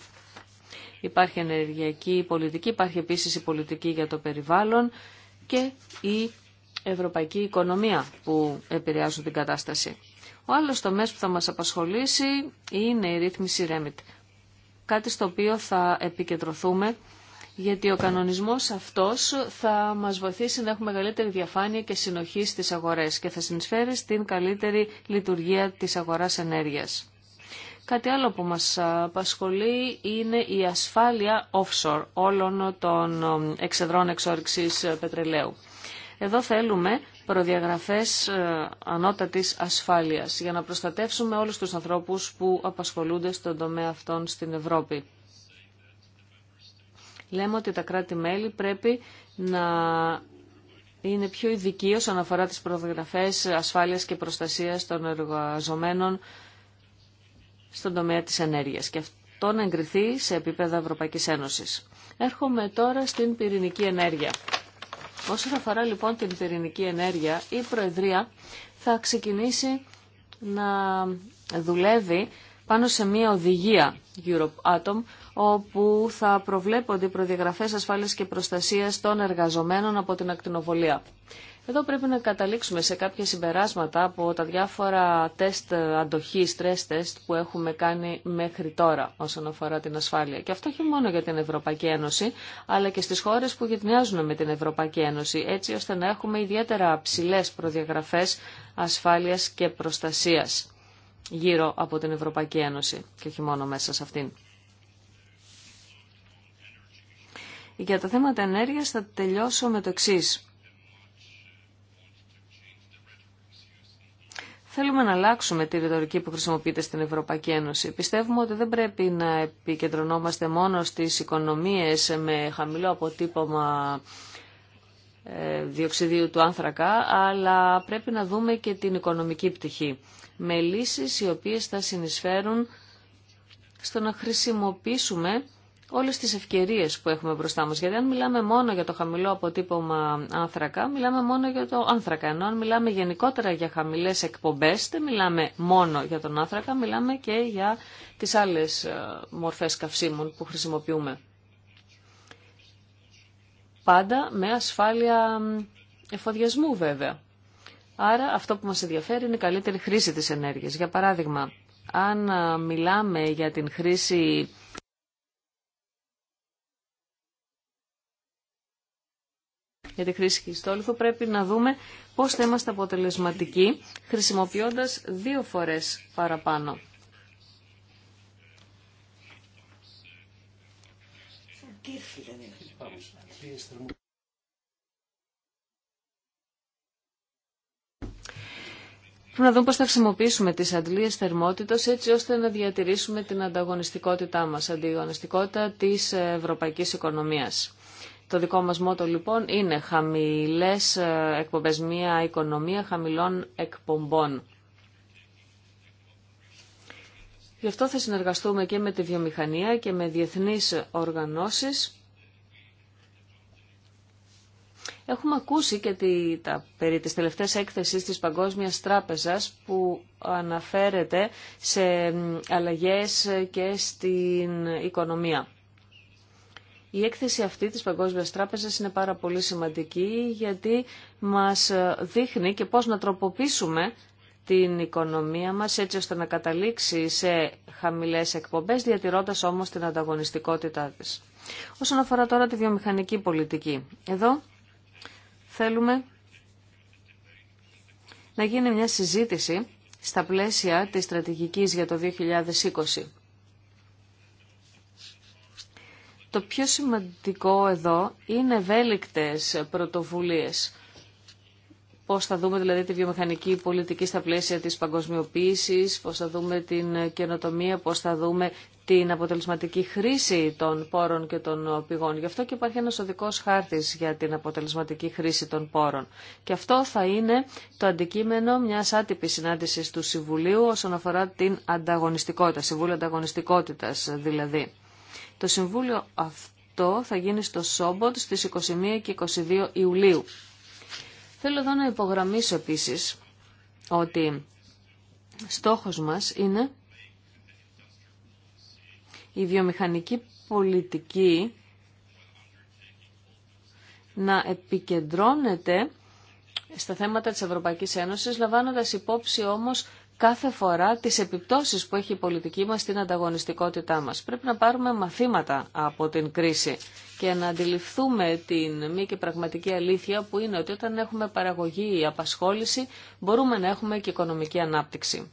Υπάρχει ενεργειακή πολιτική, υπάρχει επίσης η πολιτική για το περιβάλλον και η ευρωπαϊκή οικονομία που επηρεάζουν την κατάσταση. Ο άλλος τομέας που θα μας απασχολήσει είναι η ρύθμιση REMIT, κάτι στο οποίο θα επικεντρωθούμε γιατί ο κανονισμός αυτός θα μας βοηθήσει να έχουμε μεγαλύτερη διαφάνεια και συνοχή στις αγορές και θα συνεισφέρει στην καλύτερη λειτουργία της αγοράς ενέργειας. Κάτι άλλο που μας απασχολεί είναι η ασφάλεια offshore όλων των εξεδρών εξόρυξης πετρελαίου. Εδώ θέλουμε προδιαγραφές ε, ανώτατης ασφάλειας για να προστατεύσουμε όλους τους ανθρώπους που απασχολούνται στον τομέα αυτών στην Ευρώπη. Λέμε ότι τα κράτη-μέλη πρέπει να είναι πιο ειδικοί όσον αφορά τις προδιαγραφές ασφάλειας και προστασίας των εργαζομένων στον τομέα της ενέργειας και αυτό να εγκριθεί σε επίπεδα Ευρωπαϊκής Ένωσης. Έρχομαι τώρα στην πυρηνική ενέργεια. Όσον αφορά λοιπόν την πυρηνική ενέργεια, η Προεδρία θα ξεκινήσει να δουλεύει πάνω σε μια οδηγία Europe Atom όπου θα προβλέπονται οι προδιαγραφές ασφάλειας και προστασίας των εργαζομένων από την ακτινοβολία. Εδώ πρέπει να καταλήξουμε σε κάποια συμπεράσματα από τα διάφορα τεστ αντοχής, stress test που έχουμε κάνει μέχρι τώρα όσον αφορά την ασφάλεια. Και αυτό όχι μόνο για την Ευρωπαϊκή Ένωση, αλλά και στις χώρες που γυρνιάζουν με την Ευρωπαϊκή Ένωση, έτσι ώστε να έχουμε ιδιαίτερα ψηλέ προδιαγραφές ασφάλειας και προστασίας γύρω από την Ευρωπαϊκή Ένωση και όχι μόνο μέσα σε αυτήν. Για τα θέματα ενέργειας θα τελειώσω με το εξή. Θέλουμε να αλλάξουμε τη ρητορική που χρησιμοποιείται στην Ευρωπαϊκή Ένωση. Πιστεύουμε ότι δεν πρέπει να επικεντρωνόμαστε μόνο στις οικονομίες με χαμηλό αποτύπωμα ε, διοξιδίου του άνθρακα, αλλά πρέπει να δούμε και την οικονομική πτυχή. Με λύσεις οι οποίες θα συνεισφέρουν στο να χρησιμοποιήσουμε όλες τις ευκαιρίε που έχουμε μπροστά μας. Γιατί αν μιλάμε μόνο για το χαμηλό αποτύπωμα άνθρακα, μιλάμε μόνο για το άνθρακα. Ενώ αν μιλάμε γενικότερα για χαμηλέ εκπομπές, δεν μιλάμε μόνο για τον άνθρακα, μιλάμε και για τις άλλες ε, μορφές καυσίμων που χρησιμοποιούμε. Πάντα με ασφάλεια εφοδιασμού βέβαια. Άρα αυτό που μας ενδιαφέρει είναι η καλύτερη χρήση της ενέργειας. Για παράδειγμα, αν ε, μιλάμε για την χρήση για τη χρήση χιστόλιθου πρέπει να δούμε πώς θα είμαστε αποτελεσματικοί χρησιμοποιώντας δύο φορές παραπάνω. Πρέπει να δούμε πώς θα χρησιμοποιήσουμε τις αντλίες θερμότητας έτσι ώστε να διατηρήσουμε την ανταγωνιστικότητά μας, αντιγωνιστικότητα της ευρωπαϊκής οικονομίας. Το δικό μας μότο λοιπόν είναι χαμηλές ε, εκπομπές, μια οικονομία χαμηλών εκπομπών. Γι' αυτό θα συνεργαστούμε και με τη βιομηχανία και με διεθνείς οργανώσεις. Έχουμε ακούσει και τη, τα, περί της τελευταίας έκθεσης της Παγκόσμιας Τράπεζας που αναφέρεται σε αλλαγές και στην οικονομία. Η έκθεση αυτή της Παγκόσμιας Τράπεζας είναι πάρα πολύ σημαντική γιατί μας ε, δείχνει και πώς να τροποποιήσουμε την οικονομία μας έτσι ώστε να καταλήξει σε χαμηλές εκπομπές διατηρώντας όμως την ανταγωνιστικότητά της. Όσον αφορά τώρα τη βιομηχανική πολιτική, εδώ θέλουμε να γίνει μια συζήτηση στα πλαίσια της στρατηγικής για το 2020. Το πιο σημαντικό εδώ είναι ευέλικτε πρωτοβουλίες. Πώς θα δούμε δηλαδή τη βιομηχανική πολιτική στα πλαίσια της παγκοσμιοποίησης, πώς θα δούμε την καινοτομία, πώς θα δούμε την αποτελεσματική χρήση των πόρων και των πηγών. Γι' αυτό και υπάρχει ένας οδικός χάρτης για την αποτελεσματική χρήση των πόρων. Και αυτό θα είναι το αντικείμενο μιας άτυπης συνάντησης του Συμβουλίου όσον αφορά την ανταγωνιστικότητα, Συμβούλιο ανταγωνιστικότητα, δηλαδή. Το Συμβούλιο αυτό θα γίνει στο Σόμποτ στις 21 και 22 Ιουλίου. Θέλω εδώ να υπογραμμίσω επίσης ότι στόχος μας είναι η βιομηχανική πολιτική να επικεντρώνεται στα θέματα της Ευρωπαϊκής Ένωσης, λαμβάνοντας υπόψη όμως κάθε φορά τις επιπτώσεις που έχει η πολιτική μας στην ανταγωνιστικότητά μας. Πρέπει να πάρουμε μαθήματα από την κρίση και να αντιληφθούμε την μη και πραγματική αλήθεια που είναι ότι όταν έχουμε παραγωγή ή απασχόληση μπορούμε να έχουμε και οικονομική ανάπτυξη.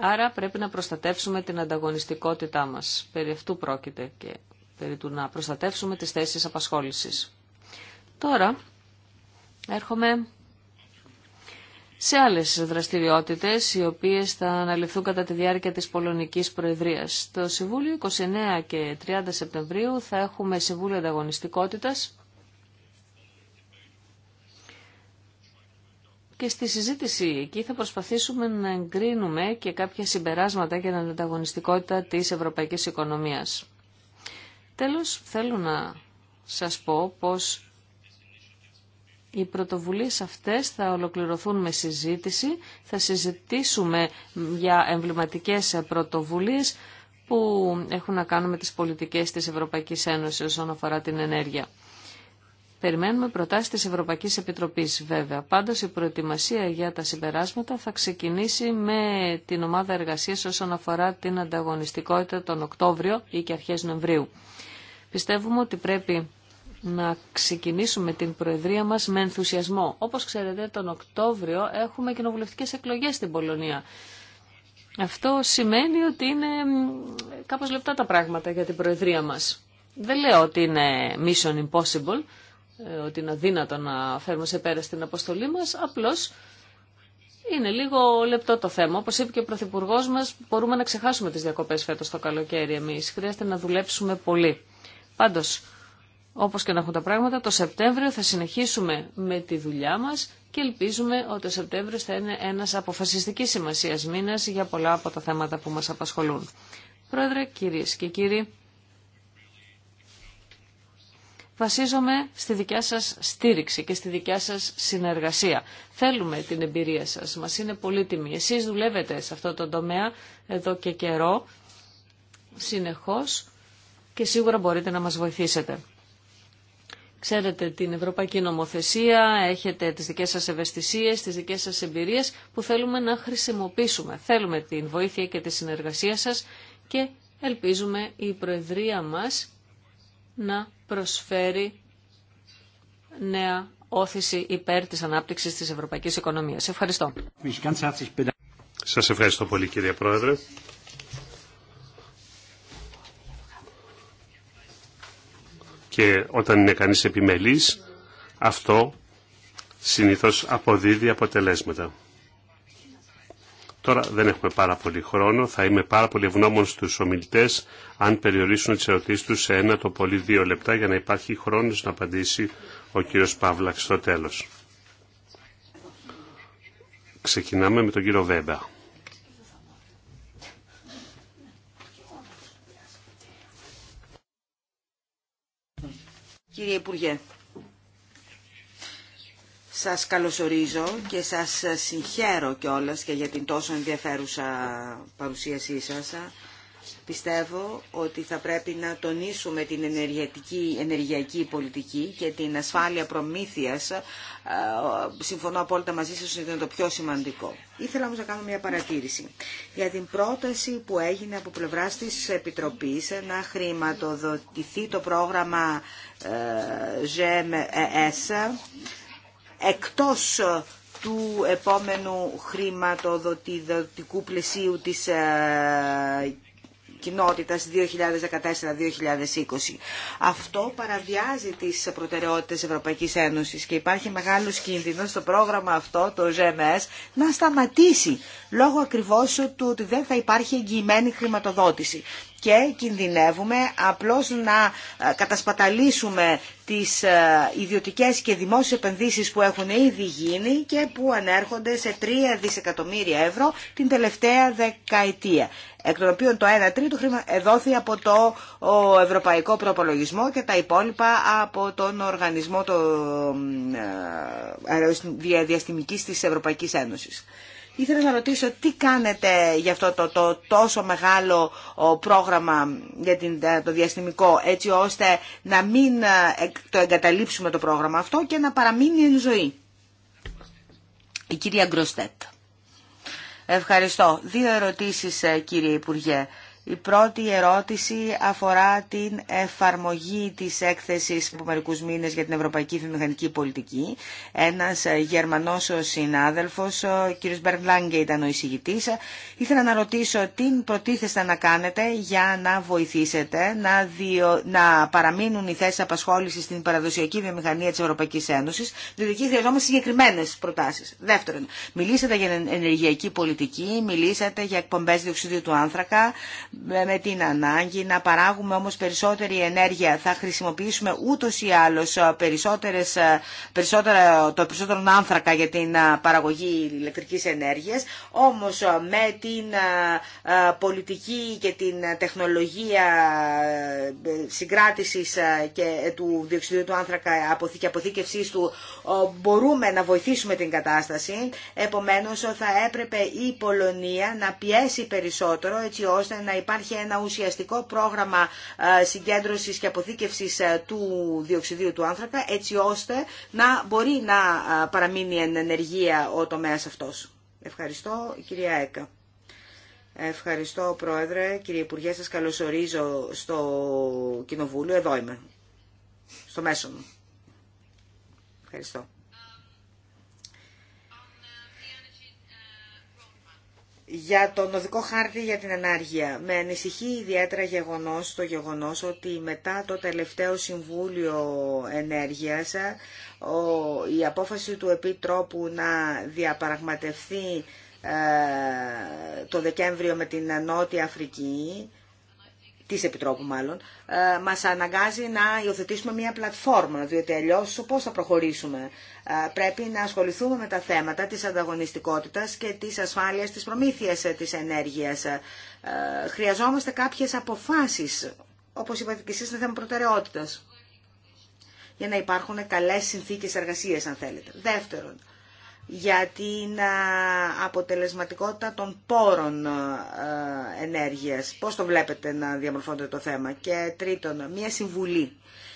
Άρα πρέπει να προστατεύσουμε την ανταγωνιστικότητά μας. Περί αυτού πρόκειται και περί του να προστατεύσουμε τις θέσεις απασχόλησης. Τώρα έρχομαι σε άλλε δραστηριότητες οι οποίες θα αναλυθούν κατά τη διάρκεια της Πολωνικής Προεδρίας. Το Συμβούλιο 29 και 30 Σεπτεμβρίου θα έχουμε Συμβούλιο ανταγωνιστικότητα. και στη συζήτηση εκεί θα προσπαθήσουμε να εγκρίνουμε και κάποια συμπεράσματα για την ανταγωνιστικότητα της ευρωπαϊκής οικονομίας. Τέλος, θέλω να σας πω πως οι πρωτοβουλίες αυτές θα ολοκληρωθούν με συζήτηση. Θα συζητήσουμε για εμβληματικές πρωτοβουλίες που έχουν να κάνουν με τις πολιτικές της Ευρωπαϊκής Ένωσης όσον αφορά την ενέργεια. Περιμένουμε προτάσεις της Ευρωπαϊκής Επιτροπής βέβαια. Πάντως η προετοιμασία για τα συμπεράσματα θα ξεκινήσει με την ομάδα εργασίας όσον αφορά την ανταγωνιστικότητα τον Οκτώβριο ή και αρχές Νοεμβρίου. Πιστεύουμε ότι πρέπει να ξεκινήσουμε την Προεδρία μας με ενθουσιασμό. Όπως ξέρετε, τον Οκτώβριο έχουμε κοινοβουλευτικέ εκλογές στην Πολωνία. Αυτό σημαίνει ότι είναι κάπως λεπτά τα πράγματα για την Προεδρία μας. Δεν λέω ότι είναι mission impossible, ε, ότι είναι αδύνατο να φέρουμε σε πέρα στην αποστολή μας, απλώς είναι λίγο λεπτό το θέμα. Όπω είπε και ο Πρωθυπουργό μα, μπορούμε να ξεχάσουμε τι διακοπέ φέτο το καλοκαίρι εμεί. Χρειάζεται να δουλέψουμε πολύ. Πάντω, όπως και να έχουν τα πράγματα, το Σεπτέμβριο θα συνεχίσουμε με τη δουλειά μας και ελπίζουμε ότι ο Σεπτέμβριος θα είναι ένας αποφασιστικής σημασίας μήνας για πολλά από τα θέματα που μας απασχολούν. Πρόεδρε, κυρίες και κύριοι, βασίζομαι στη δικιά σας στήριξη και στη δικιά σας συνεργασία. Θέλουμε την εμπειρία σας, μας είναι πολύτιμη. Εσείς δουλεύετε σε αυτό το τομέα εδώ και καιρό, συνεχώς και σίγουρα μπορείτε να μας βοηθήσετε. Ξέρετε την Ευρωπαϊκή Νομοθεσία, έχετε τις δικές σας ευαισθησίες, τις δικές σας εμπειρίες που θέλουμε να χρησιμοποιήσουμε. Θέλουμε την βοήθεια και τη συνεργασία σας και ελπίζουμε η Προεδρία μας να προσφέρει νέα όθηση υπέρ της ανάπτυξης της ευρωπαϊκής οικονομίας. Ευχαριστώ. Σας ευχαριστώ πολύ κύριε Πρόεδρε. και όταν είναι κανείς επιμελής, αυτό συνήθως αποδίδει αποτελέσματα. Τώρα δεν έχουμε πάρα πολύ χρόνο, θα είμαι πάρα πολύ ευγνώμων στους ομιλητές αν περιορίσουν τις ερωτήσεις τους σε ένα το πολύ δύο λεπτά για να υπάρχει χρόνος να απαντήσει ο κύριος Παύλαξ στο τέλος. Ξεκινάμε με τον κύριο Βέμπα. Κύριε Υπουργέ, σας καλωσορίζω και σας συγχαίρω κιόλας και για την τόσο ενδιαφέρουσα παρουσίασή σας Πιστεύω ότι θα πρέπει να τονίσουμε την ενεργειακή, ενεργειακή πολιτική και την ασφάλεια προμήθειας. Ε, συμφωνώ απόλυτα μαζί σας ότι είναι το πιο σημαντικό. Ήθελα όμως να κάνω μια παρατήρηση για την πρόταση που έγινε από πλευράς της Επιτροπής ε, να χρηματοδοτηθεί το πρόγραμμα ε, GMES εκτός του επόμενου χρηματοδοτικού πλαισίου της κοινότητας 2014-2020. Αυτό παραβιάζει τις προτεραιότητες Ευρωπαϊκής Ένωσης και υπάρχει μεγάλος κίνδυνος στο πρόγραμμα αυτό, το GMS, να σταματήσει λόγω ακριβώς του ότι δεν θα υπάρχει εγγυημένη χρηματοδότηση και κινδυνεύουμε απλώς να ε, κατασπαταλήσουμε τις ε, ιδιωτικές και δημόσιες επενδύσεις που έχουν ήδη γίνει και που ανέρχονται σε 3 δισεκατομμύρια ευρώ την τελευταία δεκαετία εκ των οποίων το 1 τρίτο δόθη από το Ευρωπαϊκό Προπολογισμό και τα υπόλοιπα από τον Οργανισμό το, ε, Διαστημικής της Ευρωπαϊκής Ένωσης. Ήθελα να ρωτήσω τι κάνετε για αυτό το, τόσο μεγάλο πρόγραμμα για την, ε, το διαστημικό έτσι ώστε να μην ε, το εγκαταλείψουμε το πρόγραμμα αυτό και να παραμείνει εν ζωή. Η κυρία Γκροστέτ. Ευχαριστώ. Δύο ερωτήσεις ε, κύριε Υπουργέ. Η πρώτη ερώτηση αφορά την εφαρμογή της έκθεσης από μερικού μήνες για την Ευρωπαϊκή Βιομηχανική Πολιτική. Ένας Γερμανός συνάδελφος, ο κ. Μπερνλάνγκε ήταν ο εισηγητής. Ήθελα να ρωτήσω τι προτίθεστε να κάνετε για να βοηθήσετε να, διο... να παραμείνουν οι θέσεις απασχόλησης στην παραδοσιακή βιομηχανία της Ευρωπαϊκής Ένωσης, διότι εκεί χρειαζόμαστε συγκεκριμένες προτάσεις. Δεύτερον, μιλήσατε για ενεργειακή πολιτική, μιλήσατε για εκπομπέ διοξιδίου του άνθρακα, με την ανάγκη να παράγουμε όμως περισσότερη ενέργεια. Θα χρησιμοποιήσουμε ούτως ή άλλως ε, περισσότερες, ε, το περισσότερο άνθρακα για την ε, παραγωγή ηλεκτρικής ενέργειας, όμως με την πολιτική και την τεχνολογία συγκράτησης και του διοξιδίου του άνθρακα και αποθήκευσής του μπορούμε να βοηθήσουμε την κατάσταση. Επομένως θα έπρεπε η Πολωνία να πιέσει περισσότερο έτσι ώστε να υπάρχει ένα ουσιαστικό πρόγραμμα ε, συγκέντρωσης και αποθήκευσης ε, του διοξιδίου του άνθρακα, έτσι ώστε να μπορεί να ε, παραμείνει εν ενεργεία ο τομέας αυτός. Ευχαριστώ, κυρία Έκα. Ευχαριστώ, Πρόεδρε. Κύριε Υπουργέ, σας καλωσορίζω στο Κοινοβούλιο. Εδώ είμαι, στο μέσο μου. Ευχαριστώ. για τον οδικό χάρτη για την ανάργεια. Με ανησυχεί ιδιαίτερα γεγονός, το γεγονός ότι μετά το τελευταίο Συμβούλιο Ενέργειας η απόφαση του Επιτρόπου να ε, το Δεκέμβριο με την Νότια Αφρική Τη Επιτρόπου μάλλον, ε, μας αναγκάζει να υιοθετήσουμε μια πλατφόρμα, διότι αλλιώ πώς θα προχωρήσουμε. Ε, πρέπει να ασχοληθούμε με τα θέματα της ανταγωνιστικότητας και της ασφάλειας της προμήθειας ε, της ενέργειας. Χρειαζόμαστε κάποιες αποφάσεις, όπως είπατε και εσεί, είναι θέμα προτεραιότητα. για να υπάρχουν καλέ συνθήκε εργασία, αν θέλετε. Δεύτερον, για την αποτελεσματικότητα των πόρων ενέργειας. Πώς το βλέπετε να διαμορφώνεται το θέμα. Και τρίτον, μία συμβουλή.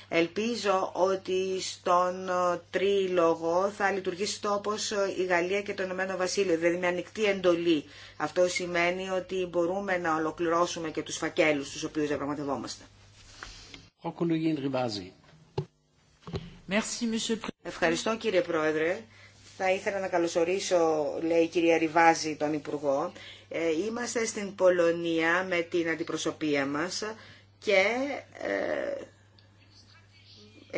Ελπίζω ότι στον τρίλογο θα λειτουργήσει τόπος η Γαλλία και το Ηνωμένο Βασίλειο, δηλαδή με ανοιχτή εντολή. Αυτό σημαίνει ότι μπορούμε να ολοκληρώσουμε και τους φακέλους τους οποίους διαπραγματευόμαστε. Ευχαριστώ κύριε Πρόεδρε. Θα ήθελα να καλωσορίσω, λέει η κυρία Ριβάζη, τον Υπουργό. Ε, είμαστε στην Πολωνία με την αντιπροσωπεία μας και ε,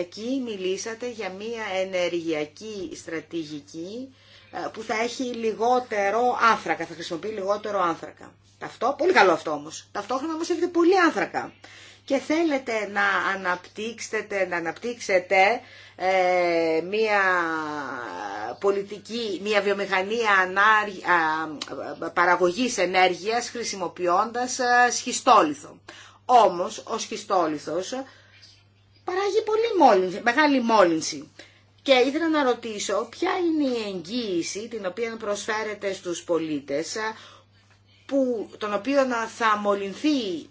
εκεί μιλήσατε για μία ενεργειακή στρατηγική ε, που θα έχει λιγότερο άνθρακα, θα χρησιμοποιεί λιγότερο άνθρακα. Αυτό, πολύ καλό αυτό όμως. Ταυτόχρονα όμως έχετε πολύ άνθρακα και θέλετε να αναπτύξετε, να αναπτύξετε ε, μια πολιτική, μια βιομηχανία παραγωγής ενέργειας χρησιμοποιώντας ε, σχιστόλιθο. Όμως ο σχιστόλιθος παράγει πολύ μόλυνση, μεγάλη μόλυνση. Και ήθελα να ρωτήσω ποια είναι η εγγύηση την οποία προσφέρετε στους πολίτες που, τον οποίο θα μολυνθεί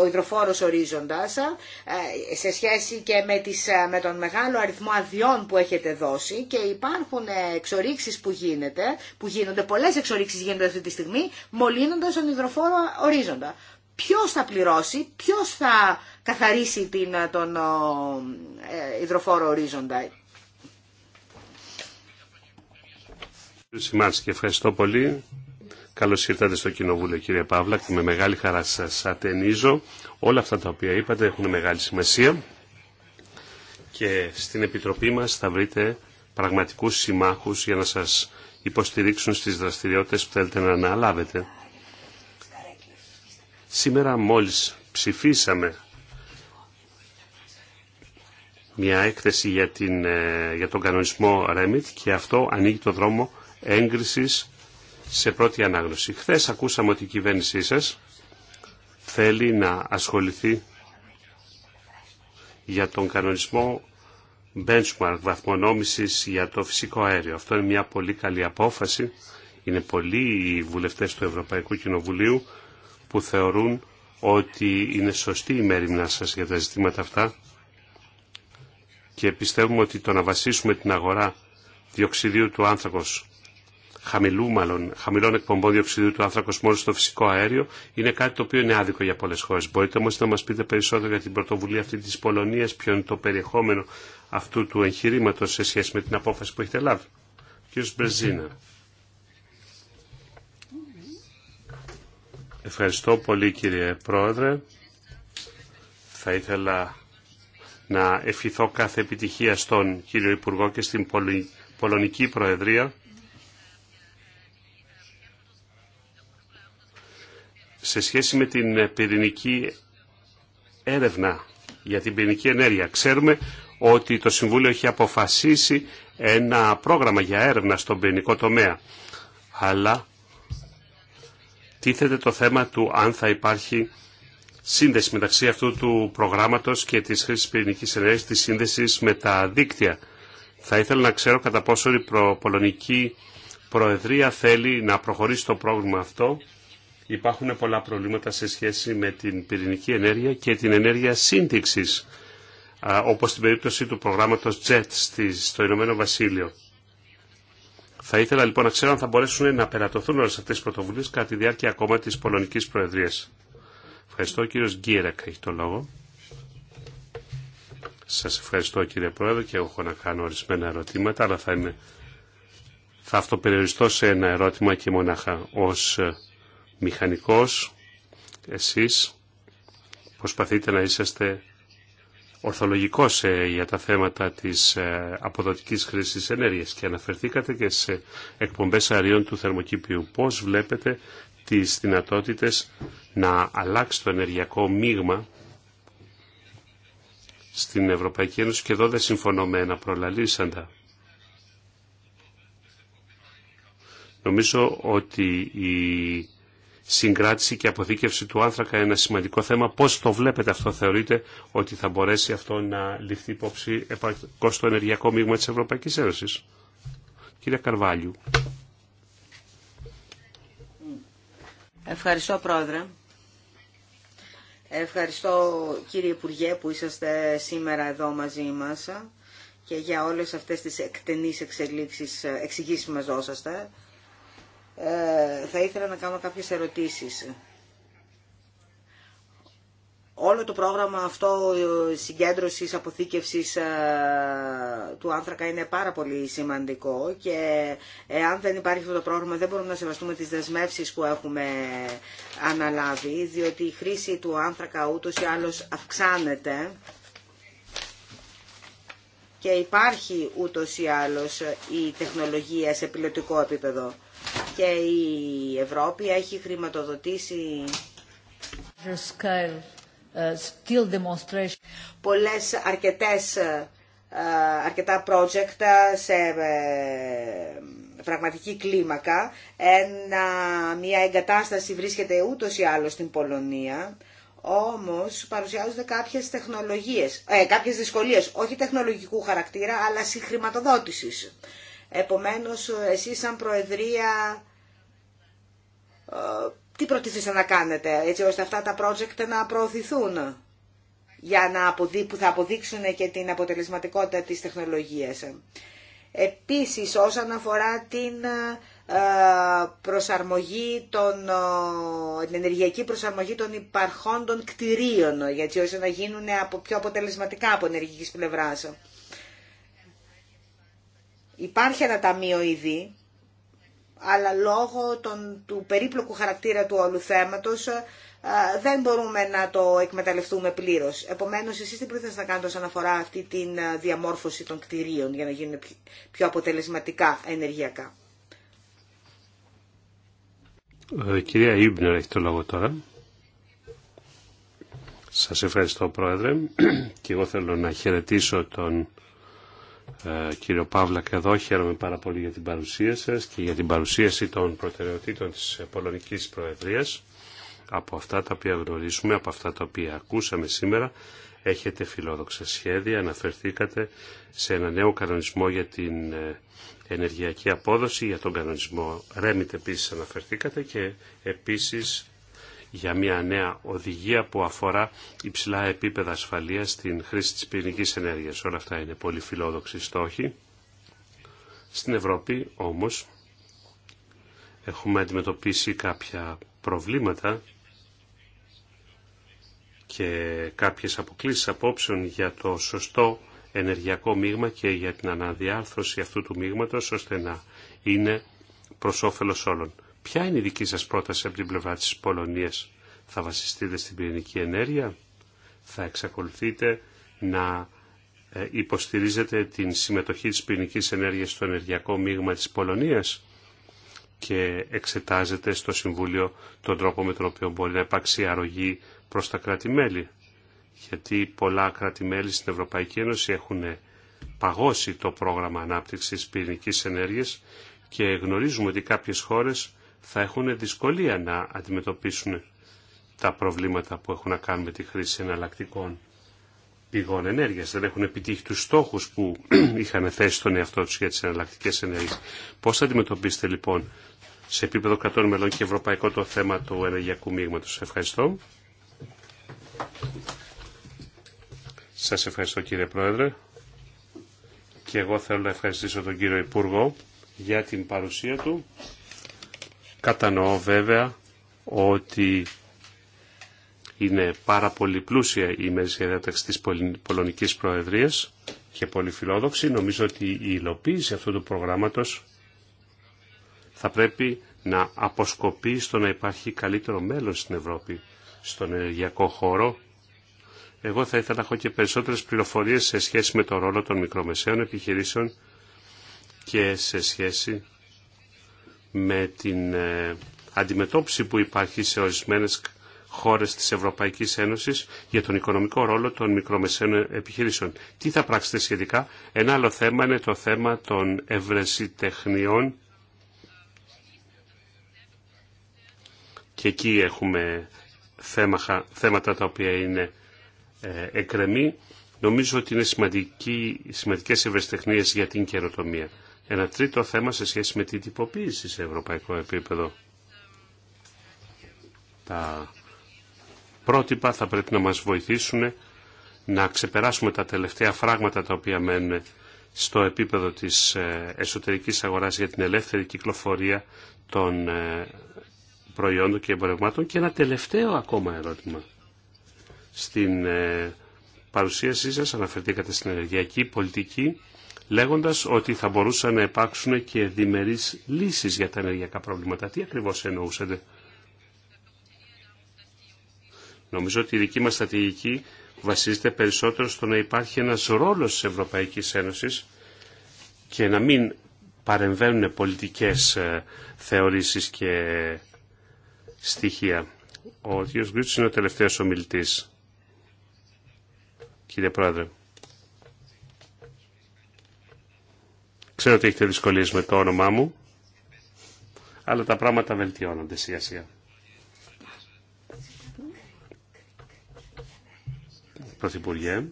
ο υδροφόρος ορίζοντας ε, σε σχέση και με, τις, ε, με τον μεγάλο αριθμό αδειών που έχετε δώσει και υπάρχουν ε, εξορίξεις που, γίνεται, που γίνονται, πολλές εξορίξεις γίνονται αυτή τη στιγμή, μολύνοντας τον υδροφόρο ορίζοντα. Ποιος θα πληρώσει, ποιος θα καθαρίσει την, τον υδροφόρο ορίζοντα. ευχαριστώ πολύ. Καλώ ήρθατε στο Κοινοβούλιο κύριε Παύλα και με μεγάλη χαρά σας ατενίζω. Όλα αυτά τα οποία είπατε έχουν μεγάλη σημασία και στην Επιτροπή μας θα βρείτε πραγματικούς συμμάχους για να σας υποστηρίξουν στις δραστηριότητες που θέλετε να αναλάβετε. Σήμερα μόλις ψηφίσαμε μια έκθεση για, την, ε, για τον κανονισμό REMIT και αυτό ανοίγει το δρόμο έγκρισης σε πρώτη ανάγνωση. Χθε ακούσαμε ότι η κυβέρνησή σας θέλει να ασχοληθεί για τον κανονισμό benchmark βαθμονόμησης για το φυσικό αέριο. Αυτό είναι μια πολύ καλή απόφαση. Είναι πολλοί οι βουλευτές του Ευρωπαϊκού Κοινοβουλίου που θεωρούν ότι είναι σωστή η μέρημνά σας για τα ζητήματα αυτά και πιστεύουμε ότι το να βασίσουμε την αγορά διοξιδίου του άνθρακος χαμηλού μάλλον, χαμηλών εκπομπών διοξιδίου του άνθρακος μόνο στο φυσικό αέριο είναι κάτι το οποίο είναι άδικο για πολλές χώρες. Μπορείτε όμως να μας πείτε περισσότερο για την πρωτοβουλία αυτή της Πολωνίας, ποιο είναι το περιεχόμενο αυτού του εγχειρήματος σε σχέση με την απόφαση που έχετε λάβει. Κύριο Μπρεζίνα. Ευχαριστώ πολύ κύριε Πρόεδρε. Θα ήθελα να ευχηθώ κάθε επιτυχία στον κύριο Υπουργό και στην Πολωνική Προεδρία σε σχέση με την ε, πυρηνική έρευνα για την πυρηνική ενέργεια. Ξέρουμε ότι το Συμβούλιο έχει αποφασίσει ένα πρόγραμμα για έρευνα στον πυρηνικό τομέα. Αλλά τίθεται το θέμα του αν θα υπάρχει σύνδεση μεταξύ αυτού του προγράμματος και της χρήσης πυρηνικής ενέργειας, της σύνδεσης με τα δίκτυα. Θα ήθελα να ξέρω κατά πόσο η Πολωνική Προεδρία θέλει να προχωρήσει το πρόγραμμα αυτό υπάρχουν πολλά προβλήματα σε σχέση με την πυρηνική ενέργεια και την ενέργεια σύνδεξης, όπως στην περίπτωση του προγράμματος JET στο Ηνωμένο Βασίλειο. Θα ήθελα λοιπόν να ξέρω αν θα μπορέσουν να περατωθούν όλες αυτές τις πρωτοβουλίες κατά τη διάρκεια ακόμα της Πολωνικής Προεδρίας. Ευχαριστώ. Ο κύριος Γκίρεκ έχει το λόγο. Σας ευχαριστώ κύριε Πρόεδρε και έχω να κάνω ορισμένα ερωτήματα, αλλά θα, είμαι... θα αυτοπεριοριστώ σε ένα ερώτημα και μονάχα ως μηχανικός, εσείς προσπαθείτε να είσαστε ορθολογικός ε, για τα θέματα της ε, αποδοτικής χρήσης ενέργειας και αναφερθήκατε και σε εκπομπές αριών του θερμοκήπιου. Πώς βλέπετε τις δυνατότητες να αλλάξει το ενεργειακό μείγμα στην Ευρωπαϊκή Ένωση και εδώ δεν συμφωνώ με ένα προλαλήσαντα. Νομίζω ότι η συγκράτηση και αποθήκευση του άνθρακα είναι ένα σημαντικό θέμα. Πώς το βλέπετε αυτό, θεωρείτε ότι θα μπορέσει αυτό να ληφθεί υπόψη επαρκώς στο ενεργειακό μείγμα της Ευρωπαϊκής Ένωσης. Κύριε Καρβάλιου. Ευχαριστώ Πρόεδρε. Ευχαριστώ κύριε Υπουργέ που είσαστε σήμερα εδώ μαζί μας και για όλες αυτές τις εκτενείς εξελίξεις, εξηγήσεις που μας δώσατε. Ε, θα ήθελα να κάνω κάποιες ερωτήσεις. Όλο το πρόγραμμα αυτό συγκέντρωσης, αποθήκευσης ε, του άνθρακα είναι πάρα πολύ σημαντικό και αν δεν υπάρχει αυτό το πρόγραμμα δεν μπορούμε να σεβαστούμε τις δεσμεύσεις που έχουμε αναλάβει διότι η χρήση του άνθρακα ούτως ή άλλως αυξάνεται και υπάρχει ούτως ή άλλως η τεχνολογία σε πιλωτικό επίπεδο και η Ευρώπη έχει χρηματοδοτήσει ε, πολλές αρκετές ε, αρκετά project σε ε, πραγματική κλίμακα. Ένα, μια εγκατάσταση βρίσκεται ούτως ή άλλως στην Πολωνία, όμως παρουσιάζονται κάποιες τεχνολογίες, ε, κάποιες δυσκολίες, όχι τεχνολογικού χαρακτήρα, αλλά συγχρηματοδότησης. Επομένως, εσείς σαν Προεδρία, ε, τι προτίθεσα να κάνετε, έτσι ώστε αυτά τα project να προωθηθούν, για να που θα αποδείξουν και την αποτελεσματικότητα της τεχνολογίας. Επίσης, όσον αφορά την ε, προσαρμογή των, ε, την ενεργειακή προσαρμογή των υπαρχόντων κτηρίων, γιατί ώστε να γίνουν από πιο αποτελεσματικά από ενεργικής πλευράς. Υπάρχει ένα ταμείο ήδη, αλλά λόγω του περίπλοκου χαρακτήρα του όλου θέματος ε, δεν μπορούμε να το εκμεταλλευτούμε πλήρως. Επομένως, εσείς τι πρέπει να κάνετε όσον αφορά αυτή τη ε, διαμόρφωση των κτηρίων για να γίνουν πιο αποτελεσματικά ενεργειακά. Ε, κυρία Ήμπνερ έχει το λόγο τώρα. Σας ευχαριστώ Πρόεδρε και εγώ θέλω να χαιρετήσω τον ε, κύριο Παύλα και εδώ χαίρομαι πάρα πολύ για την παρουσία σας και για την παρουσίαση των προτεραιοτήτων της Πολωνικής Προεδρίας. Από αυτά τα οποία γνωρίζουμε, από αυτά τα οποία ακούσαμε σήμερα, έχετε φιλόδοξα σχέδια, αναφερθήκατε σε ένα νέο κανονισμό για την ε, ενεργειακή απόδοση, για τον κανονισμό Ρέμιτ επίσης αναφερθήκατε και επίσης για μια νέα οδηγία που αφορά υψηλά επίπεδα ασφαλείας στην χρήση της πυρηνικής ενέργειας. Όλα αυτά είναι πολύ φιλόδοξοι στόχοι. Στην Ευρώπη όμως έχουμε αντιμετωπίσει κάποια προβλήματα και κάποιες αποκλήσεις απόψεων για το σωστό ενεργειακό μείγμα και για την αναδιάρθρωση αυτού του μείγματος ώστε να είναι προς όφελος όλων. Ποια είναι η δική σας πρόταση από την πλευρά της Πολωνίας. Θα βασιστείτε στην πυρηνική ενέργεια, θα εξακολουθείτε να ε, υποστηρίζετε την συμμετοχή της πυρηνικής ενέργειας στο ενεργειακό μείγμα της Πολωνίας και εξετάζετε στο Συμβούλιο τον τρόπο με τον οποίο μπορεί να υπάρξει αρρωγή προς τα κράτη-μέλη. Γιατί πολλά κράτη-μέλη στην Ευρωπαϊκή Ένωση έχουν παγώσει το πρόγραμμα ανάπτυξης πυρηνικής ενέργειας και γνωρίζουμε ότι κάποιες χώρες θα έχουν δυσκολία να αντιμετωπίσουν τα προβλήματα που έχουν να κάνουν με τη χρήση εναλλακτικών πηγών ενέργειας. Δεν έχουν επιτύχει τους στόχους που είχαν θέσει στον εαυτό τους για τις εναλλακτικές ενέργειες. Πώς θα αντιμετωπίσετε λοιπόν σε επίπεδο κρατών μελών και ευρωπαϊκό το θέμα του ενεργειακού μείγματος. Ευχαριστώ. Σας ευχαριστώ κύριε Πρόεδρε. Και εγώ θέλω να ευχαριστήσω τον κύριο Υπουργό για την παρουσία του. Κατανοώ βέβαια ότι είναι πάρα πολύ πλούσια η μέση διάταξη της Πολωνικής Προεδρίας και πολύ φιλόδοξη. Νομίζω ότι η υλοποίηση αυτού του προγράμματος θα πρέπει να αποσκοπεί στο να υπάρχει καλύτερο μέλλον στην Ευρώπη, στον ενεργειακό χώρο. Εγώ θα ήθελα να έχω και περισσότερες πληροφορίες σε σχέση με το ρόλο των μικρομεσαίων επιχειρήσεων και σε σχέση με την ε, αντιμετώπιση που υπάρχει σε ορισμένες χώρες της Ευρωπαϊκής Ένωσης για τον οικονομικό ρόλο των μικρομεσαίων επιχειρήσεων. Τι θα πράξετε σχετικά. Ένα άλλο θέμα είναι το θέμα των ευρεσιτεχνιών και εκεί έχουμε θέματα, θέματα τα οποία είναι ε, εκρεμή. Νομίζω ότι είναι σημαντικές ευρεσιτεχνίες για την καινοτομία. Ένα τρίτο θέμα σε σχέση με την τυποποίηση σε ευρωπαϊκό επίπεδο. Τα πρότυπα θα πρέπει να μας βοηθήσουν να ξεπεράσουμε τα τελευταία φράγματα τα οποία μένουν στο επίπεδο της ε, εσωτερικής αγοράς για την ελεύθερη κυκλοφορία των ε, προϊόντων και εμπορευμάτων. Και ένα τελευταίο ακόμα ερώτημα. Στην ε, παρουσίασή σας αναφερθήκατε στην ενεργειακή πολιτική λέγοντας ότι θα μπορούσαν να υπάρξουν και διμερείς λύσεις για τα ενεργειακά προβλήματα. Τι ακριβώς εννοούσατε. Νομίζω ότι η δική μας στρατηγική βασίζεται περισσότερο στο να υπάρχει ένας ρόλος της Ευρωπαϊκής Ένωσης και να μην παρεμβαίνουν πολιτικές ε, θεωρήσεις και στοιχεία. Ο κ. Γκρίτσος είναι ο τελευταίος ομιλητής. Κύριε Πρόεδρε. Ξέρω ότι έχετε δυσκολίες με το όνομά μου, αλλά τα πράγματα βελτιώνονται σιγά σιγά. Πρωθυπουργέ.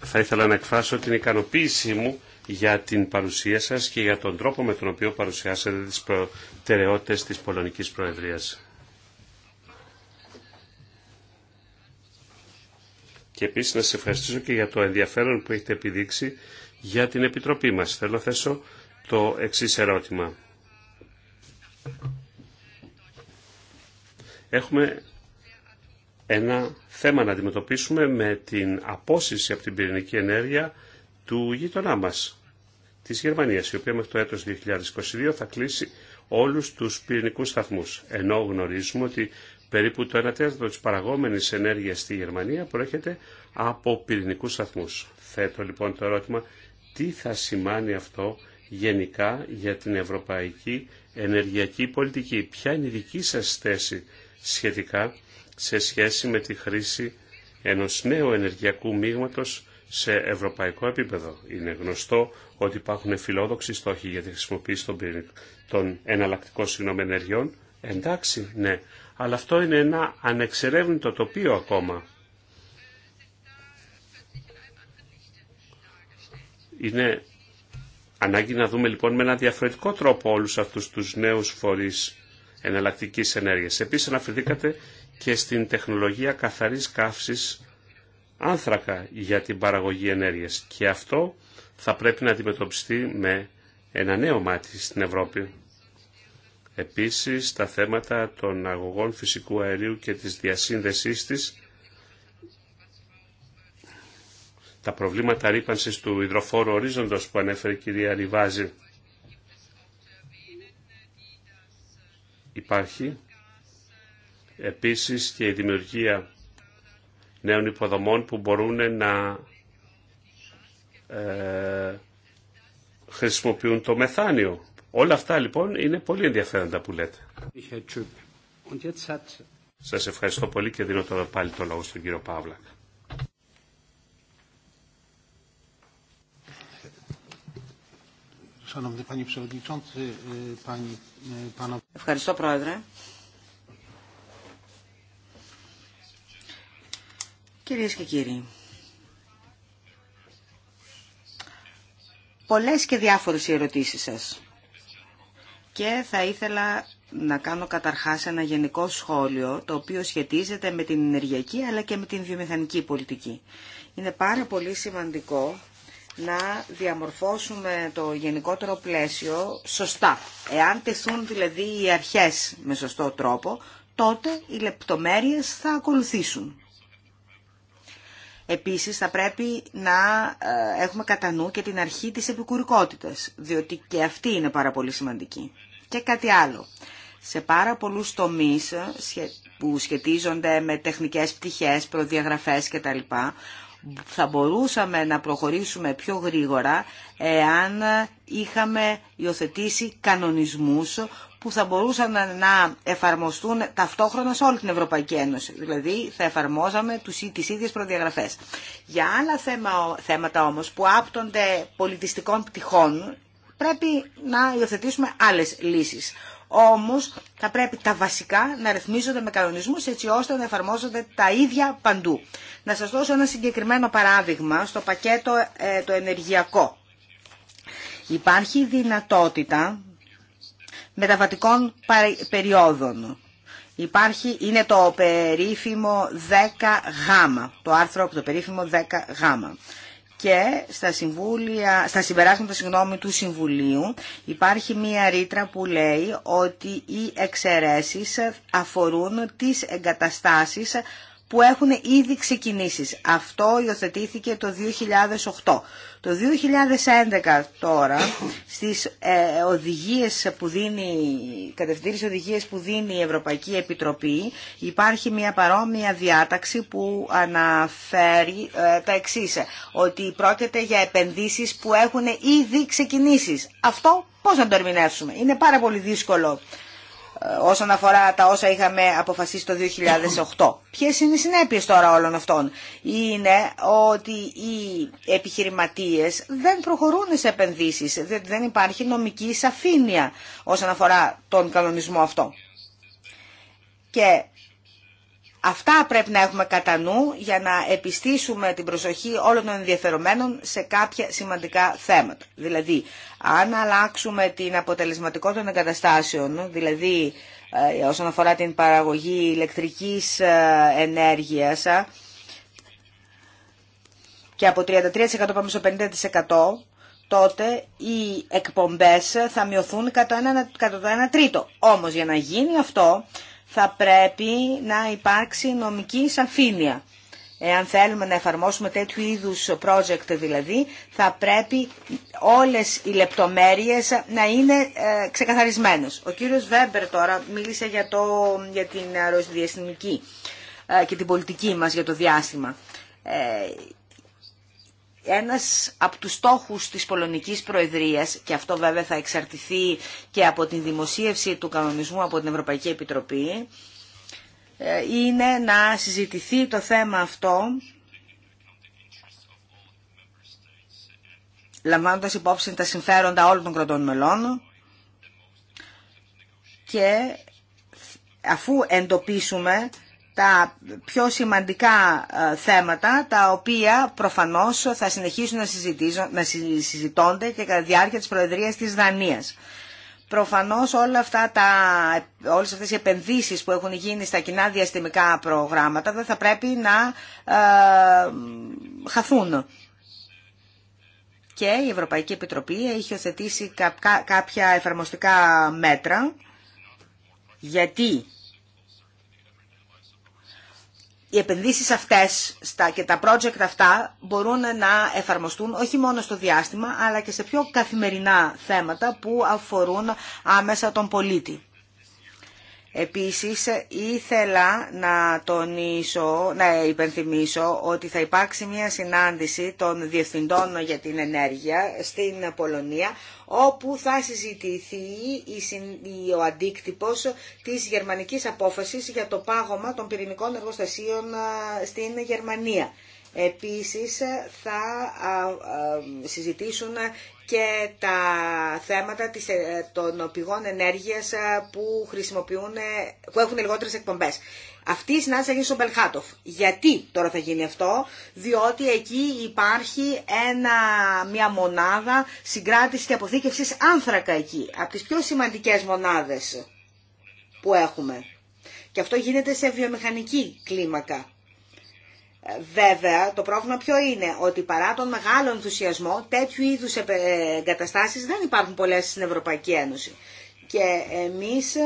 Θα ήθελα να εκφράσω την ικανοποίησή μου για την παρουσία σας και για τον τρόπο με τον οποίο παρουσιάσατε τις προτεραιότητες της Πολωνικής Προεδρίας. Και επίσης να σας ευχαριστήσω και για το ενδιαφέρον που έχετε επιδείξει για την Επιτροπή μας. Θέλω να θέσω το εξής ερώτημα. Έχουμε ένα θέμα να αντιμετωπίσουμε με την απόσυση από την πυρηνική ενέργεια του γείτονά μας, της Γερμανίας, η οποία μέχρι το έτος 2022 θα κλείσει όλους τους πυρηνικούς σταθμούς. Ενώ γνωρίζουμε ότι Περίπου το 1 τέταρτο της παραγόμενης ενέργειας στη Γερμανία προέρχεται από πυρηνικούς σταθμούς. Θέτω λοιπόν το ερώτημα τι θα σημάνει αυτό γενικά για την ευρωπαϊκή ενεργειακή πολιτική. Ποια είναι η δική σας θέση σχετικά σε σχέση με τη χρήση ενός νέου ενεργειακού μείγματος σε ευρωπαϊκό επίπεδο. Είναι γνωστό ότι υπάρχουν φιλόδοξοι στόχοι για τη χρησιμοποίηση των, των εναλλακτικών συγγνώμη ενεργειών. Εντάξει, ναι αλλά αυτό είναι ένα ανεξερεύνητο τοπίο ακόμα. Είναι ανάγκη να δούμε λοιπόν με ένα διαφορετικό τρόπο όλους αυτούς τους νέους φορείς εναλλακτικής ενέργειας. Επίσης αναφερθήκατε και στην τεχνολογία καθαρής καύσης άνθρακα για την παραγωγή ενέργειας και αυτό θα πρέπει να αντιμετωπιστεί με ένα νέο μάτι στην Ευρώπη. Επίσης, τα θέματα των αγωγών φυσικού αερίου και της διασύνδεσής της, τα προβλήματα ρήπανσης του υδροφόρου ορίζοντος που ανέφερε η κυρία Ριβάζη. Υπάρχει επίσης και η δημιουργία νέων υποδομών που μπορούν να ε, χρησιμοποιούν το μεθάνιο. Όλα αυτά λοιπόν είναι πολύ ενδιαφέροντα που λέτε. Σα ευχαριστώ πολύ και δίνω τώρα πάλι το λόγο στον κύριο Παύλα. E, e, ευχαριστώ Πρόεδρε. Κυρίες και κύριοι, πολλές και διάφορες οι ερωτήσεις σας. Και θα ήθελα να κάνω καταρχάς ένα γενικό σχόλιο, το οποίο σχετίζεται με την ενεργειακή αλλά και με την βιομηχανική πολιτική. Είναι πάρα πολύ σημαντικό να διαμορφώσουμε το γενικότερο πλαίσιο σωστά. Εάν τεθούν δηλαδή οι αρχές με σωστό τρόπο, τότε οι λεπτομέρειες θα ακολουθήσουν. Επίσης θα πρέπει να ε, έχουμε κατά νου και την αρχή της επικουρικότητας, διότι και αυτή είναι πάρα πολύ σημαντική. Και κάτι άλλο. Σε πάρα πολλούς τομείς ε, που σχετίζονται με τεχνικές πτυχές, προδιαγραφές κτλ, θα μπορούσαμε να προχωρήσουμε πιο γρήγορα εάν είχαμε υιοθετήσει κανονισμούς που θα μπορούσαν να εφαρμοστούν ταυτόχρονα σε όλη την Ευρωπαϊκή Ένωση. Δηλαδή θα εφαρμόζαμε τις ίδιες προδιαγραφές. Για άλλα θέματα όμως που άπτονται πολιτιστικών πτυχών πρέπει να υιοθετήσουμε άλλες λύσεις. Όμω, θα πρέπει τα βασικά να ρυθμίζονται με κανονισμούς έτσι ώστε να εφαρμόζονται τα ίδια παντού. Να σας δώσω ένα συγκεκριμένο παράδειγμα στο πακέτο ε, το ενεργειακό. Υπάρχει δυνατότητα μεταβατικών περιόδων. Υπάρχει, είναι το περίφημο 10 γάμα, το άρθρο από το περίφημο 10 γάμα και στα, συμβούλια, στα συμπεράσματα συγγνώμη, του Συμβουλίου υπάρχει μία ρήτρα που λέει ότι οι εξαιρεσει αφορούν τις εγκαταστάσεις που έχουν ήδη ξεκινήσει. Αυτό υιοθετήθηκε το 2008. Το 2011 τώρα, στις ε, οδηγίες που δίνει, κατευθύνσεις οδηγίες που δίνει η Ευρωπαϊκή Επιτροπή, υπάρχει μια παρόμοια διάταξη που αναφέρει ε, τα εξή ότι πρόκειται για επενδύσεις που έχουν ήδη ξεκινήσει. Αυτό πώς να το ερμηνεύσουμε. Είναι πάρα πολύ δύσκολο όσον αφορά τα όσα είχαμε αποφασίσει το 2008. Ποιες είναι οι συνέπειες τώρα όλων αυτών. Είναι ότι οι επιχειρηματίες δεν προχωρούν σε επενδύσεις, δεν υπάρχει νομική σαφήνεια όσον αφορά τον κανονισμό αυτό. Και Αυτά πρέπει να έχουμε κατά νου για να επιστήσουμε την προσοχή όλων των ενδιαφερομένων σε κάποια σημαντικά θέματα. Δηλαδή, αν αλλάξουμε την αποτελεσματικότητα των εγκαταστάσεων, δηλαδή ε, όσον αφορά την παραγωγή ηλεκτρικής ε, ενέργειας ε, και από 33% πάμε στο 50%, τότε οι εκπομπές θα μειωθούν κατά, κατά το 1 τρίτο. Όμως για να γίνει αυτό θα πρέπει να υπάρξει νομική σαφήνεια. Εάν θέλουμε να εφαρμόσουμε τέτοιου είδους project δηλαδή, θα πρέπει όλες οι λεπτομέρειες να είναι ε, ξεκαθαρισμένες. Ο κύριος Βέμπερ τώρα μίλησε για, το, για την αεροδιαστημική ε, και την πολιτική μας για το διάστημα. Ε, ένας από τους στόχους της Πολωνικής Προεδρίας, και αυτό βέβαια θα εξαρτηθεί και από την δημοσίευση του κανονισμού από την Ευρωπαϊκή Επιτροπή, ε, είναι να συζητηθεί το θέμα αυτό λαμβάνοντας υπόψη τα συμφέροντα όλων των κρατών μελών και αφού εντοπίσουμε τα πιο σημαντικά ε, θέματα, τα οποία προφανώς θα συνεχίσουν να, να συζητώνται και κατά τη διάρκεια της Προεδρίας της Δανίας. Προφανώς όλα αυτά τα, όλες αυτές οι επενδύσεις που έχουν γίνει στα κοινά διαστημικά προγράμματα δεν θα πρέπει να ε, χαθούν. Και η Ευρωπαϊκή Επιτροπή έχει οθετήσει κάποια εφαρμοστικά μέτρα γιατί οι επενδύσεις αυτές και τα project αυτά μπορούν να εφαρμοστούν όχι μόνο στο διάστημα αλλά και σε πιο καθημερινά θέματα που αφορούν άμεσα τον πολίτη. Επίσης ήθελα να τονίσω, να υπενθυμίσω ότι θα υπάρξει μια συνάντηση των διευθυντών για την ενέργεια στην Πολωνία όπου θα συζητηθεί ο αντίκτυπος της γερμανικής απόφασης για το πάγωμα των πυρηνικών εργοστασίων στην Γερμανία. Επίσης θα συζητήσουν και τα θέματα ε, των πηγών ενέργειας ε, που, ε, που έχουν λιγότερες εκπομπές. Αυτή η συνάντηση γίνει στον Μπελχάτοφ. Γιατί τώρα θα γίνει αυτό, διότι εκεί υπάρχει ένα, μια μονάδα συγκράτηση και αποθήκευσης άνθρακα εκεί, από τις πιο σημαντικές μονάδες που έχουμε. Και αυτό γίνεται σε βιομηχανική κλίμακα. Βέβαια, το πρόβλημα ποιο είναι, ότι παρά τον μεγάλο ενθουσιασμό, τέτοιου είδους εγκαταστάσεις δεν υπάρχουν πολλές στην Ευρωπαϊκή Ένωση. Και εμείς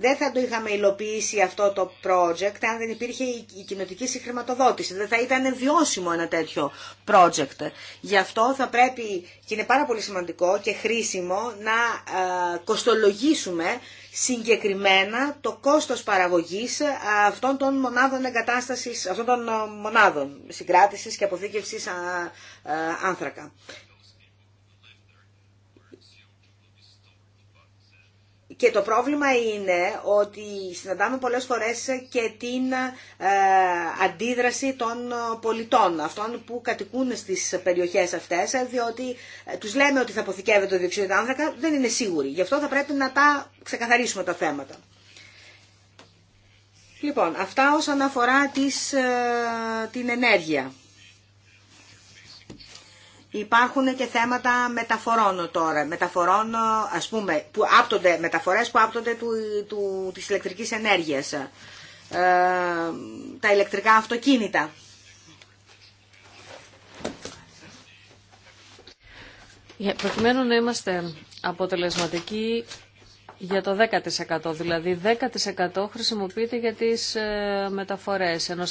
δεν θα το είχαμε υλοποιήσει αυτό το project αν δεν υπήρχε η κοινοτική συγχρηματοδότηση. Δεν θα ήταν βιώσιμο ένα τέτοιο project. Γι' αυτό θα πρέπει, και είναι πάρα πολύ σημαντικό και χρήσιμο, να ε, κοστολογήσουμε συγκεκριμένα το κόστος παραγωγής ε, αυτών των μονάδων εγκατάστασης, αυτών των ε, μονάδων συγκράτησης και αποθήκευσης άνθρακα. και το πρόβλημα είναι ότι συναντάμε πολλές φορές και την ε, αντίδραση των πολιτών, αυτών που κατοικούν στις περιοχές αυτές, διότι ε, τους λέμε ότι θα αποθηκεύεται το διοξείδιο άνθρακα, δεν είναι σίγουροι. Γι' αυτό θα πρέπει να τα ξεκαθαρίσουμε τα θέματα. Λοιπόν, αυτά όσον αφορά τις, ε, την ενέργεια. Υπάρχουν και θέματα μεταφορών τώρα, μεταφορών ας πούμε, που άπτονται, μεταφορές που άπτονται του, του, της ηλεκτρικής ενέργειας, ε, τα ηλεκτρικά αυτοκίνητα. προκειμένου να είμαστε αποτελεσματικοί για το 10%. Δηλαδή 10% χρησιμοποιείται για τις ε, μεταφορές, ενώ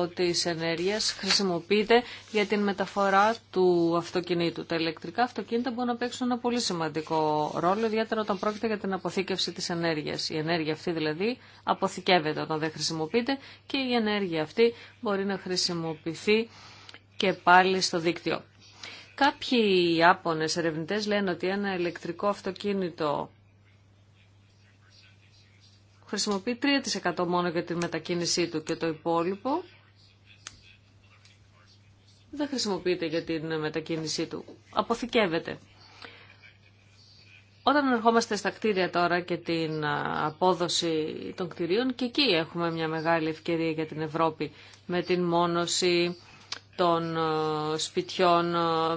40% της ενέργειας χρησιμοποιείται για την μεταφορά του αυτοκινήτου. Τα ηλεκτρικά αυτοκίνητα μπορούν να παίξουν ένα πολύ σημαντικό ρόλο, ιδιαίτερα όταν πρόκειται για την αποθήκευση της ενέργειας. Η ενέργεια αυτή δηλαδή αποθηκεύεται όταν δεν χρησιμοποιείται και η ενέργεια αυτή μπορεί να χρησιμοποιηθεί και πάλι στο δίκτυο. Κάποιοι Ιάπωνες ερευνητές λένε ότι ένα ηλεκτρικό αυτοκίνητο χρησιμοποιεί 3% μόνο για τη μετακίνησή του και το υπόλοιπο δεν χρησιμοποιείται για την μετακίνησή του. Αποθηκεύεται. Όταν ερχόμαστε στα κτίρια τώρα και την απόδοση των κτιρίων και εκεί έχουμε μια μεγάλη ευκαιρία για την Ευρώπη με την μόνωση των σπιτιών,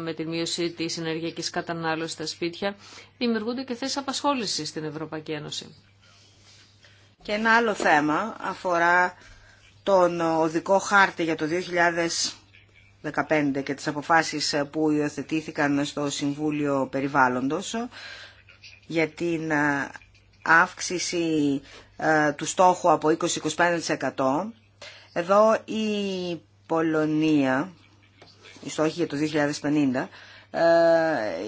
με τη μείωση της ενεργειακής κατανάλωσης στα σπίτια, δημιουργούνται και θέσεις απασχόλησης στην Ευρωπαϊκή Ένωση. Και ένα άλλο θέμα αφορά τον οδικό χάρτη για το 2015 και τις αποφάσεις που υιοθετήθηκαν στο Συμβούλιο Περιβάλλοντος για την ε, αύξηση ε, του στόχου από 20-25%. Εδώ η Πολωνία, η στόχη για το 2050, ε,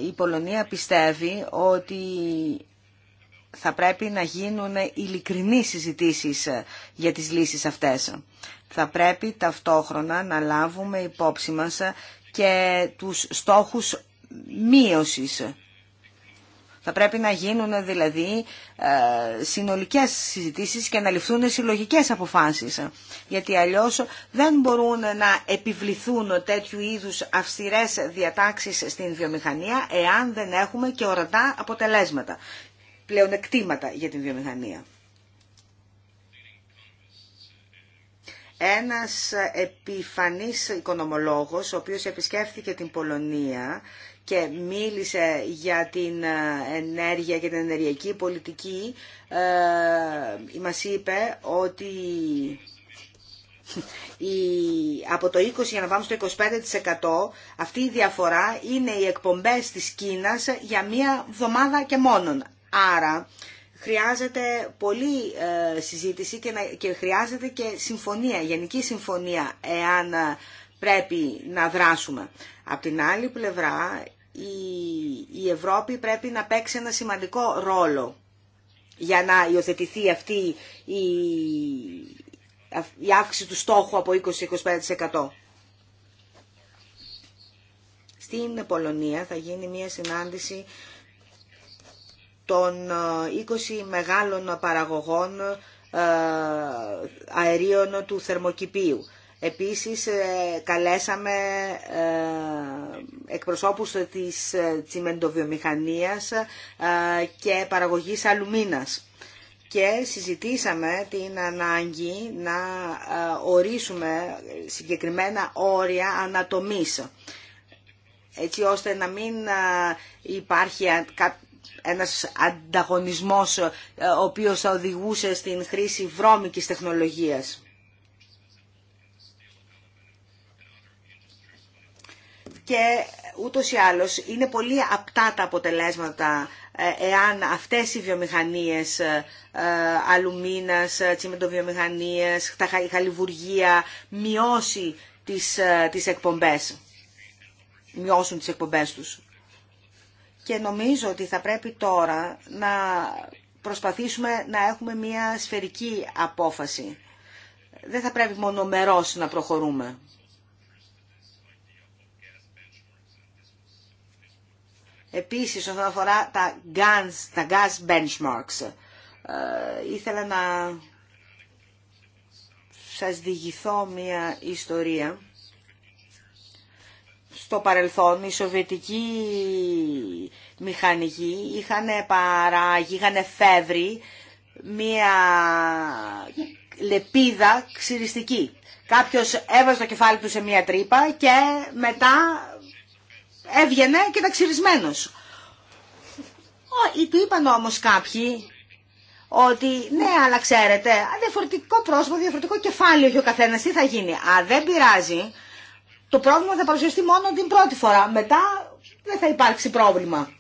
η Πολωνία πιστεύει ότι θα πρέπει να γίνουν ειλικρινείς συζητήσεις ε, για τις λύσεις αυτές. Θα πρέπει ταυτόχρονα να λάβουμε υπόψη μας ε, και τους στόχους μείωσης. Θα πρέπει να γίνουν δηλαδή ε, συνολικές συζητήσεις και να ληφθούν συλλογικές αποφάσεις. Γιατί αλλιώς δεν μπορούν να επιβληθούν τέτοιου είδους αυστηρές διατάξεις στην βιομηχανία εάν δεν έχουμε και ορατά αποτελέσματα πλεονεκτήματα για την βιομηχανία. Ένας επιφανής οικονομολόγος, ο οποίος επισκέφθηκε την Πολωνία και μίλησε για την ε, ενέργεια και την ενεργειακή πολιτική, ε, είπε ότι η, από το 20 για να πάμε στο 25% αυτή η διαφορά είναι οι εκπομπές της Κίνας για μία εβδομάδα και μόνον. Άρα χρειάζεται πολλή ε, συζήτηση και, να, και χρειάζεται και συμφωνία, γενική συμφωνία, εάν ε, πρέπει να δράσουμε. Απ' την άλλη πλευρά, η, Ευρώπη πρέπει να παίξει ένα σημαντικό ρόλο για να υιοθετηθεί αυτή η, η αύξηση του στόχου από 20-25%. Στην Πολωνία θα γίνει μια συνάντηση των 20 ε, μεγάλων παραγωγών ε, αερίων του θερμοκηπίου. Επίσης ε, καλέσαμε εκπροσώπους της τσιμεντοβιομηχανίας και παραγωγής αλουμίνας και συζητήσαμε την ανάγκη να ορίσουμε συγκεκριμένα όρια ανατομής έτσι ώστε να μην υπάρχει ένας ανταγωνισμός ε, ο οποίος θα οδηγούσε στην χρήση βρώμικης τεχνολογίας. Και ούτως ή άλλως είναι πολύ απτά τα αποτελέσματα ε, εάν αυτές οι βιομηχανίες ε, αλουμίνας, τσιμεντοβιομηχανίες, τα χαλιβουργία μειώσει τις, τις εκπομπές, μειώσουν τις εκπομπές τους και νομίζω ότι θα πρέπει τώρα να προσπαθήσουμε να έχουμε μια σφαιρική απόφαση. Δεν θα πρέπει μονομερός να προχωρούμε. Επίσης, όσον αφορά τα guns, τα gas benchmarks, ε, ήθελα να σας διηγηθώ μια ιστορία στο παρελθόν οι σοβιετικοί μηχανικοί είχαν παράγει, είχαν φεύρει μία λεπίδα ξυριστική. Κάποιος έβαζε το κεφάλι του σε μία τρύπα και μετά έβγαινε και ήταν ξυρισμένος. Του είπαν όμως κάποιοι ότι ναι, αλλά ξέρετε, διαφορετικό πρόσωπο, διαφορετικό κεφάλι έχει ο καθένας, τι θα γίνει. Α, δεν πειράζει, το πρόβλημα θα παρουσιαστεί μόνο την πρώτη φορά. Μετά δεν θα υπάρξει πρόβλημα.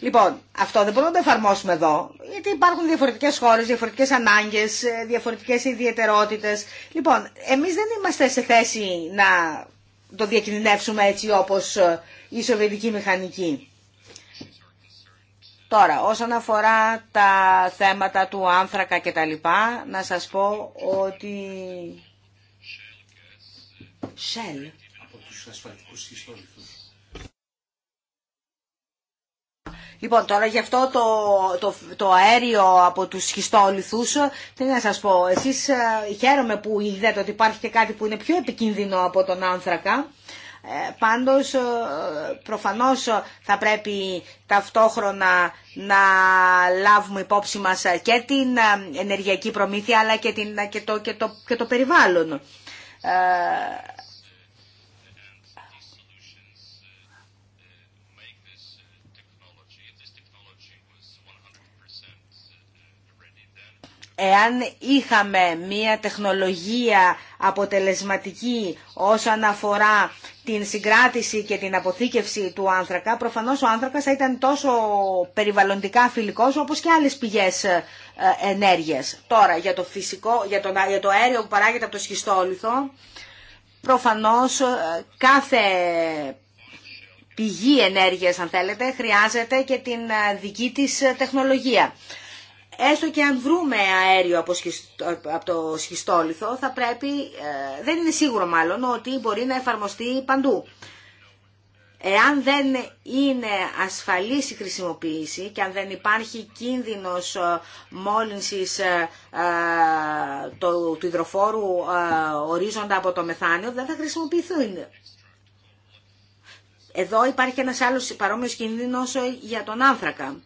Λοιπόν, αυτό δεν μπορούμε να το εφαρμόσουμε εδώ, γιατί υπάρχουν διαφορετικέ χώρε, διαφορετικέ ανάγκε, διαφορετικέ ιδιαιτερότητε. Λοιπόν, εμεί δεν είμαστε σε θέση να το διακινδυνεύσουμε έτσι όπω ε, η σοβιετική μηχανική. Τώρα, όσον αφορά τα θέματα του άνθρακα και τα να σας πω ότι... Shell. Λοιπόν, τώρα γι' αυτό το, το, το αέριο από τους σχιστόλιθους, τι να σας πω, εσείς ε, χαίρομαι που είδατε ότι υπάρχει και κάτι που είναι πιο επικίνδυνο από τον άνθρακα. Ε, πάντως, ε, προφανώς θα πρέπει ταυτόχρονα να λάβουμε υπόψη μας και την ε, ενεργειακή προμήθεια, αλλά και, την, και, το, και, το, και το περιβάλλον. εάν είχαμε μία τεχνολογία αποτελεσματική όσον αφορά την συγκράτηση και την αποθήκευση του άνθρακα, προφανώς ο άνθρακας θα ήταν τόσο περιβαλλοντικά φιλικός όπως και άλλες πηγές ε, ενέργειας. Τώρα, για το, φυσικό, για το, το αέριο που παράγεται από το σχιστόλιθο, προφανώς ε, κάθε πηγή ενέργειας, αν θέλετε, χρειάζεται και την ε, δική της τεχνολογία έστω και αν βρούμε αέριο από το σχιστόλιθο, θα πρέπει, ε, δεν είναι σίγουρο μάλλον ότι μπορεί να εφαρμοστεί παντού. Εάν δεν είναι ασφαλής η χρησιμοποίηση και αν δεν υπάρχει κίνδυνος ε, μόλυνσης ε, του υδροφόρου ορίζοντα από το μεθάνιο, δεν θα χρησιμοποιηθούν. Εδώ υπάρχει ένας άλλος παρόμοιος κίνδυνος για τον άνθρακα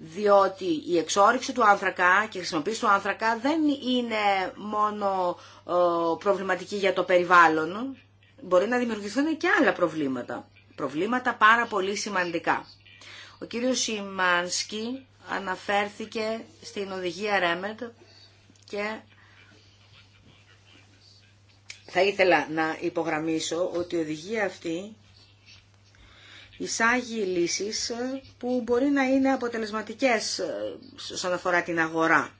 διότι η εξόριξη του άνθρακα και η χρησιμοποίηση του άνθρακα δεν είναι μόνο ε, προβληματική για το περιβάλλον, μπορεί να δημιουργηθούν και άλλα προβλήματα, προβλήματα πάρα πολύ σημαντικά. Ο κύριος Σιμάνσκι αναφέρθηκε στην οδηγία Ρέμετ και θα ήθελα να υπογραμμίσω ότι η οδηγία αυτή εισάγει λύσεις ε, που μπορεί να είναι αποτελεσματικές ε, όσον αφορά την αγορά.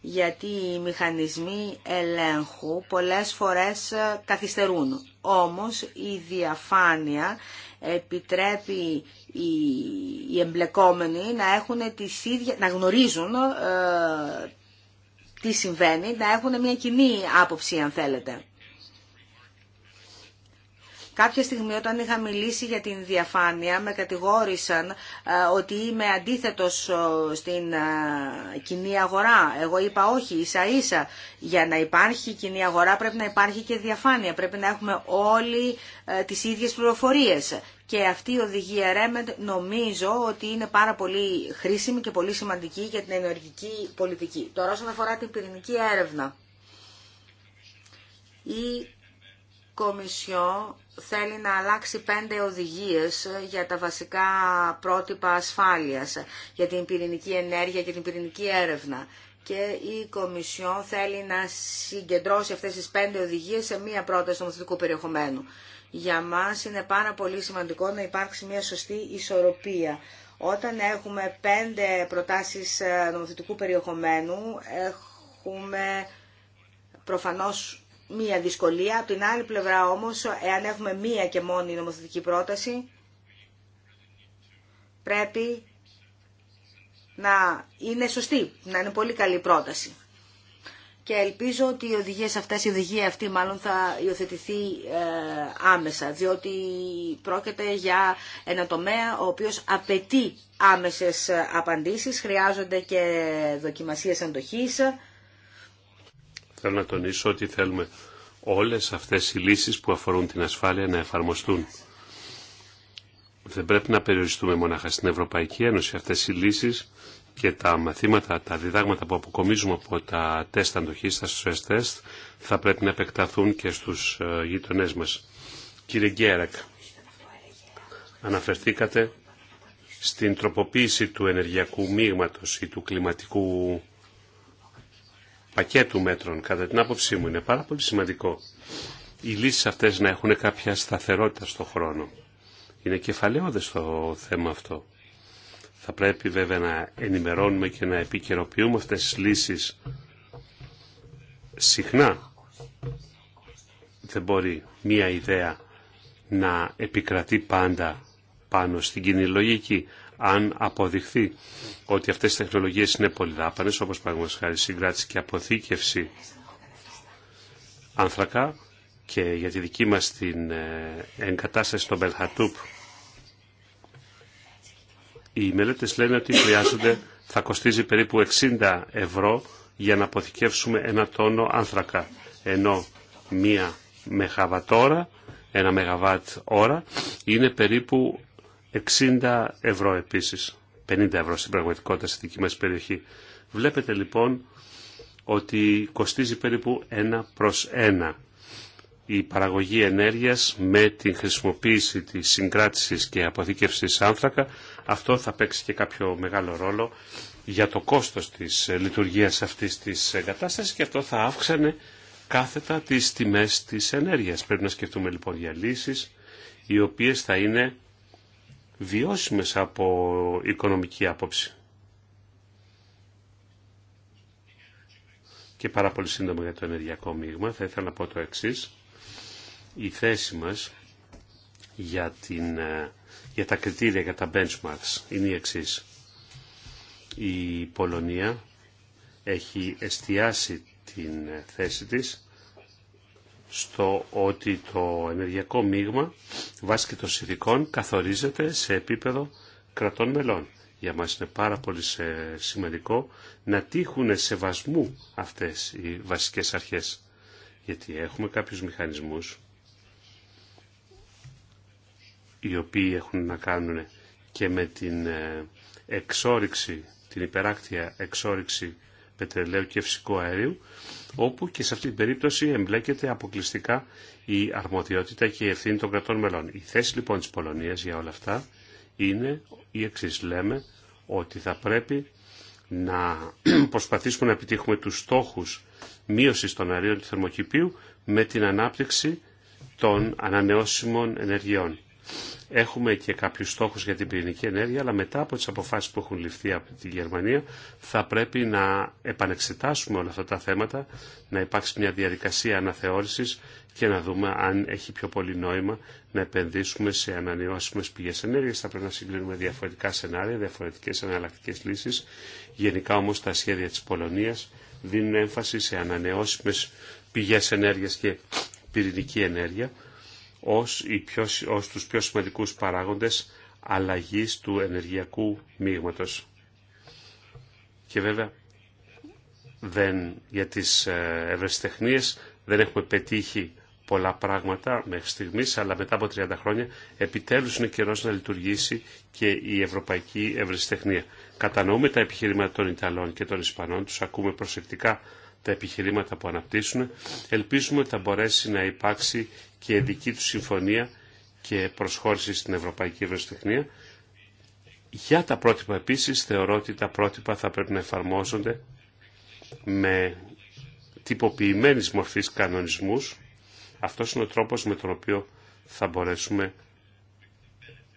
Γιατί οι μηχανισμοί ελέγχου πολλές φορές ε, καθυστερούν. Όμως η διαφάνεια επιτρέπει οι εμπλεκόμενοι να, έχουν τις ίδια, να γνωρίζουν τι συμβαίνει, να έχουν μια κοινή άποψη αν θέλετε. Κάποια στιγμή όταν είχα μιλήσει για την διαφάνεια με κατηγόρησαν ε, ότι είμαι αντίθετος ε, στην ε, κοινή αγορά. Εγώ είπα όχι, ίσα ίσα. Για να υπάρχει κοινή αγορά πρέπει να υπάρχει και διαφάνεια. Πρέπει να έχουμε όλοι τις ίδιες πληροφορίες. Και αυτή η οδηγία νομίζω ότι είναι πάρα πολύ χρήσιμη και πολύ σημαντική για την ενεργική πολιτική. Τώρα όσον αφορά την πυρηνική έρευνα. Η Κομισιό θέλει να αλλάξει πέντε οδηγίες ε, για τα βασικά πρότυπα ασφάλειας, ε, για την πυρηνική ενέργεια και την πυρηνική έρευνα. Και η Κομισιόν θέλει να συγκεντρώσει αυτές τις πέντε οδηγίες σε μία πρόταση νομοθετικού περιεχομένου. Για μας είναι πάρα πολύ σημαντικό να υπάρξει μία σωστή ισορροπία. Όταν έχουμε πέντε προτάσεις ε, νομοθετικού περιεχομένου, έχουμε προφανώς μία δυσκολία. Από την άλλη πλευρά όμως, εάν έχουμε μία και μόνη νομοθετική πρόταση, πρέπει να είναι σωστή, να είναι πολύ καλή πρόταση. Και ελπίζω ότι οι οδηγίες αυτές, η οδηγία αυτή μάλλον θα υιοθετηθεί ε, άμεσα, διότι πρόκειται για ένα τομέα ο οποίος απαιτεί άμεσες ε, απαντήσεις, χρειάζονται και δοκιμασίες αντοχής, Θέλω να τονίσω ότι θέλουμε όλες αυτές οι λύσεις που αφορούν την ασφάλεια να εφαρμοστούν. Δεν πρέπει να περιοριστούμε μονάχα στην Ευρωπαϊκή Ένωση. Αυτές οι λύσεις και τα μαθήματα, τα διδάγματα που αποκομίζουμε από τα τεστ αντοχής, τα stress test, θα πρέπει να επεκταθούν και στους ε, γείτονές μας. Κύριε Γκέρακ, αναφερθήκατε στην τροποποίηση του ενεργειακού μείγματος ή του κλιματικού πακέτου μέτρων, κατά την άποψή μου, είναι πάρα πολύ σημαντικό οι λύσεις αυτές να έχουν κάποια σταθερότητα στο χρόνο. Είναι κεφαλαιόδες το θέμα αυτό. Θα πρέπει βέβαια να ενημερώνουμε και να επικαιροποιούμε αυτές τις λύσεις συχνά. Δεν μπορεί μία ιδέα να επικρατεί πάντα πάνω στην κοινή λογική αν αποδειχθεί ότι αυτές οι τεχνολογίες είναι πολυδάπανες, όπως παραδείγματος χάρη συγκράτηση και αποθήκευση άνθρακα και για τη δική μας την ε, εγκατάσταση στο Μπελχατούπ οι μελέτες λένε ότι χρειάζονται, θα κοστίζει περίπου 60 ευρώ για να αποθηκεύσουμε ένα τόνο άνθρακα. Ενώ μία μεγαβατόρα, ένα μεγαβάτ ώρα, είναι περίπου 60 ευρώ επίσης. 50 ευρώ στην πραγματικότητα στη δική μας περιοχή. Βλέπετε λοιπόν ότι κοστίζει περίπου 1 προς 1 η παραγωγή ενέργειας με την χρησιμοποίηση της συγκράτησης και αποθήκευσης άνθρακα. Αυτό θα παίξει και κάποιο μεγάλο ρόλο για το κόστος της λειτουργίας αυτής της εγκατάστασης και αυτό θα αύξανε κάθετα τις τιμές της ενέργειας. Πρέπει να σκεφτούμε λοιπόν για λύσεις οι οποίες θα είναι βιώσιμες από οικονομική άποψη. Και πάρα πολύ σύντομα για το ενεργειακό μείγμα θα ήθελα να πω το εξής. Η θέση μας για, την, ε, για τα κριτήρια, για τα benchmarks είναι η εξής. Η Πολωνία έχει εστιάσει την θέση της στο ότι το ενεργειακό μείγμα βάσει και των συνδικών καθορίζεται σε επίπεδο κρατών μελών. Για μας είναι πάρα πολύ σημαντικό να τύχουν σεβασμού αυτές οι βασικές αρχές. Γιατί έχουμε κάποιους μηχανισμούς οι οποίοι έχουν να κάνουν και με την ε, εξόριξη, την υπεράκτια εξόριξη πετρελαίου και φυσικού αερίου όπου και σε αυτή την περίπτωση εμπλέκεται αποκλειστικά η αρμοδιότητα και η ευθύνη των κρατών μελών. Η θέση λοιπόν της Πολωνίας για όλα αυτά είναι η εξή λέμε ότι θα πρέπει να προσπαθήσουμε να επιτύχουμε τους στόχους μείωσης των αερίων του θερμοκηπίου με την ανάπτυξη των ανανεώσιμων ενεργειών. Έχουμε και κάποιους στόχους για την πυρηνική ενέργεια, αλλά μετά από τις αποφάσεις που έχουν ληφθεί από τη Γερμανία θα πρέπει να επανεξετάσουμε όλα αυτά τα θέματα, να υπάρξει μια διαδικασία αναθεώρησης και να δούμε αν έχει πιο πολύ νόημα να επενδύσουμε σε ανανεώσιμες πηγές ενέργειας. Θα πρέπει να συγκρίνουμε διαφορετικά σενάρια, διαφορετικές εναλλακτικέ λύσεις. Γενικά όμως τα σχέδια της Πολωνίας δίνουν έμφαση σε ανανεώσιμες πηγές ενέργειας και πυρηνική ενέργεια ως, οι πιο, ως τους πιο σημαντικούς παράγοντες αλλαγής του ενεργειακού μείγματος. Και βέβαια, δεν, για τις ευρεσιτεχνίες δεν έχουμε πετύχει πολλά πράγματα μέχρι στιγμής, αλλά μετά από 30 χρόνια επιτέλους είναι καιρός να λειτουργήσει και η ευρωπαϊκή ευρεσιτεχνία. Κατανοούμε τα επιχειρήματα των Ιταλών και των Ισπανών, τους ακούμε προσεκτικά τα επιχειρήματα που αναπτύσσουν. Ελπίζουμε ότι θα μπορέσει να υπάρξει και δική του συμφωνία και προσχώρηση στην Ευρωπαϊκή Ευρωστεχνία. Για τα πρότυπα επίσης θεωρώ ότι τα πρότυπα θα πρέπει να εφαρμόζονται με τυποποιημένης μορφής κανονισμούς. Αυτός είναι ο τρόπος με τον οποίο θα μπορέσουμε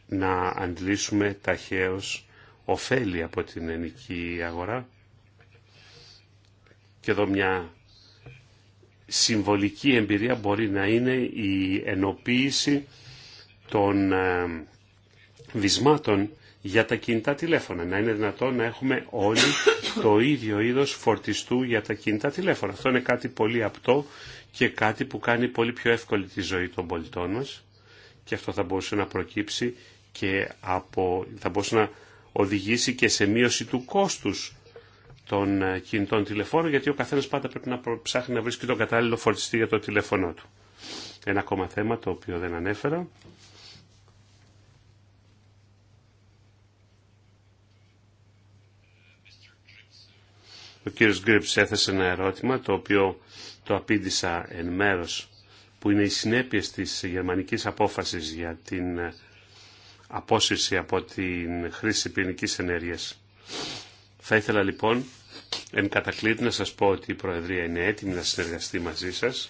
να αντλήσουμε ταχαίως ωφέλη από την ενική αγορά. Και εδώ μια συμβολική εμπειρία μπορεί να είναι η ενοποίηση των ε, βυσμάτων για τα κινητά τηλέφωνα. Να είναι δυνατόν να έχουμε όλοι το ίδιο είδος φορτιστού για τα κινητά τηλέφωνα. Αυτό είναι κάτι πολύ απτό και κάτι που κάνει πολύ πιο εύκολη τη ζωή των πολιτών μας και αυτό θα μπορούσε να προκύψει και από, θα μπορούσε να οδηγήσει και σε μείωση του κόστους των ε, κινητών τηλεφώνων, γιατί ο καθένας πάντα πρέπει να ψάχνει να βρίσκει τον κατάλληλο φορτιστή για το τηλέφωνό του. Ένα ακόμα θέμα το οποίο δεν ανέφερα. Ο κύριος Γκριπς έθεσε ένα ερώτημα το οποίο το απήντησα εν μέρος που είναι οι συνέπειες της γερμανικής απόφασης για την ε, απόσυρση από την χρήση πυρηνικής ενέργειας. Θα ήθελα λοιπόν Εν κατακλείδη να σας πω ότι η Προεδρία είναι έτοιμη να συνεργαστεί μαζί σας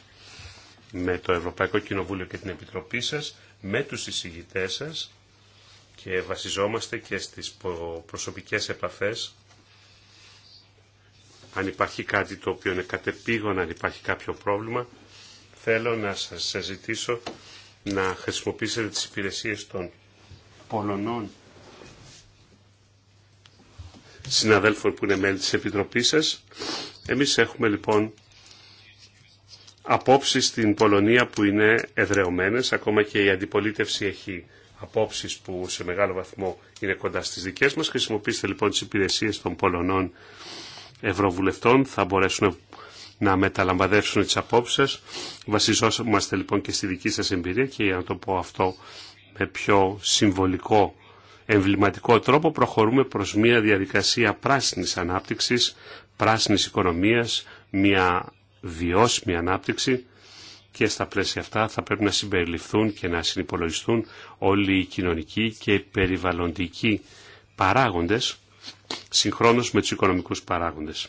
με το Ευρωπαϊκό Κοινοβούλιο και την Επιτροπή σας, με τους εισηγητές σας και βασιζόμαστε και στις προσωπικές επαφές. Αν υπάρχει κάτι το οποίο είναι κατεπήγον, αν υπάρχει κάποιο πρόβλημα, θέλω να σας ζητήσω να χρησιμοποιήσετε τις υπηρεσίες των Πολωνών συναδέλφων που είναι μέλη της Επιτροπής σας. Εμείς έχουμε λοιπόν απόψεις στην Πολωνία που είναι εδρεωμένες, ακόμα και η αντιπολίτευση έχει απόψεις που σε μεγάλο βαθμό είναι κοντά στις δικές μας. Χρησιμοποιήστε λοιπόν τις υπηρεσίες των Πολωνών Ευρωβουλευτών, θα μπορέσουν να μεταλαμβαδεύσουν τις απόψεις σας. Βασιζόμαστε λοιπόν και στη δική σας εμπειρία και για να το πω αυτό με πιο συμβολικό εμβληματικό τρόπο προχωρούμε προς μια διαδικασία πράσινης ανάπτυξης, πράσινης οικονομίας, μια βιώσιμη ανάπτυξη και στα πλαίσια αυτά θα πρέπει να συμπεριληφθούν και να συνυπολογιστούν όλοι οι κοινωνικοί και περιβαλλοντικοί παράγοντες συγχρόνως με τους οικονομικούς παράγοντες.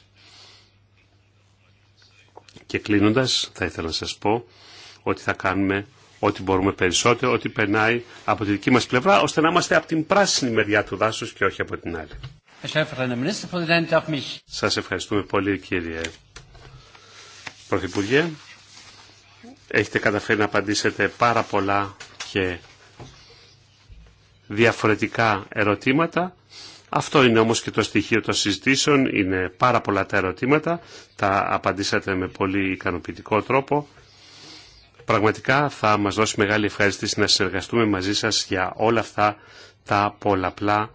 Και κλείνοντας θα ήθελα να σας πω ότι θα κάνουμε ό,τι μπορούμε περισσότερο, ό,τι περνάει από τη δική μας πλευρά, ώστε να είμαστε από την πράσινη μεριά του δάσους και όχι από την άλλη. Σας ευχαριστούμε πολύ κύριε Πρωθυπουργέ. Έχετε καταφέρει να απαντήσετε πάρα πολλά και διαφορετικά ερωτήματα. Αυτό είναι όμως και το στοιχείο των συζητήσεων, είναι πάρα πολλά τα ερωτήματα, τα απαντήσατε με πολύ ικανοποιητικό τρόπο. Πραγματικά θα μας δώσει μεγάλη ευχαριστήση να συνεργαστούμε μαζί σας για όλα αυτά τα πολλαπλά